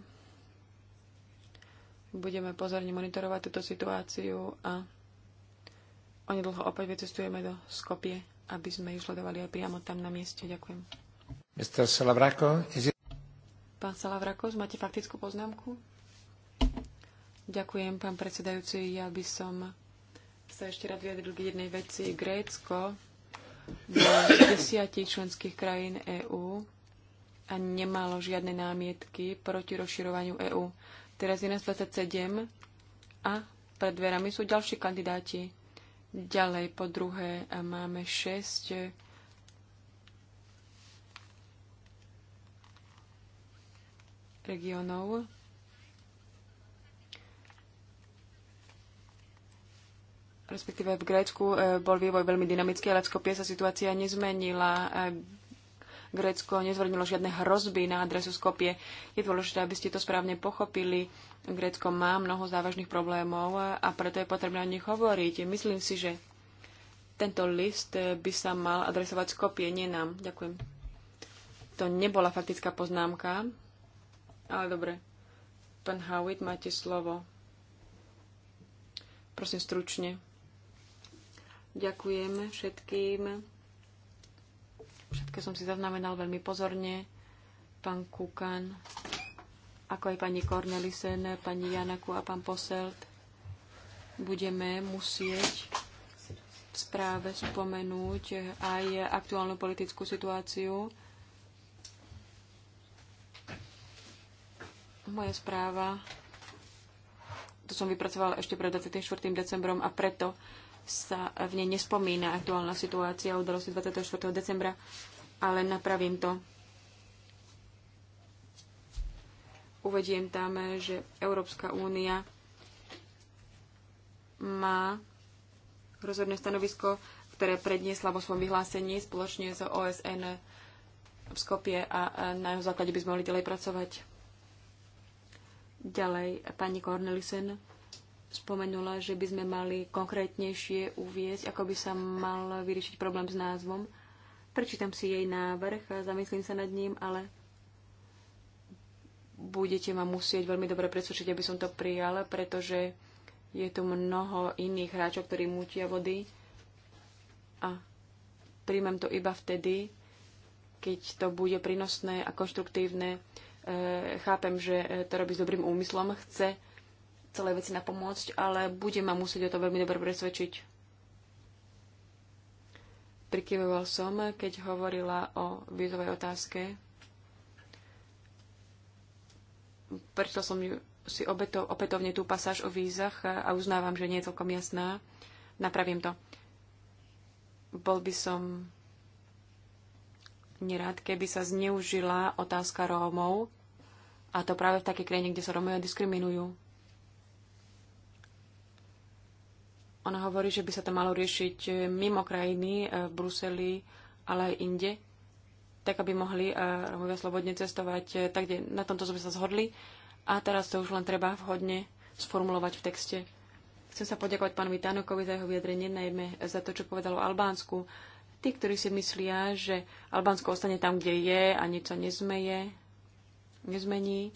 budeme pozorne monitorovať túto situáciu a onedlho opäť vycestujeme do Skopie, aby sme ju sledovali aj priamo tam na mieste. Ďakujem. Mr. Salavrako, is it... Pán Salavrakos, máte faktickú poznámku? Ďakujem, pán predsedajúci. Ja by som sa ešte rád vyjadril k jednej veci. Grécko bolo z desiatich členských krajín EÚ a nemalo žiadne námietky proti rozširovaniu EÚ. Teraz je nás 27 a pred dverami sú ďalší kandidáti. Ďalej po druhé máme 6 regionov respektíve v Grécku e, bol vývoj veľmi dynamický, ale v Skopie sa situácia nezmenila. E, Grécko nezvrnilo žiadne hrozby na adresu Skopie. Je dôležité, aby ste to správne pochopili. Grécko má mnoho závažných problémov a preto je potrebné o nich hovoriť. Myslím si, že tento list by sa mal adresovať Skopie, nie nám. Ďakujem. To nebola faktická poznámka, ale dobre. Pán Howitt, máte slovo. Prosím stručne. Ďakujem všetkým. Všetko som si zaznamenal veľmi pozorne. Pán Kukan, ako aj pani Cornelisen, pani Janaku a pán Poselt. Budeme musieť v správe spomenúť aj aktuálnu politickú situáciu. Moja správa, to som vypracovala ešte pred 24. decembrom a preto sa v nej nespomína aktuálna situácia udalosti 24. decembra, ale napravím to. Uvediem tam, že Európska únia má rozhodné stanovisko, ktoré predniesla vo svojom vyhlásení spoločne s so OSN v Skopie a na jeho základe by sme mohli ďalej pracovať. Ďalej, pani Cornelisen spomenula, že by sme mali konkrétnejšie uviezť, ako by sa mal vyriešiť problém s názvom. Prečítam si jej návrh a zamyslím sa nad ním, ale budete ma musieť veľmi dobre presvedčiť, aby som to prijala, pretože je tu mnoho iných hráčov, ktorí mutia vody a príjmem to iba vtedy, keď to bude prínosné a konštruktívne. E, chápem, že e, to robí s dobrým úmyslom, chce celé veci napomôcť, ale budem ma musieť o to veľmi dobre presvedčiť. Prikyvoval som, keď hovorila o vízovej otázke. Prečo som si obeto, opätovne tú pasáž o vízach a uznávam, že nie je celkom jasná. Napravím to. Bol by som nerád, keby sa zneužila otázka Rómov, a to práve v takej krajine, kde sa Rómovia diskriminujú. Ona hovorí, že by sa to malo riešiť e, mimo krajiny, e, v Bruseli, ale aj inde, tak aby mohli e, Romovia slobodne cestovať, tak kde na tomto sme sa zhodli. A teraz to už len treba vhodne sformulovať v texte. Chcem sa poďakovať pánovi Tanokovi za jeho vyjadrenie, najmä za to, čo povedal o Albánsku. Tí, ktorí si myslia, že Albánsko ostane tam, kde je a nič sa nezmeje, nezmení,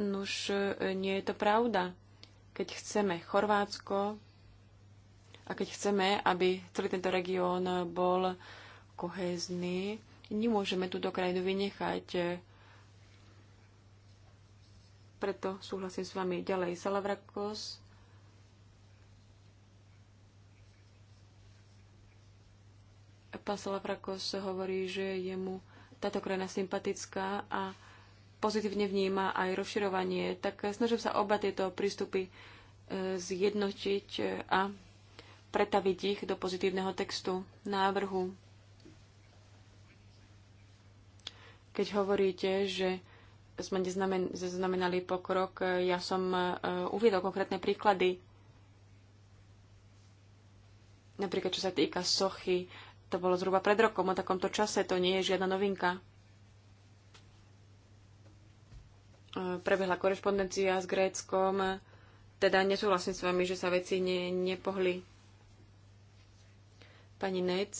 nuž nie je to pravda keď chceme Chorvátsko a keď chceme, aby celý tento región bol kohézny, nemôžeme túto krajinu vynechať. Preto súhlasím s vami ďalej. Salavrakos. Pán Salavrakos hovorí, že je mu táto krajina sympatická a pozitívne vníma aj rozširovanie, tak snažím sa oba tieto prístupy e, zjednotiť e, a pretaviť ich do pozitívneho textu, návrhu. Keď hovoríte, že sme zaznamenali pokrok, e, ja som uviedol konkrétne príklady. Napríklad, čo sa týka sochy, to bolo zhruba pred rokom, o takomto čase, to nie je žiadna novinka. prebehla korešpondencia s Gréckom, teda nesúhlasím s vami, že sa veci ne, nepohli. Pani Nec,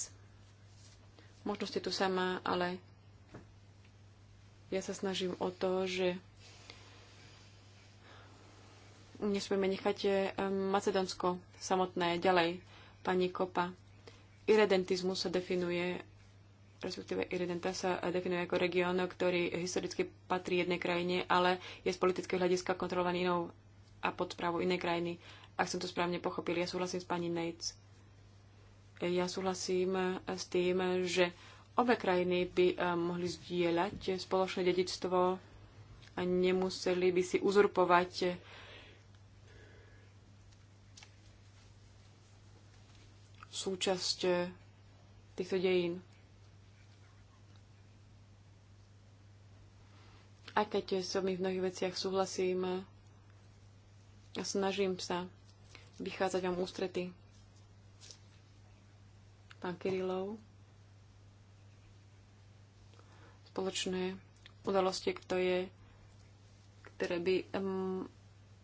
možno ste tu sama, ale ja sa snažím o to, že nesmieme nechať eh, Macedónsko samotné ďalej, pani Kopa. Iredentizmus sa definuje respektíve Iriden sa definuje ako región, ktorý historicky patrí jednej krajine, ale je z politického hľadiska kontrolovaný inou a pod správou inej krajiny. Ak som to správne pochopil, ja súhlasím s pani Nates. Ja súhlasím s tým, že obe krajiny by eh, mohli zdieľať spoločné dedičstvo a nemuseli by si uzurpovať súčasť eh, týchto dejín. Aj keď som v mnohých veciach súhlasím, a snažím sa vychádzať vám ústrety. Pán Kirillov, spoločné udalosti, kto je, ktoré by um,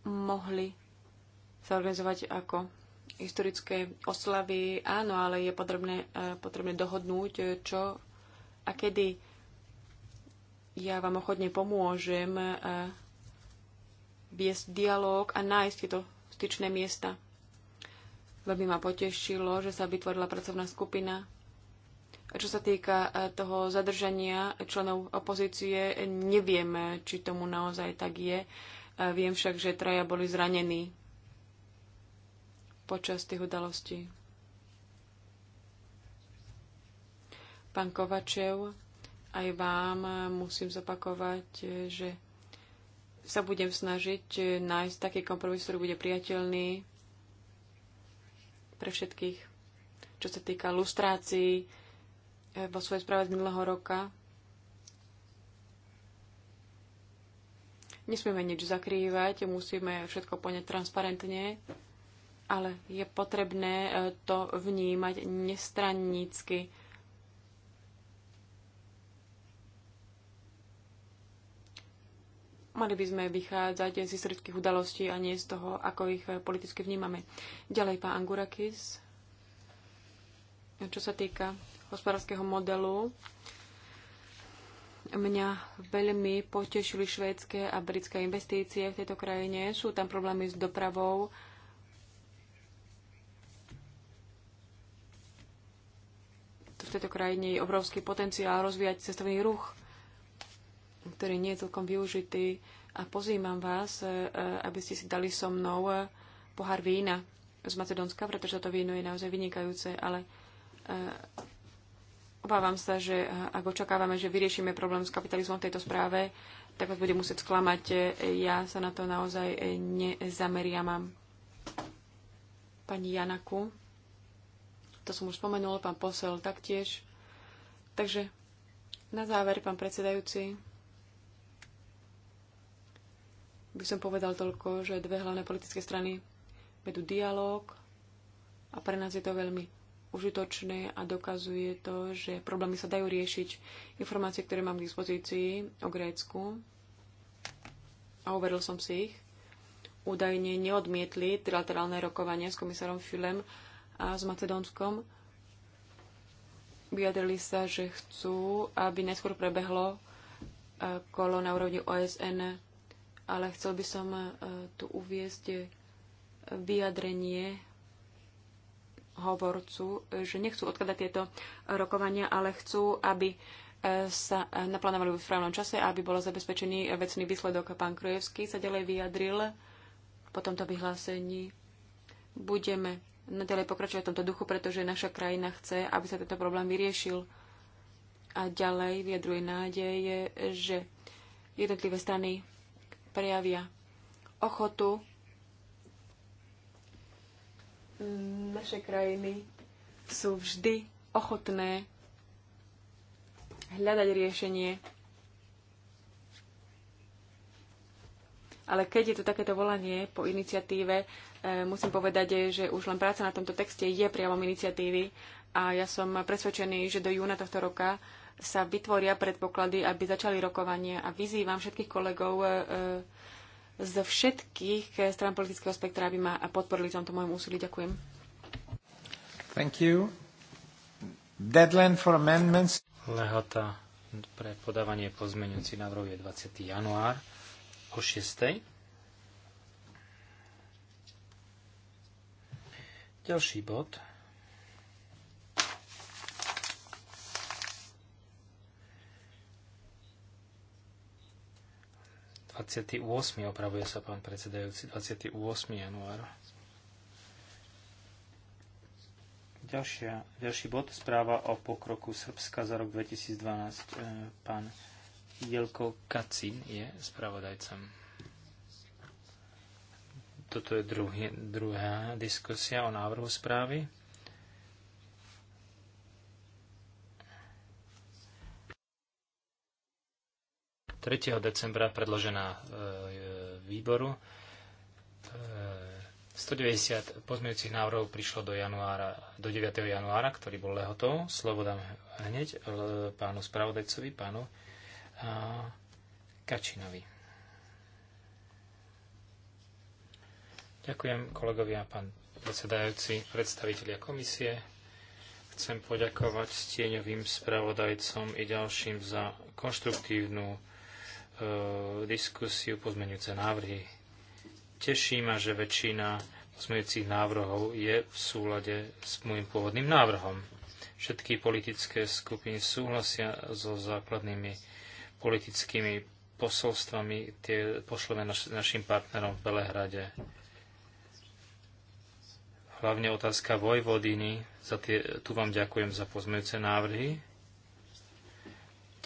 mohli sa organizovať ako historické oslavy. Áno, ale je potrebné, uh, potrebné dohodnúť, eh, čo a kedy ja vám ochotne pomôžem e, viesť dialog a nájsť tieto styčné miesta. Veľmi ma potešilo, že sa vytvorila pracovná skupina. Čo sa týka e, toho zadržania členov opozície, neviem, či tomu naozaj tak je. E, viem však, že traja boli zranení počas tých udalostí. Pán Kovačev aj vám musím zopakovať, že sa budem snažiť nájsť taký kompromis, ktorý bude priateľný pre všetkých, čo sa týka lustrácií eh, vo svojej správe z minulého roka. Nesmieme nič zakrývať, musíme všetko poňať transparentne, ale je potrebné eh, to vnímať nestrannícky Mali by sme vychádzať z historických udalostí a nie z toho, ako ich politicky vnímame. Ďalej pán Angurakis. Čo sa týka hospodárskeho modelu, mňa veľmi potešili švédske a britské investície v tejto krajine. Sú tam problémy s dopravou, v tejto krajine je obrovský potenciál rozvíjať cestovný ruch ktorý nie je celkom využitý a pozývam vás, e, e, aby ste si dali so mnou e, pohár vína z Macedónska, pretože toto víno je naozaj vynikajúce, ale obávam sa, že ak očakávame, že vyriešime problém s kapitalizmom v tejto správe, tak vás bude musieť sklamať. Ja sa na to naozaj nezameriam. Pani Janaku, to som už spomenul, pán posel taktiež. Takže na záver, pán predsedajúci, by som povedal toľko, že dve hlavné politické strany vedú dialog a pre nás je to veľmi užitočné a dokazuje to, že problémy sa dajú riešiť. Informácie, ktoré mám k dispozícii o Grécku, a overil som si ich, údajne neodmietli trilaterálne rokovania s komisárom Filem a s Macedónskom. Vyjadrili sa, že chcú, aby neskôr prebehlo eh, kolo na úrovni OSN ale chcel by som e, tu uviezť e, vyjadrenie hovorcu, e, že nechcú odkladať tieto rokovania, ale chcú, aby sa naplánovali v správnom čase, aby bol zabezpečený vecný výsledok. Pán Krojevský sa ďalej vyjadril po tomto vyhlásení. Budeme nadalej pokračovať v tomto duchu, pretože naša krajina chce, aby sa tento problém vyriešil. A ďalej vyjadruje nádej, že jednotlivé strany prejavia ochotu naše krajiny sú vždy ochotné hľadať riešenie. Ale keď je to takéto volanie po iniciatíve, eh, musím povedať, že už len práca na tomto texte je priamom iniciatívy a ja som presvedčený, že do júna tohto roka sa vytvoria predpoklady, aby začali rokovanie A vyzývam všetkých kolegov e, e, z všetkých stran politického spektra, aby ma podporili v tomto mojom úsilí. Ďakujem. Thank you. Deadline for amendments. Lehota pre podávanie pozmeňujúci návrhov je 20. január o 6. Ďalší bod 28. opravuje sa pán predsedajúci, 28. január. Ďalšia, ďalší bod, správa o pokroku Srbska za rok 2012. E, pán Jelko Kacin je spravodajcom. Toto je druhý, druhá diskusia o návrhu správy. 3. decembra predložená e, výboru. 190 e, pozmeňujúcich návrhov prišlo do, januára, do 9. januára, ktorý bol lehotou. Slovo dám hneď e, pánu spravodajcovi, pánu Kačinovi. Ďakujem kolegovia, pán predsedajúci, predstavitelia komisie. Chcem poďakovať stieňovým spravodajcom i ďalším za konštruktívnu Eh, diskusiu pozmeňujúce návrhy. Teší ma, že väčšina pozmeňujúcich návrhov je v súlade s môjim pôvodným návrhom. Všetky politické skupiny súhlasia so základnými politickými posolstvami, tie pošleme naš, našim partnerom v Belehrade. Hlavne otázka Vojvodiny, za tie, tu vám ďakujem za pozmeňujúce návrhy.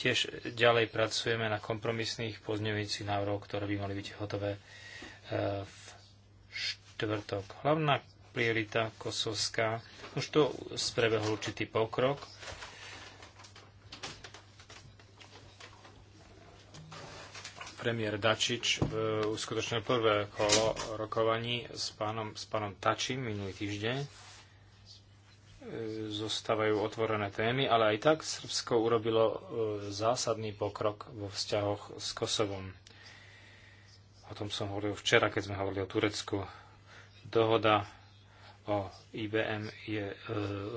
Tiež ďalej pracujeme na kompromisných pozňujúcich návrhov, ktoré by mali byť hotové e, v štvrtok. Hlavná priorita kosovská. Už to sprebehol určitý pokrok. Premiér Dačič e, uskutočnil prvé kolo rokovaní s pánom, s pánom Tačím minulý týždeň zostávajú otvorené témy, ale aj tak Srbsko urobilo e, zásadný pokrok vo vzťahoch s Kosovom. O tom som hovoril včera, keď sme hovorili o Turecku. Dohoda o IBM je e,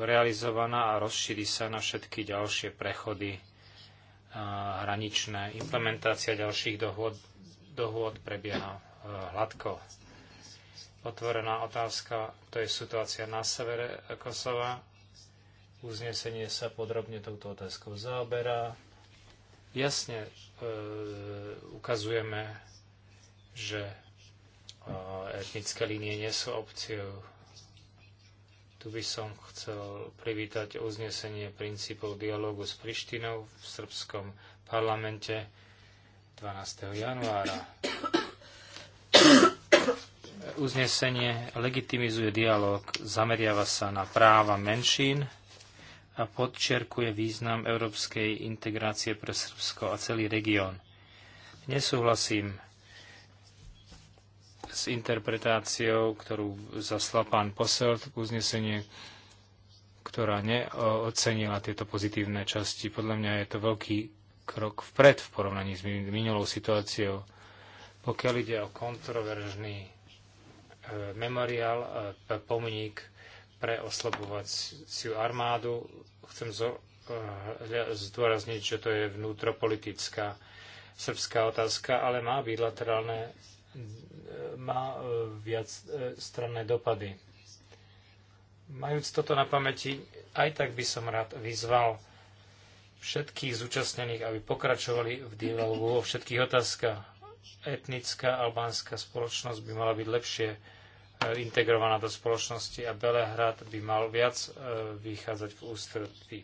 realizovaná a rozšíri sa na všetky ďalšie prechody e, hraničné. Implementácia ďalších dohôd, dohôd prebieha hladko otvorená otázka, to je situácia na severe Kosova. Uznesenie sa podrobne touto otázkou zaoberá. Jasne e, ukazujeme, že e, etnické línie nie sú opciou. Tu by som chcel privítať uznesenie princípov dialógu s Prištinou v srbskom parlamente 12. januára uznesenie legitimizuje dialog, zameriava sa na práva menšín a podčerkuje význam európskej integrácie pre Srbsko a celý región. Nesúhlasím s interpretáciou, ktorú zaslal pán posel k uznesenie, ktorá neocenila tieto pozitívne časti. Podľa mňa je to veľký krok vpred v porovnaní s minulou situáciou. Pokiaľ ide o kontroverzný Eh, memoriál, eh, pomník pre oslabovaciu armádu. Chcem eh, zdôrazniť, že to je vnútropolitická srbská otázka, ale má bilaterálne, má viac stranné dopady. Majúc toto na pamäti, aj tak by som rád vyzval všetkých zúčastnených, aby pokračovali v dialogu vo všetkých otázkach. Etnická albánska spoločnosť by mala byť lepšie E, integrovaná do spoločnosti a Belehrad by mal viac e, vychádzať v ústretí.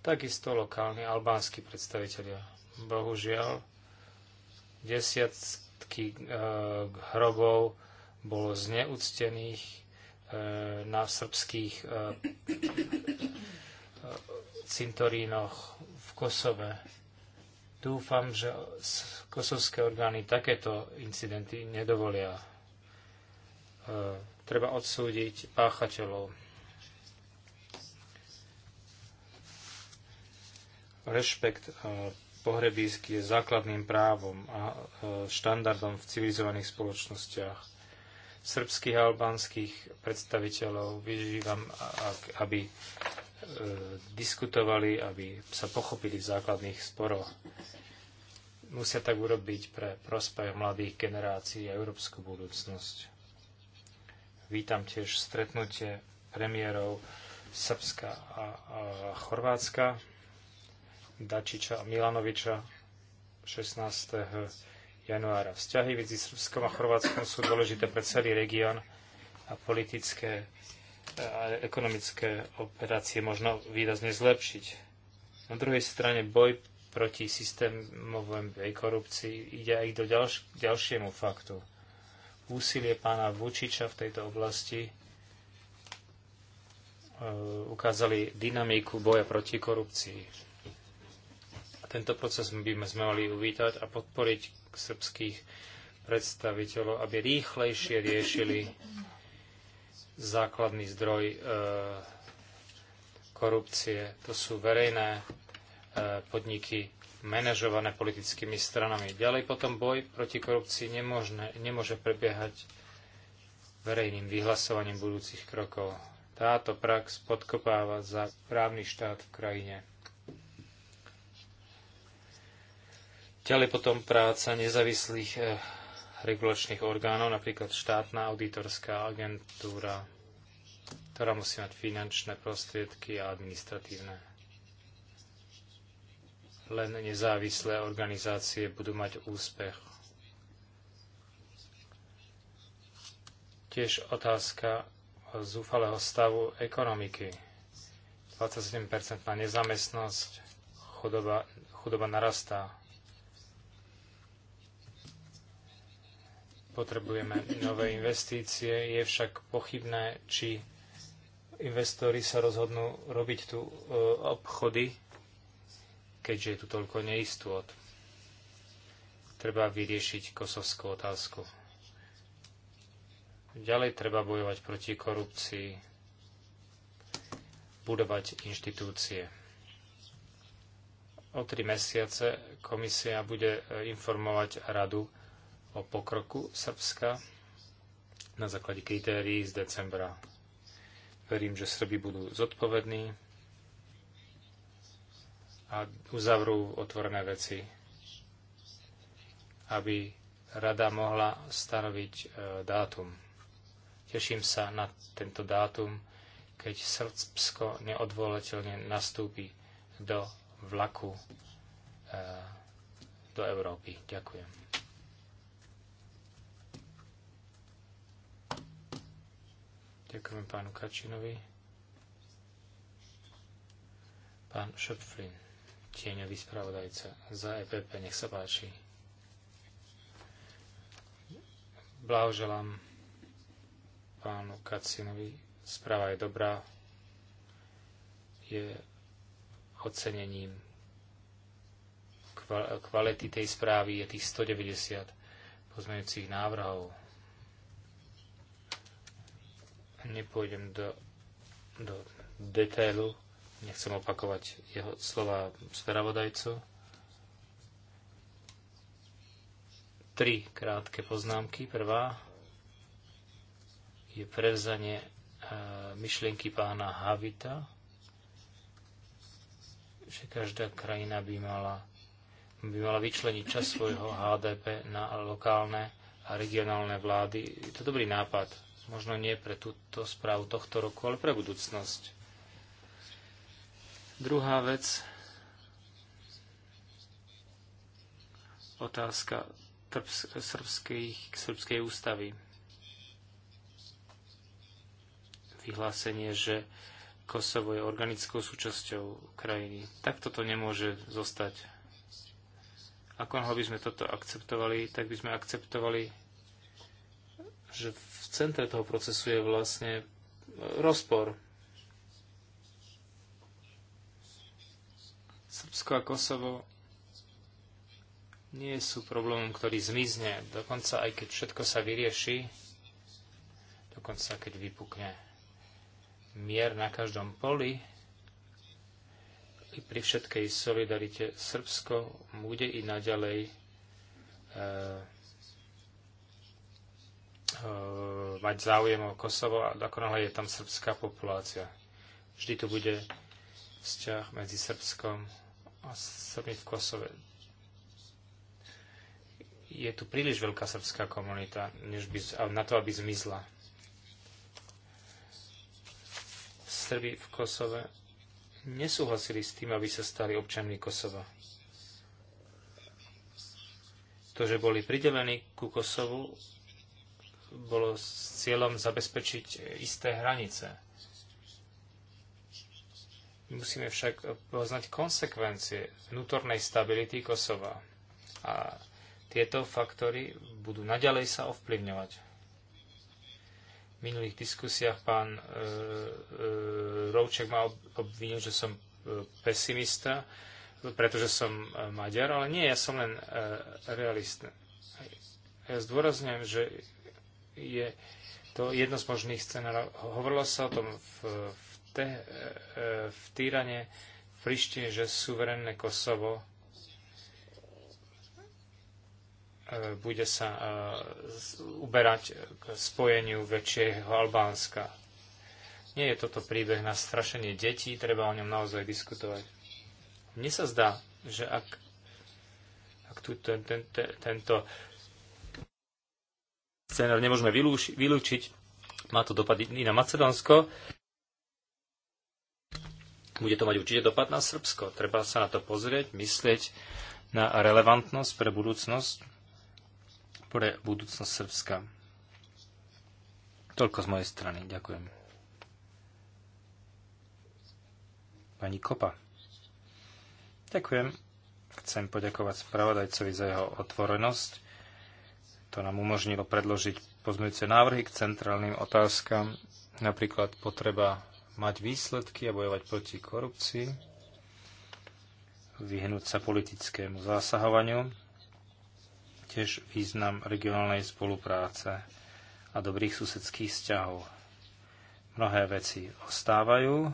Takisto lokálni albánsky predstavitelia. Bohužiaľ, desiatky e, hrobov bolo zneúctených na srbských cintorínoch v Kosove. Dúfam, že kosovské orgány takéto incidenty nedovolia. E, treba odsúdiť páchateľov. Rešpekt e, pohrebísky je základným právom a e, štandardom v civilizovaných spoločnostiach. Srbských a albánskych predstaviteľov vyžívam, aby diskutovali, aby sa pochopili v základných sporoch. Musia tak urobiť pre prospech mladých generácií a európsku budúcnosť. Vítam tiež stretnutie premiérov Srbska a, a Chorvátska, Dačiča a Milanoviča 16. januára. Vzťahy medzi Srbskom a Chorvátskom sú dôležité pre celý región a politické e, a ekonomické operácie možno výrazne zlepšiť. Na druhej strane boj proti systémovej korupcii ide aj do ďalš- ďalšiemu faktu úsilie pána Vučiča v tejto oblasti e, ukázali dynamiku boja proti korupcii. A tento proces by sme mali uvítať a podporiť srbských predstaviteľov, aby rýchlejšie riešili základný zdroj e, korupcie. To sú verejné e, podniky manažované politickými stranami. Ďalej potom boj proti korupcii nemôže prebiehať verejným vyhlasovaním budúcich krokov. Táto prax podkopáva za právny štát v krajine. Ďalej potom práca nezávislých eh, regulačných orgánov, napríklad štátna auditorská agentúra, ktorá musí mať finančné prostriedky a administratívne len nezávislé organizácie budú mať úspech. Tiež otázka zúfalého stavu ekonomiky. 27 na nezamestnosť, chudoba, chudoba narastá. Potrebujeme nové investície, je však pochybné, či investori sa rozhodnú robiť tu e, obchody keďže je tu toľko neistôt. Treba vyriešiť kosovskú otázku. Ďalej treba bojovať proti korupcii, budovať inštitúcie. O tri mesiace komisia bude e, informovať radu o pokroku Srbska na základe kritérií z decembra. Verím, že srby budú zodpovední a uzavrú otvorené veci, aby rada mohla stanoviť e, dátum. Teším sa na tento dátum, keď Srbsko neodvolateľne nastúpi do vlaku e, do Európy. Ďakujem. Ďakujem pánu Kačinovi. Pán Šopflin tieňový spravodajca za EPP. Nech sa páči. Blahoželám pánu Kacinovi. Správa je dobrá. Je ocenením kvality tej správy je tých 190 pozmeňujúcich návrhov. Nepôjdem do, do detailu Nechcem opakovať jeho slova spravodajcu. Tri krátke poznámky. Prvá je prevzanie e, myšlienky pána Havita, že každá krajina by mala, by mala vyčleniť čas svojho HDP na lokálne a regionálne vlády. Je to dobrý nápad. Možno nie pre túto správu tohto roku, ale pre budúcnosť. Druhá vec, otázka srbskej, ústavy. Vyhlásenie, že Kosovo je organickou súčasťou krajiny. Takto to nemôže zostať. Ako by sme toto akceptovali, tak by sme akceptovali, že v centre toho procesu je vlastne e, rozpor Srbsko a Kosovo nie sú problémom, ktorý zmizne, dokonca aj keď všetko sa vyrieši, dokonca keď vypukne mier na každom poli, i pri všetkej solidarite Srbsko bude i naďalej e, e, mať záujem o Kosovo a dokonale je tam srbská populácia. Vždy tu bude vzťah medzi Srbskom a Srby v Kosove. Je tu príliš veľká srbská komunita než by, na to, aby zmizla. Srbi v Kosove nesúhlasili s tým, aby sa stali občanmi Kosova. To, že boli pridelení ku Kosovu, bolo s cieľom zabezpečiť isté hranice. Musíme však poznať konsekvencie vnútornej stability Kosova. A tieto faktory budú naďalej sa ovplyvňovať V minulých diskusiách pán e, e, Rouček ma obvinil, že som e, pesimista, pretože som e, Maďar, ale nie, ja som len e, realist. Ja zdôrazňujem, že je to jedno z možných scenárov. Hovorilo sa o tom v, v te, e, v Týrane, v Prištine, že suverénne Kosovo e, bude sa e, uberať k spojeniu väčšieho Albánska. Nie je toto príbeh na strašenie detí, treba o ňom naozaj diskutovať. Mne sa zdá, že ak, ak tu ten, ten, ten, tento scénar nemôžeme vylúči, vylúčiť, má to dopad i na Macedónsko, bude to mať určite dopad na Srbsko. Treba sa na to pozrieť, myslieť na relevantnosť pre budúcnosť, pre budúcnosť Srbska. Toľko z mojej strany. Ďakujem. Pani Kopa. Ďakujem. Chcem poďakovať spravodajcovi za jeho otvorenosť. To nám umožnilo predložiť pozmeňujúce návrhy k centrálnym otázkam, napríklad potreba mať výsledky a bojovať proti korupcii, vyhnúť sa politickému zásahovaniu, tiež význam regionálnej spolupráce a dobrých susedských vzťahov. Mnohé veci ostávajú.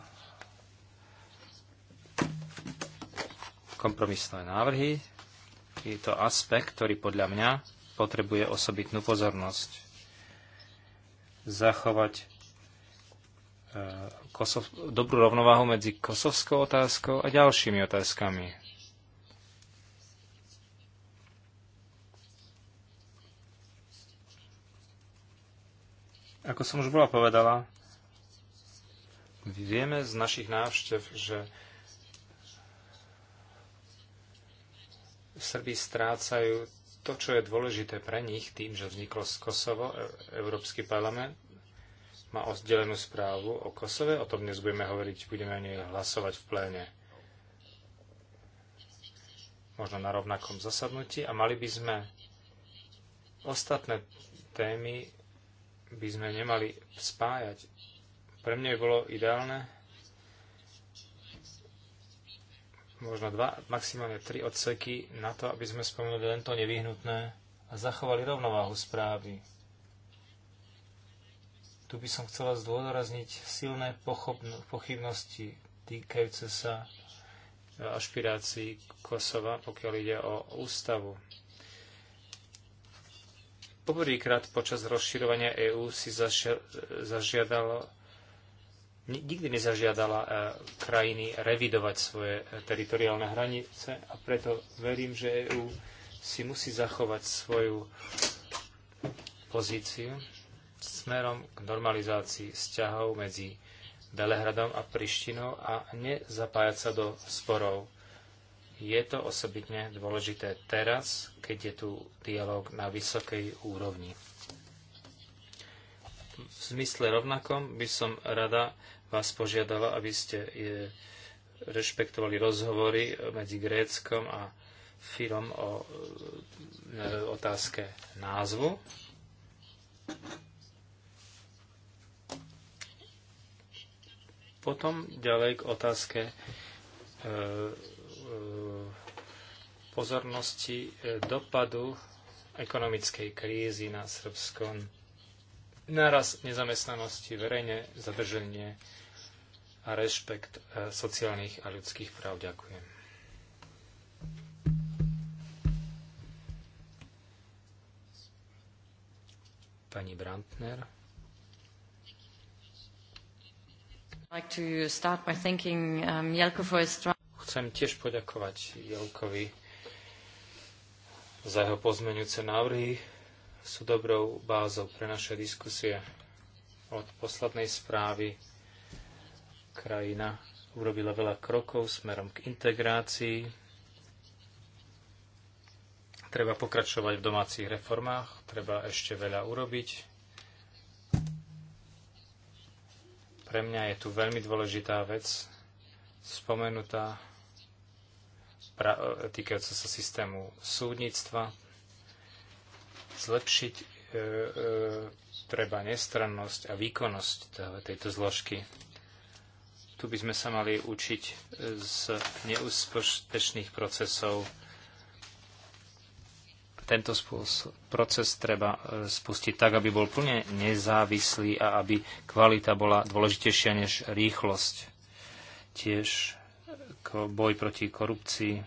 Kompromisné návrhy. Je to aspekt, ktorý podľa mňa potrebuje osobitnú pozornosť. Zachovať E, Kosov, dobrú rovnováhu medzi kosovskou otázkou a ďalšími otázkami. Ako som už bola povedala, vieme z našich návštev, že Srbi strácajú to, čo je dôležité pre nich, tým, že vzniklo z Kosovo, e, Európsky parlament, má oddelenú správu o Kosove. O tom dnes budeme hovoriť, budeme o nej hlasovať v pléne. Možno na rovnakom zasadnutí. A mali by sme ostatné témy by sme nemali spájať. Pre mňa by bolo ideálne možno dva, maximálne tri odseky na to, aby sme spomenuli len to nevyhnutné a zachovali rovnováhu správy tu by som chcela zdôrazniť silné pochybnosti týkajúce sa e, ašpirácií Kosova, pokiaľ ide o ústavu. Poprvýkrát počas rozširovania EÚ si zažiadalo nikdy nezažiadala e, krajiny revidovať svoje e, teritoriálne hranice a preto verím, že EÚ si musí zachovať svoju pozíciu smerom k normalizácii vzťahov medzi Belehradom a Prištinou a nezapájať sa do sporov. Je to osobitne dôležité teraz, keď je tu dialog na vysokej úrovni. V zmysle rovnakom by som rada vás požiadala, aby ste e, rešpektovali rozhovory medzi Gréckom a Firom o e, otázke názvu. Potom ďalej k otázke e, e, pozornosti e, dopadu ekonomickej krízy na Srbsko. Náraz nezamestnanosti, verejne zadrženie a rešpekt sociálnych a ľudských práv. Ďakujem. Pani Brandner. Um, Chcem tiež poďakovať Jelkovi za jeho pozmenujúce návrhy. Sú dobrou bázou pre naše diskusie. Od poslednej správy krajina urobila veľa krokov smerom k integrácii. Treba pokračovať v domácich reformách, treba ešte veľa urobiť Pre mňa je tu veľmi dôležitá vec, spomenutá e, týkajúca sa systému súdnictva. Zlepšiť e, e, treba nestrannosť a výkonnosť tejto zložky. Tu by sme sa mali učiť z neúspešných procesov tento proces treba e, spustiť tak, aby bol plne nezávislý a aby kvalita bola dôležitejšia než rýchlosť. Tiež e, boj proti korupcii.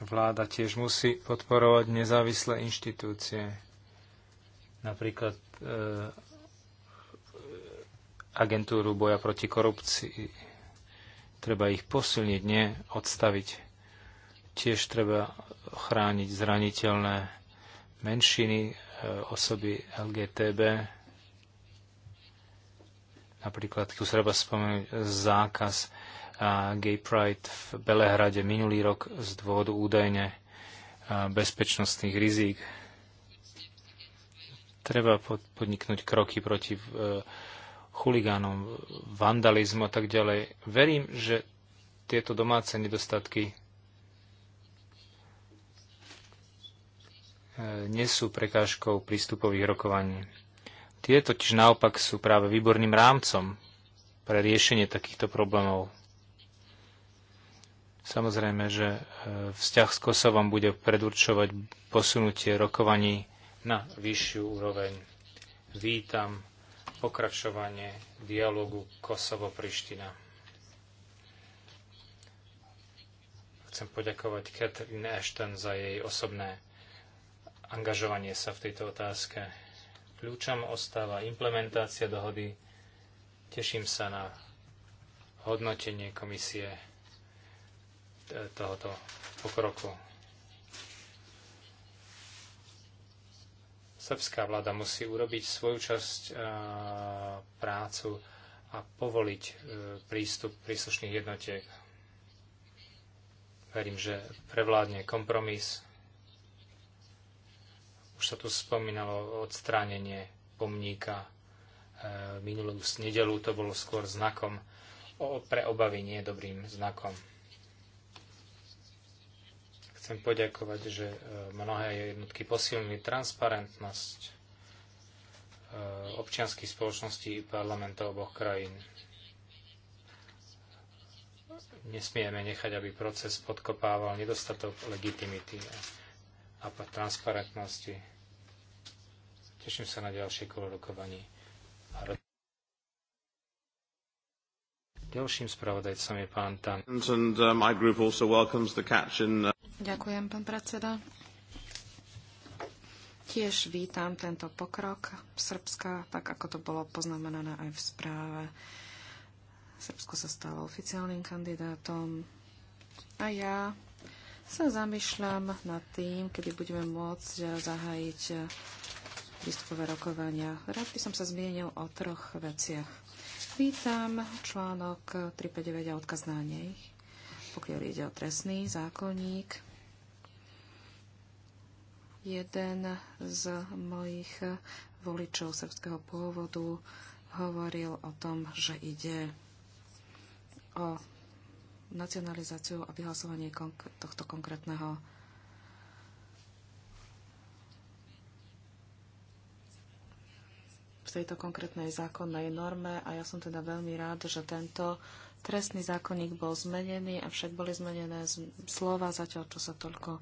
Vláda tiež musí podporovať nezávislé inštitúcie. Napríklad e agentúru boja proti korupcii. Treba ich posilniť, nie odstaviť. Tiež treba chrániť zraniteľné menšiny, e, osoby LGTB. Napríklad tu treba spomenúť zákaz Gay Pride v Belehrade minulý rok z dôvodu údajne bezpečnostných rizík. Treba podniknúť kroky proti e, chuligánom, vandalizmu a tak ďalej. Verím, že tieto domáce nedostatky nie sú prekážkou prístupových rokovaní. Tie totiž naopak sú práve výborným rámcom pre riešenie takýchto problémov. Samozrejme, že e, vzťah s Kosovom bude predurčovať posunutie rokovaní na vyššiu úroveň. Vítam pokračovanie dialogu Kosovo-Priština. Chcem poďakovať Catherine Ashton za jej osobné angažovanie sa v tejto otázke. Kľúčom ostáva implementácia dohody. Teším sa na hodnotenie komisie tohoto pokroku. srbská vláda musí urobiť svoju časť e, prácu a povoliť e, prístup príslušných jednotiek. Verím, že prevládne kompromis. Už sa tu spomínalo odstránenie pomníka e, minulú nedelu. To bolo skôr znakom pre obavy, nie dobrým znakom. Chcem poďakovať, že e, mnohé jednotky posilnili transparentnosť e, občianských spoločností i parlamentov oboch krajín. Nesmieme nechať, aby proces podkopával nedostatok legitimity a transparentnosti. Teším sa na ďalšie kolo rokovaní. Ďalším spravodajcom je pán Tan. Uh, uh, Ďakujem, pán predseda. Tiež vítam tento pokrok Srbska, tak ako to bolo poznamenané aj v správe. Srbsko sa stalo oficiálnym kandidátom a ja sa zamýšľam nad tým, kedy budeme môcť zahájiť výstupové rokovania. Rád by som sa zmienil o troch veciach. Vítam článok 359 a odkaz na nej, pokiaľ ide o trestný zákonník. Jeden z mojich voličov srbského pôvodu hovoril o tom, že ide o nacionalizáciu a vyhlasovanie tohto konkrétneho tejto konkrétnej zákonnej norme a ja som teda veľmi rád, že tento trestný zákonník bol zmenený, a však boli zmenené slova zatiaľ, čo sa toľko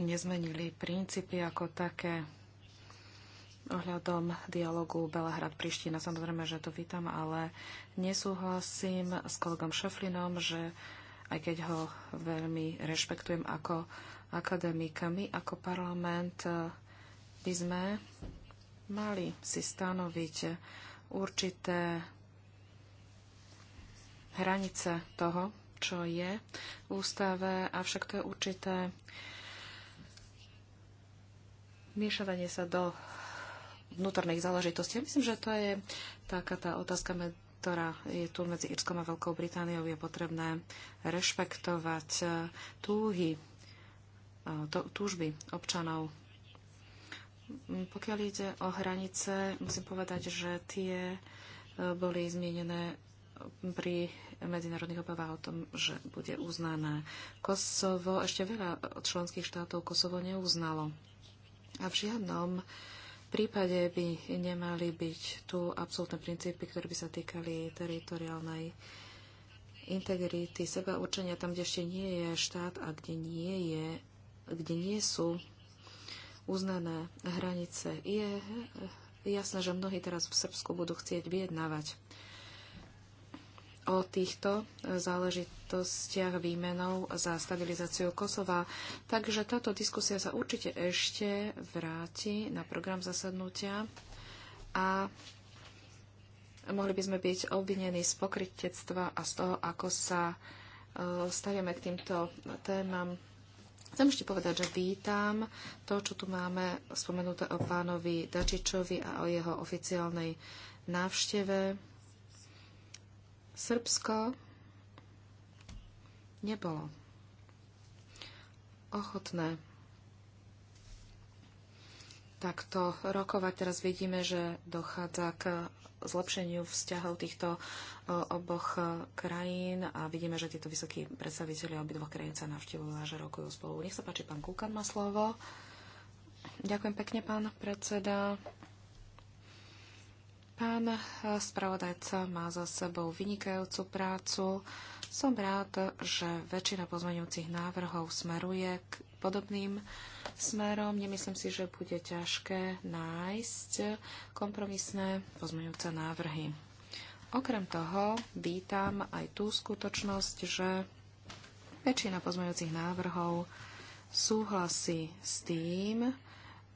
nezmenili princípy ako také ohľadom dialogu Belehrad-Priština. Samozrejme, že to vítam, ale nesúhlasím s kolegom Šeflinom, že aj keď ho veľmi rešpektujem ako akademika, my ako parlament eh, by sme mali si stanoviť určité hranice toho, čo je v ústave, avšak to je určité miešavanie sa do vnútorných záležitostí. Ja myslím, že to je taká tá otázka, ktorá je tu medzi Irskom a Veľkou Britániou. Je potrebné rešpektovať túhy, eh, túžby občanov pokiaľ ide o hranice, musím povedať, že tie e, boli zmienené pri medzinárodných obavách o tom, že bude uznané. Kosovo, ešte veľa členských štátov Kosovo neuznalo. A v žiadnom prípade by nemali byť tu absolútne princípy, ktoré by sa týkali teritoriálnej integrity, seba určenia tam, kde ešte nie je štát a kde nie je, kde nie sú uznané hranice. Je jasné, že mnohí teraz v Srbsku budú chcieť vyjednávať o týchto záležitostiach výmenou za stabilizáciu Kosova. Takže táto diskusia sa určite ešte vráti na program zasadnutia a mohli by sme byť obvinení z pokrytectva a z toho, ako sa e, stavíme k týmto témam. Chcem ešte povedať, že vítam to, čo tu máme spomenuté o pánovi Dačičovi a o jeho oficiálnej návšteve. Srbsko nebolo ochotné takto rokovať. Teraz vidíme, že dochádza k zlepšeniu vzťahov týchto oboch e, krajín a vidíme, že títo vysokí predstaviteľi obidvoch krajín sa navštívujú a že rokujú spolu. Nech sa páči, pán Kúkan má slovo. Ďakujem pekne, pán predseda. Pán e, spravodajca má za sebou vynikajúcu prácu. Som rád, že väčšina pozmeňujúcich návrhov smeruje k podobným smerom. Nemyslím si, že bude ťažké nájsť kompromisné pozmeňujúce návrhy. Okrem toho vítam aj tú skutočnosť, že väčšina pozmeňujúcich návrhov súhlasí s tým,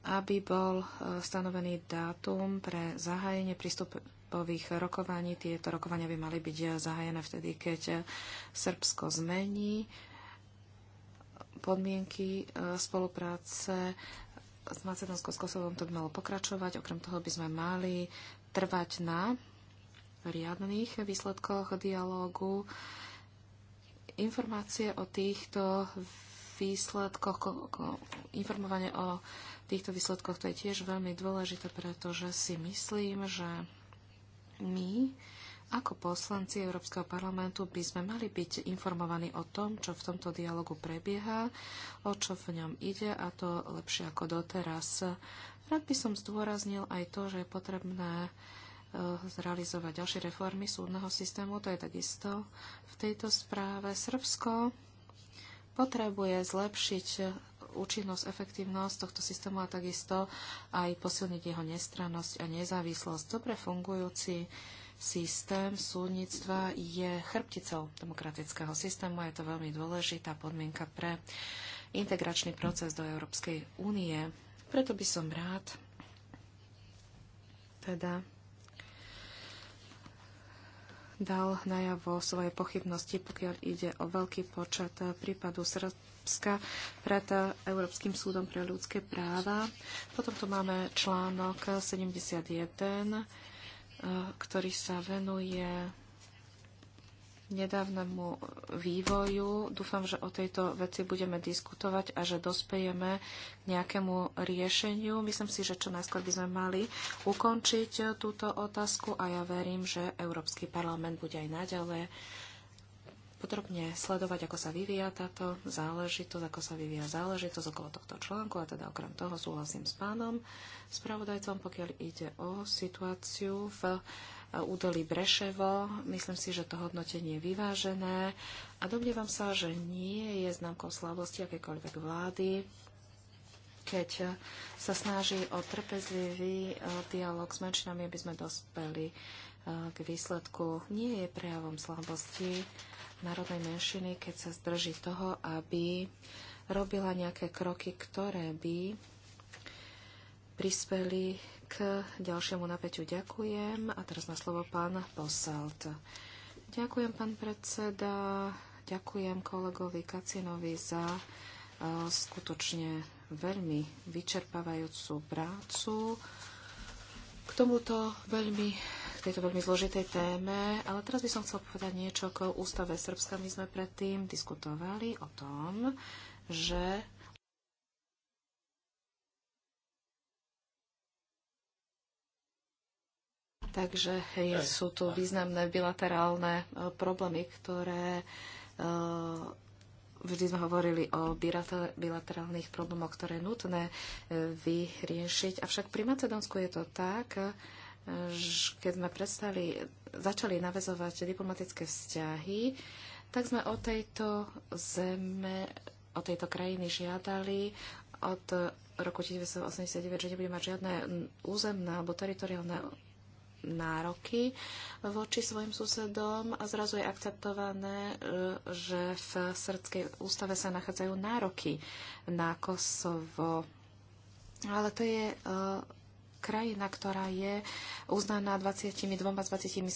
aby bol e, stanovený dátum pre zahájenie prístupu prístupových rokovaní. Tieto rokovania by mali byť zahájené vtedy, keď Srbsko zmení podmienky e, spolupráce s Macedónskou s Kosovom to by malo pokračovať. Okrem toho by sme mali trvať na riadných výsledkoch dialógu. Informácie o týchto výsledkoch, informovanie o týchto výsledkoch, to je tiež veľmi dôležité, pretože si myslím, že my ako poslanci Európskeho parlamentu by sme mali byť informovaní o tom, čo v tomto dialogu prebieha, o čo v ňom ide a to lepšie ako doteraz. Rád by som zdôraznil aj to, že je potrebné eh, zrealizovať ďalšie reformy súdneho systému. To je takisto v tejto správe. Srbsko potrebuje zlepšiť účinnosť, efektívnosť tohto systému a takisto aj posilniť jeho nestrannosť a nezávislosť. Dobre fungujúci systém súdnictva je chrbticou demokratického systému a je to veľmi dôležitá podmienka pre integračný proces do Európskej únie. Preto by som rád teda dal najavo svoje pochybnosti, pokiaľ ide o veľký počet prípadu Srbska pred Európskym súdom pre ľudské práva. Potom tu máme článok 71, eh, ktorý sa venuje nedávnemu vývoju. Dúfam, že o tejto veci budeme diskutovať a že dospejeme k nejakému riešeniu. Myslím si, že čo najskôr by sme mali ukončiť eh, túto otázku a ja verím, že Európsky parlament bude aj naďalej podrobne sledovať, ako sa vyvíja táto záležitosť, ako sa vyvíja záležitosť okolo tohto článku a teda okrem toho súhlasím s pánom spravodajcom, pokiaľ ide o situáciu v e, údolí Breševo. Myslím si, že to hodnotenie je vyvážené a domnievam sa, že nie je známkou slabosti akékoľvek vlády, keď sa snaží o trpezlivý e, dialog s menšinami, aby sme dospeli e, k výsledku. Nie je prejavom slabosti národnej menšiny, keď sa zdrží toho, aby robila nejaké kroky, ktoré by prispeli k ďalšiemu napäťu. Ďakujem. A teraz na slovo pán Posalt. Ďakujem, pán predseda. Ďakujem kolegovi Kacinovi za uh, skutočne veľmi vyčerpávajúcu prácu k tomuto veľmi tejto veľmi zložitej téme, ale teraz by som chcel povedať niečo o ústave Srbska. My sme predtým diskutovali o tom, že Takže je, sú tu významné bilaterálne e, problémy, ktoré e, vždy sme hovorili o bilaterálnych problémoch, ktoré je nutné e, vyriešiť. Avšak pri Macedónsku je to tak, keď sme prestali, začali navezovať diplomatické vzťahy, tak sme o tejto zeme, o tejto krajiny žiadali od roku 1989, že nebude mať žiadne územné alebo teritoriálne nároky voči svojim susedom a zrazu je akceptované, e, že v srdskej ústave sa nachádzajú nároky na Kosovo. Ale to je e, krajina, ktorá je uznaná 22 z 27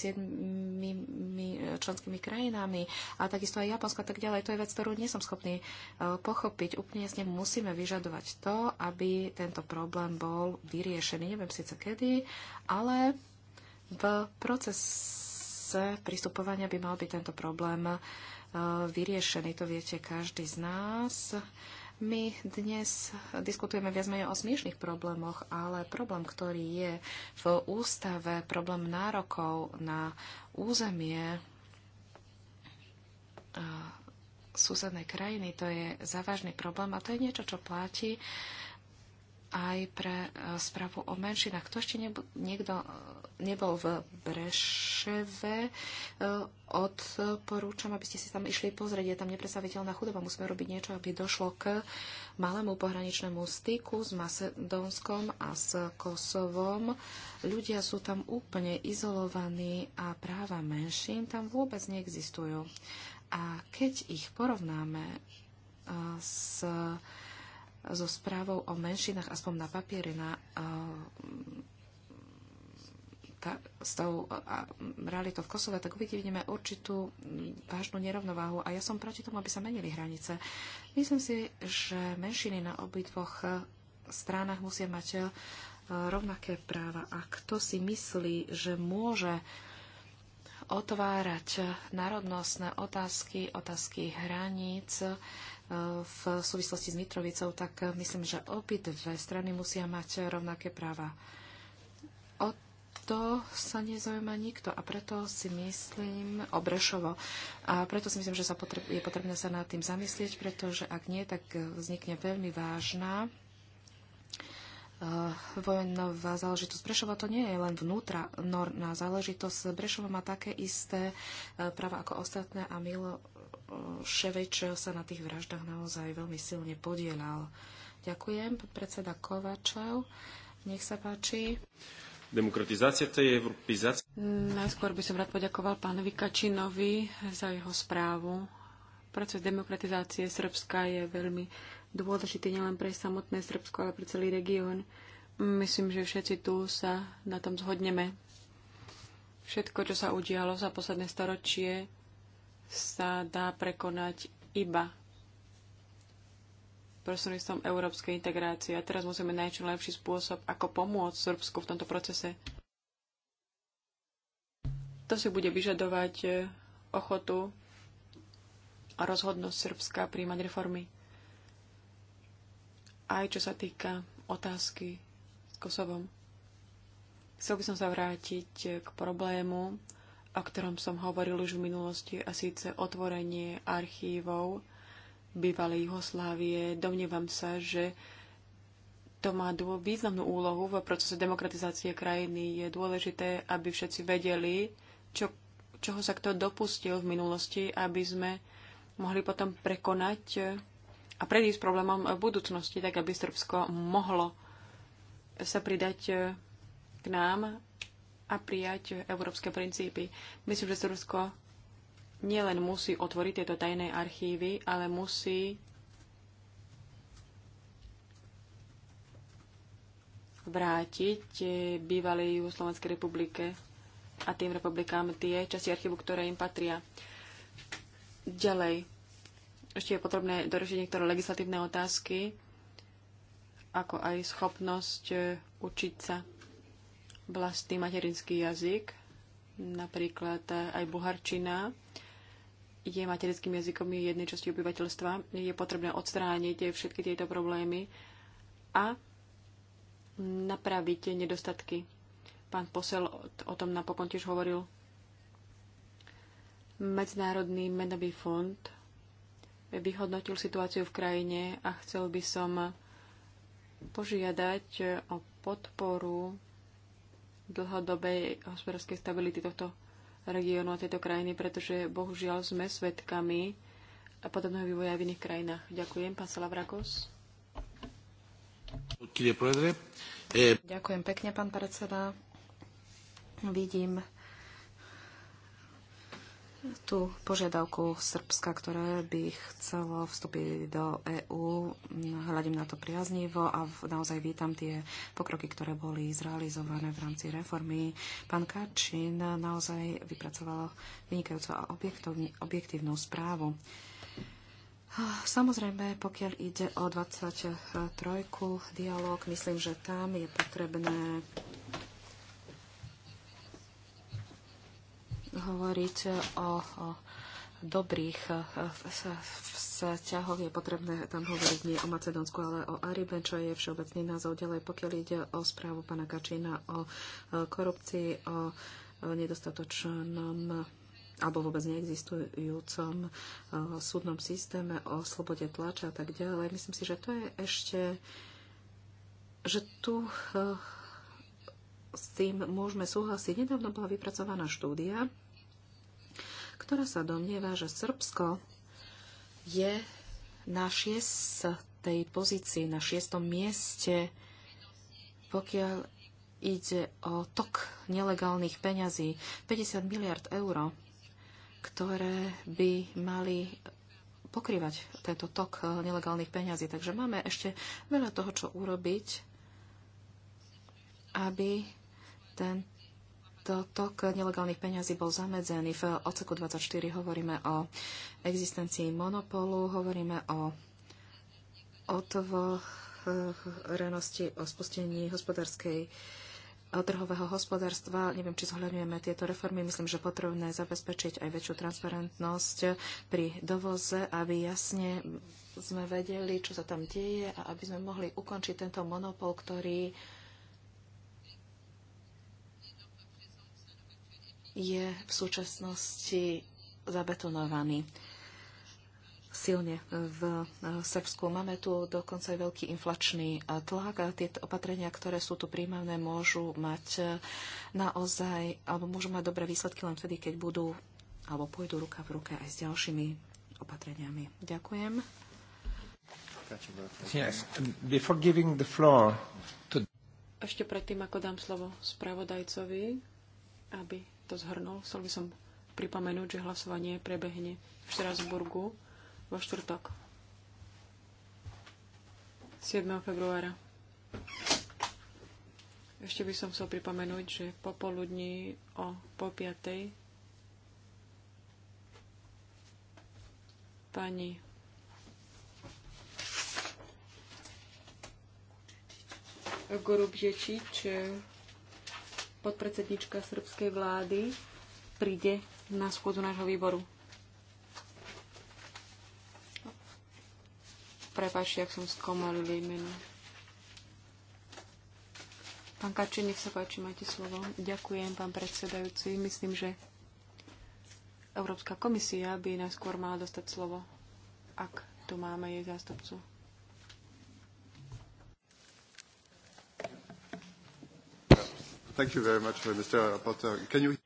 členskými krajinami a takisto aj Japonsko a tak ďalej. To je vec, ktorú nie som schopný e, pochopiť. Úplne jasne musíme vyžadovať to, aby tento problém bol vyriešený. Neviem síce kedy, ale v procese pristupovania by mal byť tento problém e, vyriešený. To viete každý z nás. My dnes diskutujeme viac menej o smiešných problémoch, ale problém, ktorý je v ústave, problém nárokov na územie susednej krajiny, to je závažný problém a to je niečo, čo platí aj pre e, správu o menšinách. Kto ešte nebo, niekto e, nebol v Breševe, e, odporúčam, aby ste si tam išli pozrieť. Je tam nepredstaviteľná chudoba. Musíme robiť niečo, aby došlo k malému pohraničnému styku s Macedónskom a s Kosovom. Ľudia sú tam úplne izolovaní a práva menšín tam vôbec neexistujú. A keď ich porovnáme s so správou o menšinách, aspoň na papiere, na, eh, tá, s tou realitou v Kosove, tak uvidíme určitú vážnu nerovnováhu. A ja som proti tomu, aby sa menili hranice. Myslím si, že menšiny na obidvoch eh, stranách musia mať eh, rovnaké práva. A kto si myslí, že môže otvárať národnostné otázky, otázky hraníc, v súvislosti s Mitrovicou, tak myslím, že obidve strany musia mať rovnaké práva. O to sa nezaujíma nikto a preto si myslím, obrešovo, a preto si myslím, že sa potreb, je potrebné sa nad tým zamyslieť, pretože ak nie, tak vznikne veľmi vážna Eh, vojnová záležitosť Prešova to nie je len vnútra norná záležitosť. Prešova má také isté eh, práva ako ostatné a Milo eh, Ševeč sa na tých vraždách naozaj veľmi silne podielal. Ďakujem, predseda Kovačov. Nech sa páči. Demokratizácia tej europizácie. Najskôr by som rád poďakoval pánovi Kačinovi za jeho správu. Proces demokratizácie Srbska je veľmi dôležitý nielen pre samotné Srbsko, ale pre celý región. Myslím, že všetci tu sa na tom zhodneme. Všetko, čo sa udialo za posledné storočie, sa dá prekonať iba prostredníctvom európskej integrácie. A teraz musíme nájsť najlepší spôsob, ako pomôcť Srbsku v tomto procese. To si bude vyžadovať eh, ochotu a rozhodnosť Srbska príjmať reformy aj čo sa týka otázky s Kosovom. Chcel by som sa vrátiť k problému, o ktorom som hovoril už v minulosti, a síce otvorenie archívov bývalej Juhoslávie. Domnievam sa, že to má významnú úlohu v procese demokratizácie krajiny. Je dôležité, aby všetci vedeli, čo, čoho sa kto dopustil v minulosti, aby sme mohli potom prekonať a predísť problémom v budúcnosti, tak aby Srbsko mohlo sa pridať e, k nám a prijať európske princípy. Myslím, že Srbsko nielen musí otvoriť tieto tajné archívy, ale musí vrátiť e, bývalej Jugoslovenskej republike a tým republikám tie časti archívu, ktoré im patria. Ďalej, ešte je potrebné doriešiť niektoré legislatívne otázky, ako aj schopnosť e, učiť sa vlastný materinský jazyk, napríklad e, aj buharčina je materinským jazykom jednej časti obyvateľstva. Je potrebné odstrániť všetky tieto problémy a napraviť nedostatky. Pán posel o tom napokon tiež hovoril. Medzinárodný menový fond vyhodnotil situáciu v krajine a chcel by som požiadať o podporu dlhodobej hospodárskej stability tohto regiónu a tejto krajiny, pretože bohužiaľ sme a podobného vývoja v iných krajinách. Ďakujem, pán Salavrakos. Ďakujem pekne, pán predseda. Vidím, tú požiadavku Srbska, ktoré by chcelo vstúpiť do EÚ. Hľadím na to priaznivo a naozaj vítam tie pokroky, ktoré boli zrealizované v rámci reformy. Pán Kačin naozaj vypracoval vynikajúcu a objektívnu správu. Samozrejme, pokiaľ ide o 23. dialog, myslím, že tam je potrebné hovoriť o, o dobrých e, vzťahoch je potrebné tam hovoriť nie o Macedónsku, ale o Aribe, čo je všeobecný názov ďalej, pokiaľ ide o správu pana Kačína o e, korupcii, o e, nedostatočnom alebo vôbec neexistujúcom súdnom systéme, o slobode tlača a tak ďalej. Myslím si, že to je ešte, že tu s tým môžeme súhlasiť. Nedávno bola vypracovaná štúdia, ktorá sa domnieva, že Srbsko je na šiestej pozícii, na šiestom mieste, pokiaľ ide o tok nelegálnych peňazí, 50 miliard eur, ktoré by mali pokrývať tento tok eh, nelegálnych peňazí. Takže máme ešte veľa toho, čo urobiť, aby ten tok nelegálnych peňazí bol zamedzený. V odseku 24 hovoríme o existencii monopolu, hovoríme o otvorenosti, o spustení hospodárskej trhového hospodárstva. Neviem, či zohľadňujeme tieto reformy. Myslím, že potrebné zabezpečiť aj väčšiu transparentnosť pri dovoze, aby jasne sme vedeli, čo sa tam deje a aby sme mohli ukončiť tento monopol, ktorý je v súčasnosti zabetonovaný silne v e, Srbsku. Máme tu dokonca aj veľký inflačný e, tlak a tie opatrenia, ktoré sú tu príjmané, môžu mať e, naozaj, alebo môžu mať dobré výsledky len vtedy, keď budú alebo pôjdu ruka v ruke aj s ďalšími opatreniami. Ďakujem. Yes. Before giving the floor to... Ešte predtým, ako dám slovo spravodajcovi, aby to zhrnul, chcel by som pripomenúť, že hlasovanie prebehne v Štrasburgu vo štvrtok 7. februára. Ešte by som chcel pripomenúť, že popoludní o po piatej pani Gorubiečič podpredsednička srbskej vlády príde na schôdzu nášho výboru. Prepačte, ak som skomolil jej meno. Pán Kačin, nech sa páči, máte slovo. Ďakujem, pán predsedajúci. Myslím, že Európska komisia by najskôr mala dostať slovo, ak tu máme jej zástupcu. Thank you very much, Mr. Can you...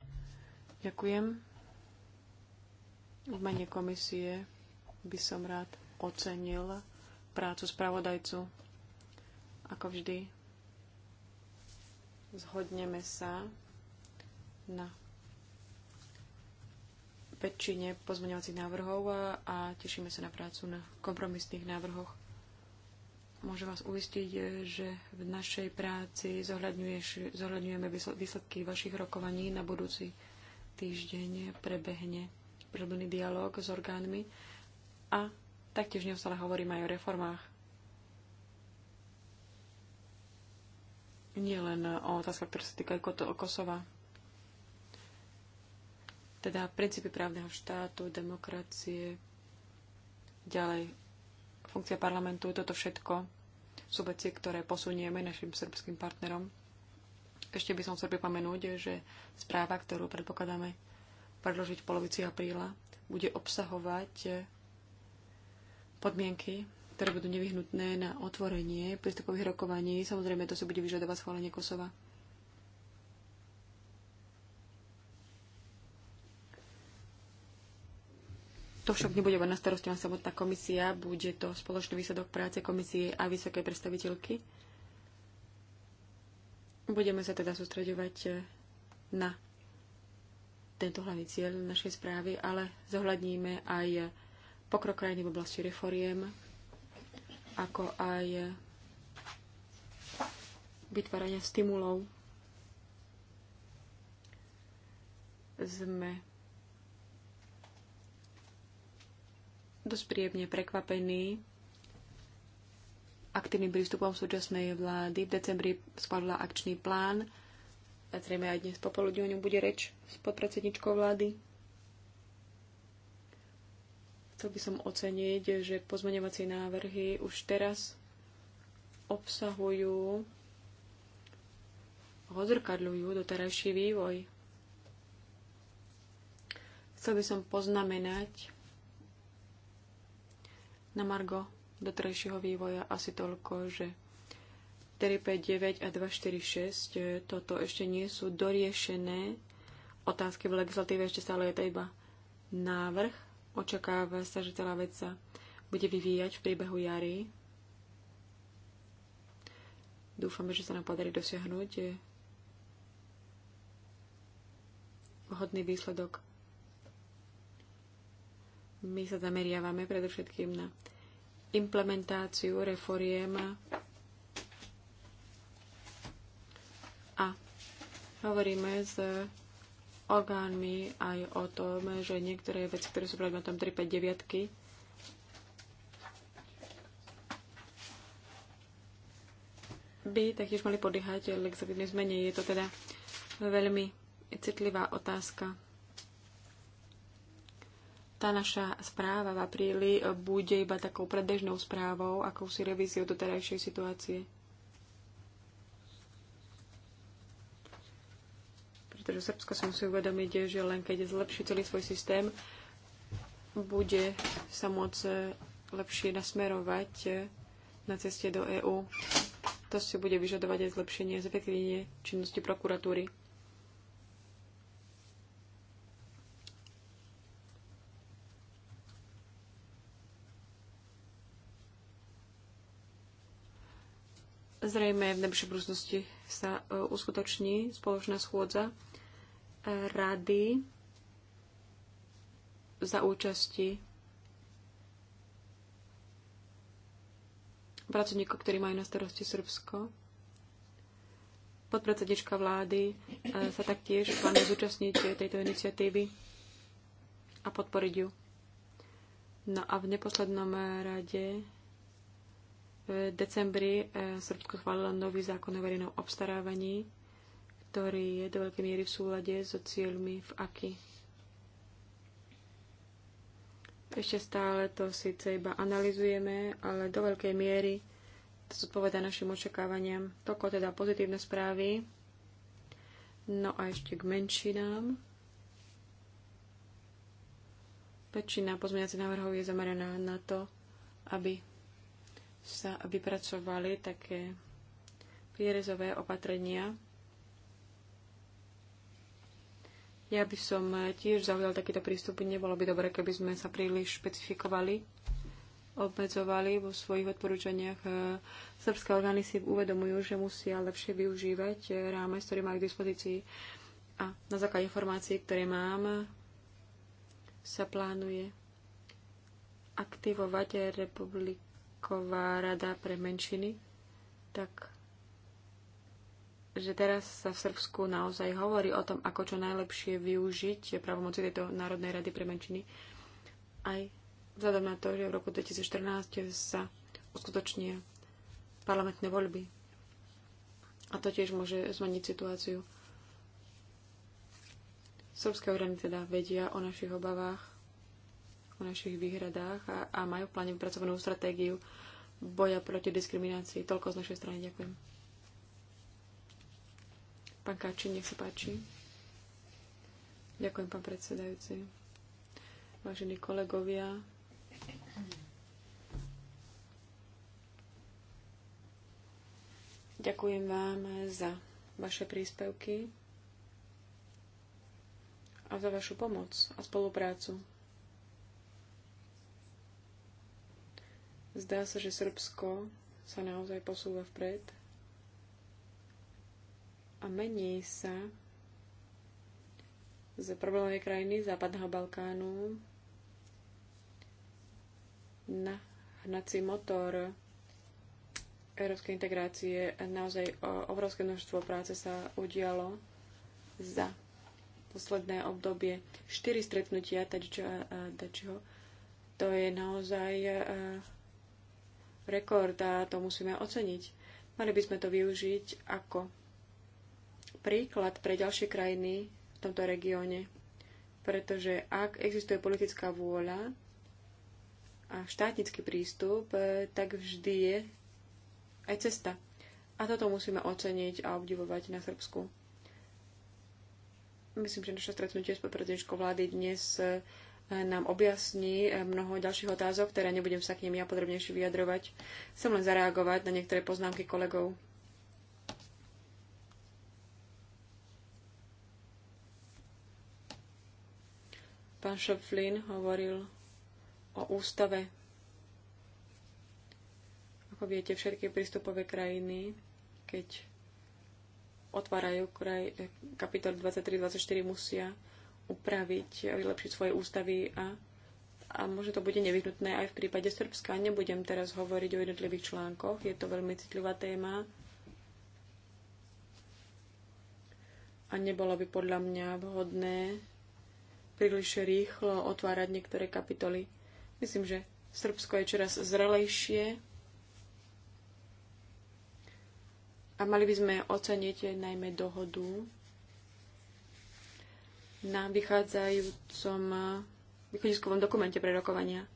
Ďakujem. V mene komisie by som rád ocenil prácu spravodajcu. Ako vždy, zhodneme sa na väčšine pozmeňovacích návrhov a, a tešíme sa na prácu na kompromisných návrhoch. Môžem vás uistiť, e, že v našej práci zohľadňujeme výsledky vašich rokovaní. Na budúci týždeň prebehne prírodný dialog s orgánmi a taktiež neustále hovorím aj o reformách. Nie len o otázkach, ktoré sa týkajú Kosova. Teda princípy právneho štátu, demokracie, ďalej funkcia parlamentu, toto všetko sú veci, ktoré posunieme našim srbským partnerom. Ešte by som chcel pripomenúť, že správa, ktorú predpokladáme predložiť v polovici apríla, bude obsahovať podmienky, ktoré budú nevyhnutné na otvorenie prístupových rokovaní. Samozrejme, to si bude vyžadovať schválenie Kosova. To však nebude len na starosti len samotná komisia, bude to spoločný výsledok práce komisie a vysokej predstaviteľky. Budeme sa teda sústredovať e, na tento hlavný cieľ našej správy, ale zohľadníme aj pokrok krajiny v oblasti reforiem, ako aj vytvárania stimulov. Sme dosť príjemne prekvapený aktívnym prístupom súčasnej vlády. V decembri spadla akčný plán. A zrejme aj dnes popoludne o ňom bude reč s podpredsedničkou vlády. Chcel by som oceniť, že pozmeňovacie návrhy už teraz obsahujú odzrkadľujú doterajší vývoj. Chcel by som poznamenať, na Margo do trejšieho vývoja asi toľko, že 9 a 246 e, toto ešte nie sú doriešené otázky v legislatíve, ešte stále je to iba návrh. Očakáva sa, že celá vec sa bude vyvíjať v príbehu jary. Dúfame, že sa nám podarí dosiahnuť e, vhodný výsledok. My sa zameriavame predovšetkým na implementáciu reforiem a hovoríme s orgánmi aj o tom, že niektoré veci, ktoré sú predmetom 9, by taktiež mali podliehať legislatívne zmene. Je to teda veľmi citlivá otázka. Tá naša správa v apríli e, bude iba takou predbežnou správou, ako revíziu revíziou doterajšej situácie. pretože Srbsko som si uvedomiť, že len keď zlepší celý svoj systém, bude sa môcť e, lepšie nasmerovať e, na ceste do EÚ. To si bude vyžadovať aj zlepšenie, zefektívnenie činnosti prokuratúry. Zrejme v najbližšej budúcnosti sa e, uskutoční spoločná schôdza rady za účasti pracovníkov, ktorí majú na starosti Srbsko. Podpredsednička vlády e, sa taktiež plánuje zúčastniť tejto iniciatívy a podporiť ju. No a v neposlednom rade v decembri e, Srbsko chválilo nový zákon o verejnom obstarávaní, ktorý je do veľkej miery v súlade so cieľmi v AKI. Ešte stále to síce iba analizujeme, ale do veľkej miery to zodpoveda našim očakávaniam. Toko teda pozitívne správy. No a ešte k menšinám. Väčšina pozmeňacích návrhov je zameraná na to, aby sa vypracovali také prierezové opatrenia. Ja by som tiež zaujal takýto prístup. Nebolo by dobre, keby sme sa príliš špecifikovali, obmedzovali vo svojich odporúčaniach. Srbské orgány si uvedomujú, že musia lepšie využívať rámec, ktorý má k dispozícii. A na základe informácií, ktoré mám, sa plánuje aktivovať republiku taková rada pre menšiny, tak že teraz sa v Srbsku naozaj hovorí o tom, ako čo najlepšie využiť pravomoci tejto Národnej rady pre menšiny. Aj vzhľadom na to, že v roku 2014 sa uskutočnia parlamentné voľby. A to tiež môže zmeniť situáciu. Srbské orgány teda vedia o našich obavách o našich výhradách a, a majú v pláne vypracovanú stratégiu boja proti diskriminácii. Toľko z našej strany. Ďakujem. Pán Káči, nech sa páči. Ďakujem, pán predsedajúci. Vážení kolegovia, Ďakujem vám za vaše príspevky a za vašu pomoc a spoluprácu. Zdá sa, že Srbsko sa naozaj posúva vpred a mení sa z problémovej krajiny Západného Balkánu na hnací motor európskej integrácie. Naozaj obrovské množstvo práce sa udialo za posledné obdobie. Štyri stretnutia Tadžiho, to je naozaj eh, rekord a to musíme oceniť. Mali by sme to využiť ako príklad pre ďalšie krajiny v tomto regióne. Pretože ak existuje politická vôľa a štátnický prístup, tak vždy je aj cesta. A toto musíme oceniť a obdivovať na Srbsku. Myslím, že naša stretnutie s podpredsedničkou vlády dnes nám objasní eh, mnoho ďalších otázok, ktoré nebudem sa k nim ja podrobnejšie vyjadrovať. Chcem len zareagovať na niektoré poznámky kolegov. Pán Šoflin hovoril o ústave. Ako viete, všetky prístupové krajiny, keď otvárajú kraj, eh, kapitol 23-24, musia upraviť, vylepšiť svoje ústavy a, a možno to bude nevyhnutné aj v prípade Srbska. Nebudem teraz hovoriť o jednotlivých článkoch, je to veľmi citlivá téma a nebolo by podľa mňa vhodné príliš rýchlo otvárať niektoré kapitoly. Myslím, že Srbsko je čoraz zrelejšie a mali by sme oceniť najmä dohodu na vychádzajúcom eh, východiskovom dokumente pre rokovania.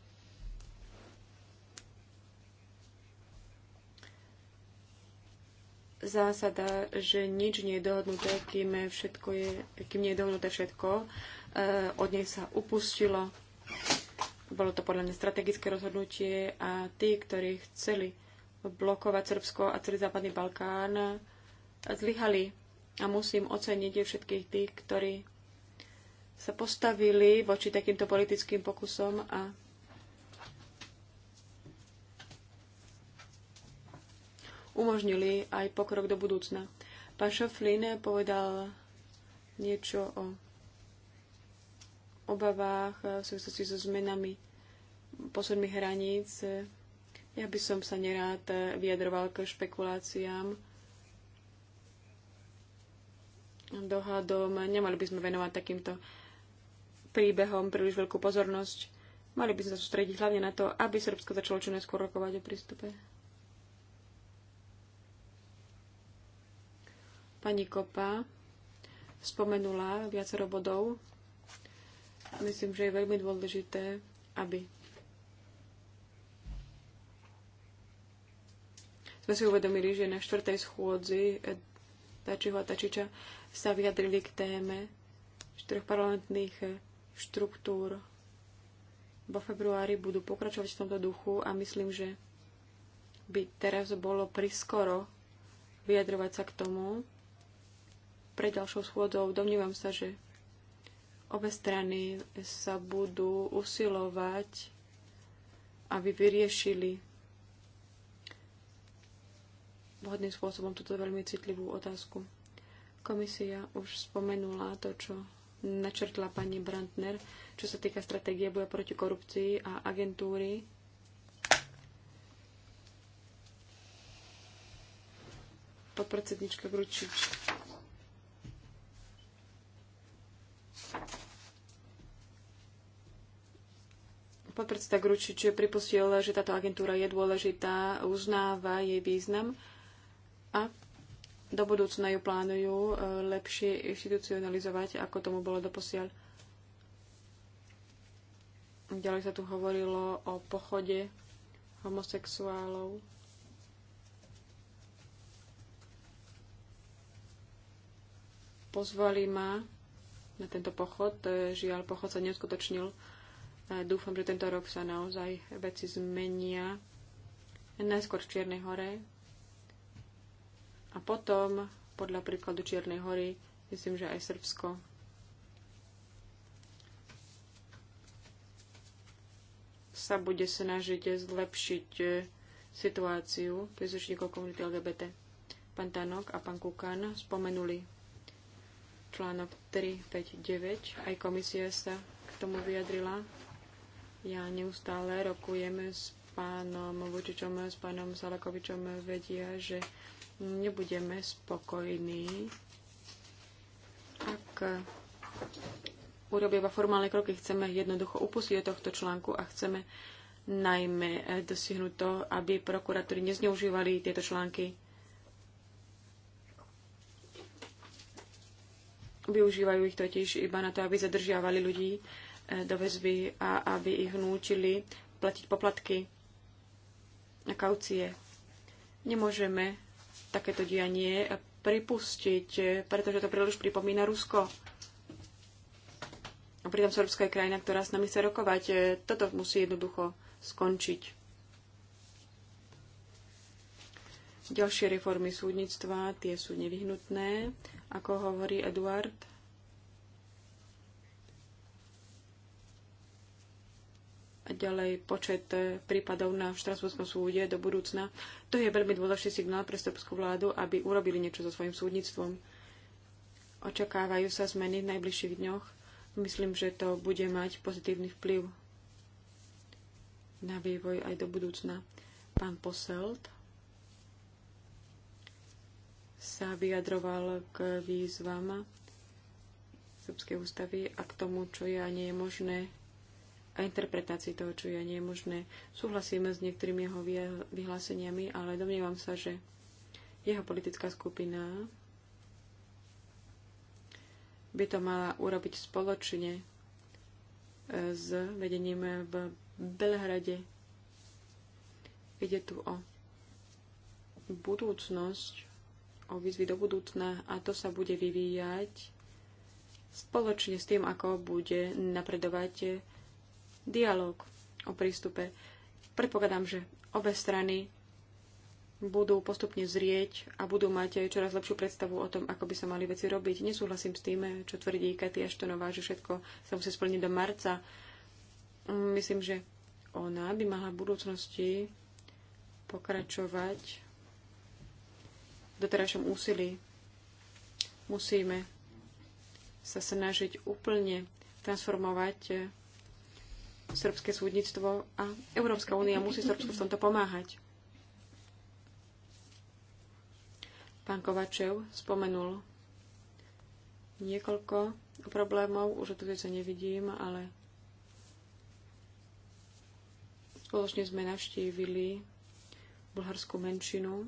Zásada, že nič nie je dohodnuté, kým, všetko je, kým nie je dohodnuté všetko, eh, od nej sa upustilo. Bolo to podľa mňa strategické rozhodnutie a tí, ktorí chceli blokovať Srbsko a celý Západný Balkán, eh, zlyhali. A musím oceniť všetkých tých, ktorí sa postavili voči takýmto politickým pokusom a umožnili aj pokrok do budúcna. Pán Šoflin povedal niečo o obavách v súvislosti so zmenami posledných hraníc. Ja by som sa nerád vyjadroval k špekuláciám dohadom. Nemali by sme venovať takýmto príbehom príliš veľkú pozornosť. Mali by sme sa sústrediť hlavne na to, aby Srbsko začalo čo najskôr rokovať o prístupe. Pani Kopa spomenula viacero bodov a myslím, že je veľmi dôležité, aby sme si uvedomili, že na štvrtej schôdzi Tačiho a Tačiča sa vyjadrili k téme štyroch parlamentných štruktúr. Vo februári budú pokračovať v tomto duchu a myslím, že by teraz bolo priskoro vyjadrovať sa k tomu. Pre ďalšou schôdzou domnívam sa, že obe strany sa budú usilovať, aby vyriešili vhodným spôsobom túto veľmi citlivú otázku. Komisia už spomenula to, čo načrtla pani Brantner, čo sa týka stratégie boja proti korupcii a agentúry. Podpredsednička Gručič. Podpredseda Gručič pripustil, že táto agentúra je dôležitá, uznáva jej význam a do budúcna ju plánujú e, lepšie inštitucionalizovať, ako tomu bolo doposiaľ. Ďalej sa tu hovorilo o pochode homosexuálov. Pozvali ma na tento pochod. E, žiaľ, pochod sa neuskutočnil. E, dúfam, že tento rok sa naozaj veci zmenia. Najskôr v Čiernej hore, a potom, podľa príkladu Čiernej hory, myslím, že aj Srbsko. sa bude snažiť zlepšiť e, situáciu príslušníkov komunity LGBT. Pán Tanok a pán Kukan spomenuli článok 3, 5, 9. Aj komisia sa k tomu vyjadrila. Ja neustále rokujem s pánom Vučičom, s pánom Salakovičom vedia, že nebudeme spokojní, ak urobia formálne kroky. Chceme jednoducho upustiť do tohto článku a chceme najmä eh, dosiahnuť to, aby prokurátori nezneužívali tieto články. Využívajú ich totiž iba na to, aby zadržiavali ľudí eh, do väzby a aby ich núčili platiť poplatky na kaucie. Nemôžeme takéto dianie pripustiť, pretože to príliš pripomína Rusko. A pritom Srbská je krajina, ktorá s nami chce rokovať. Toto musí jednoducho skončiť. Ďalšie reformy súdnictva, tie sú nevyhnutné, ako hovorí Eduard. ďalej počet e, prípadov na Štrasburskom súde do budúcna. To je veľmi dôležitý signál pre srbskú vládu, aby urobili niečo so svojim súdnictvom. Očakávajú sa zmeny v najbližších dňoch. Myslím, že to bude mať pozitívny vplyv na vývoj aj do budúcna. Pán Poselt sa vyjadroval k výzvam Srbskej ústavy a k tomu, čo je a nie je možné a interpretácii toho, čo je nie je možné. Súhlasíme s niektorými jeho vyhláseniami, ale domnievam sa, že jeho politická skupina by to mala urobiť spoločne e, s vedením v Belhrade. Ide tu o budúcnosť, o výzvy do budúcna a to sa bude vyvíjať spoločne s tým, ako bude napredovať dialog o prístupe. Predpokladám, že obe strany budú postupne zrieť a budú mať čoraz lepšiu predstavu o tom, ako by sa mali veci robiť. Nesúhlasím s tým, čo tvrdí Katy Aštonová, že všetko sa musí splniť do marca. Myslím, že ona by mala v budúcnosti pokračovať v doterajšom úsilí. Musíme sa snažiť úplne transformovať srbské súdnictvo a Európska únia musí Srbsku v tomto pomáhať. Pán Kovačev spomenul niekoľko problémov, už tu sa nevidím, ale spoločne sme navštívili bulharskú menšinu.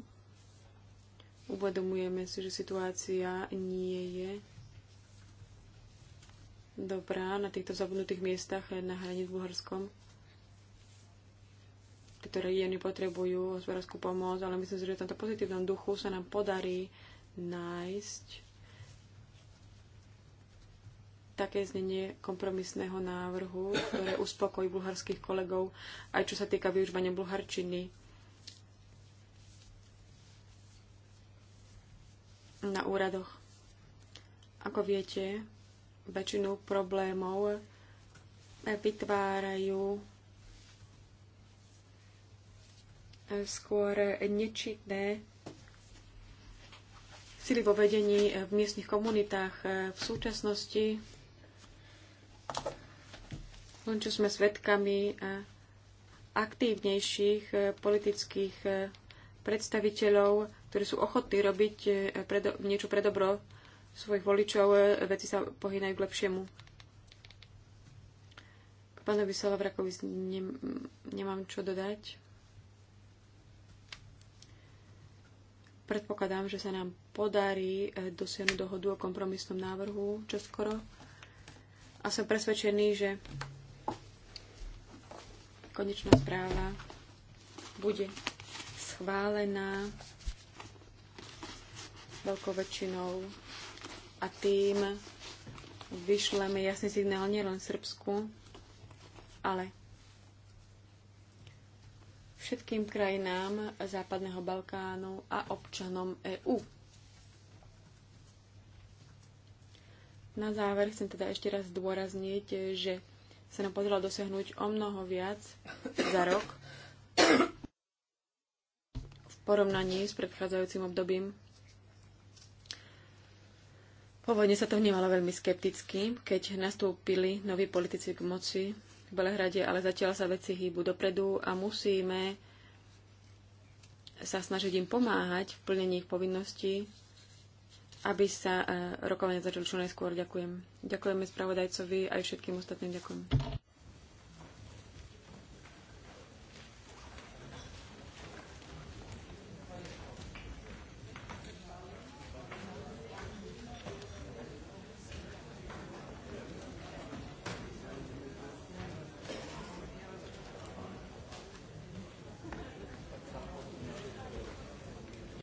Uvedomujeme si, že situácia nie je dobrá na týchto zabudnutých miestach eh, na hraní s Bulharskom. Tieto regióny potrebujú hospodárskú pomoc, ale myslím si, že v tomto pozitívnom duchu sa nám podarí nájsť také znenie kompromisného návrhu, ktoré uspokojí bulharských kolegov, aj čo sa týka využívania bulharčiny. na úradoch. Ako viete, väčšinu problémov e, vytvárajú e, skôr nečitné sily vo vedení e, v miestnych komunitách. V súčasnosti len čo sme svedkami aktívnejších politických predstaviteľov, ktorí sú ochotní robiť niečo pre dobro svojich voličov, e, veci sa pohýnajú k lepšiemu. K pánovi Salavrakovi nem, nemám čo dodať. Predpokladám, že sa nám podarí e, dosiahnuť dohodu o kompromisnom návrhu čoskoro. A som presvedčený, že konečná správa bude schválená veľkou väčšinou a tým vyšleme jasný signál nielen Srbsku, ale všetkým krajinám Západného Balkánu a občanom EÚ. Na záver chcem teda ešte raz zdôrazniť, že sa nám podarilo dosiahnuť o mnoho viac za rok v porovnaní s predchádzajúcim obdobím. Pôvodne sa to vnímalo veľmi skepticky, keď nastúpili noví politici k moci v Belehrade, ale zatiaľ sa veci hýbu dopredu a musíme sa snažiť im pomáhať v plnení ich povinností, aby sa eh, rokovania začali čo najskôr. Ďakujem. Ďakujeme spravodajcovi aj všetkým ostatným. Ďakujem.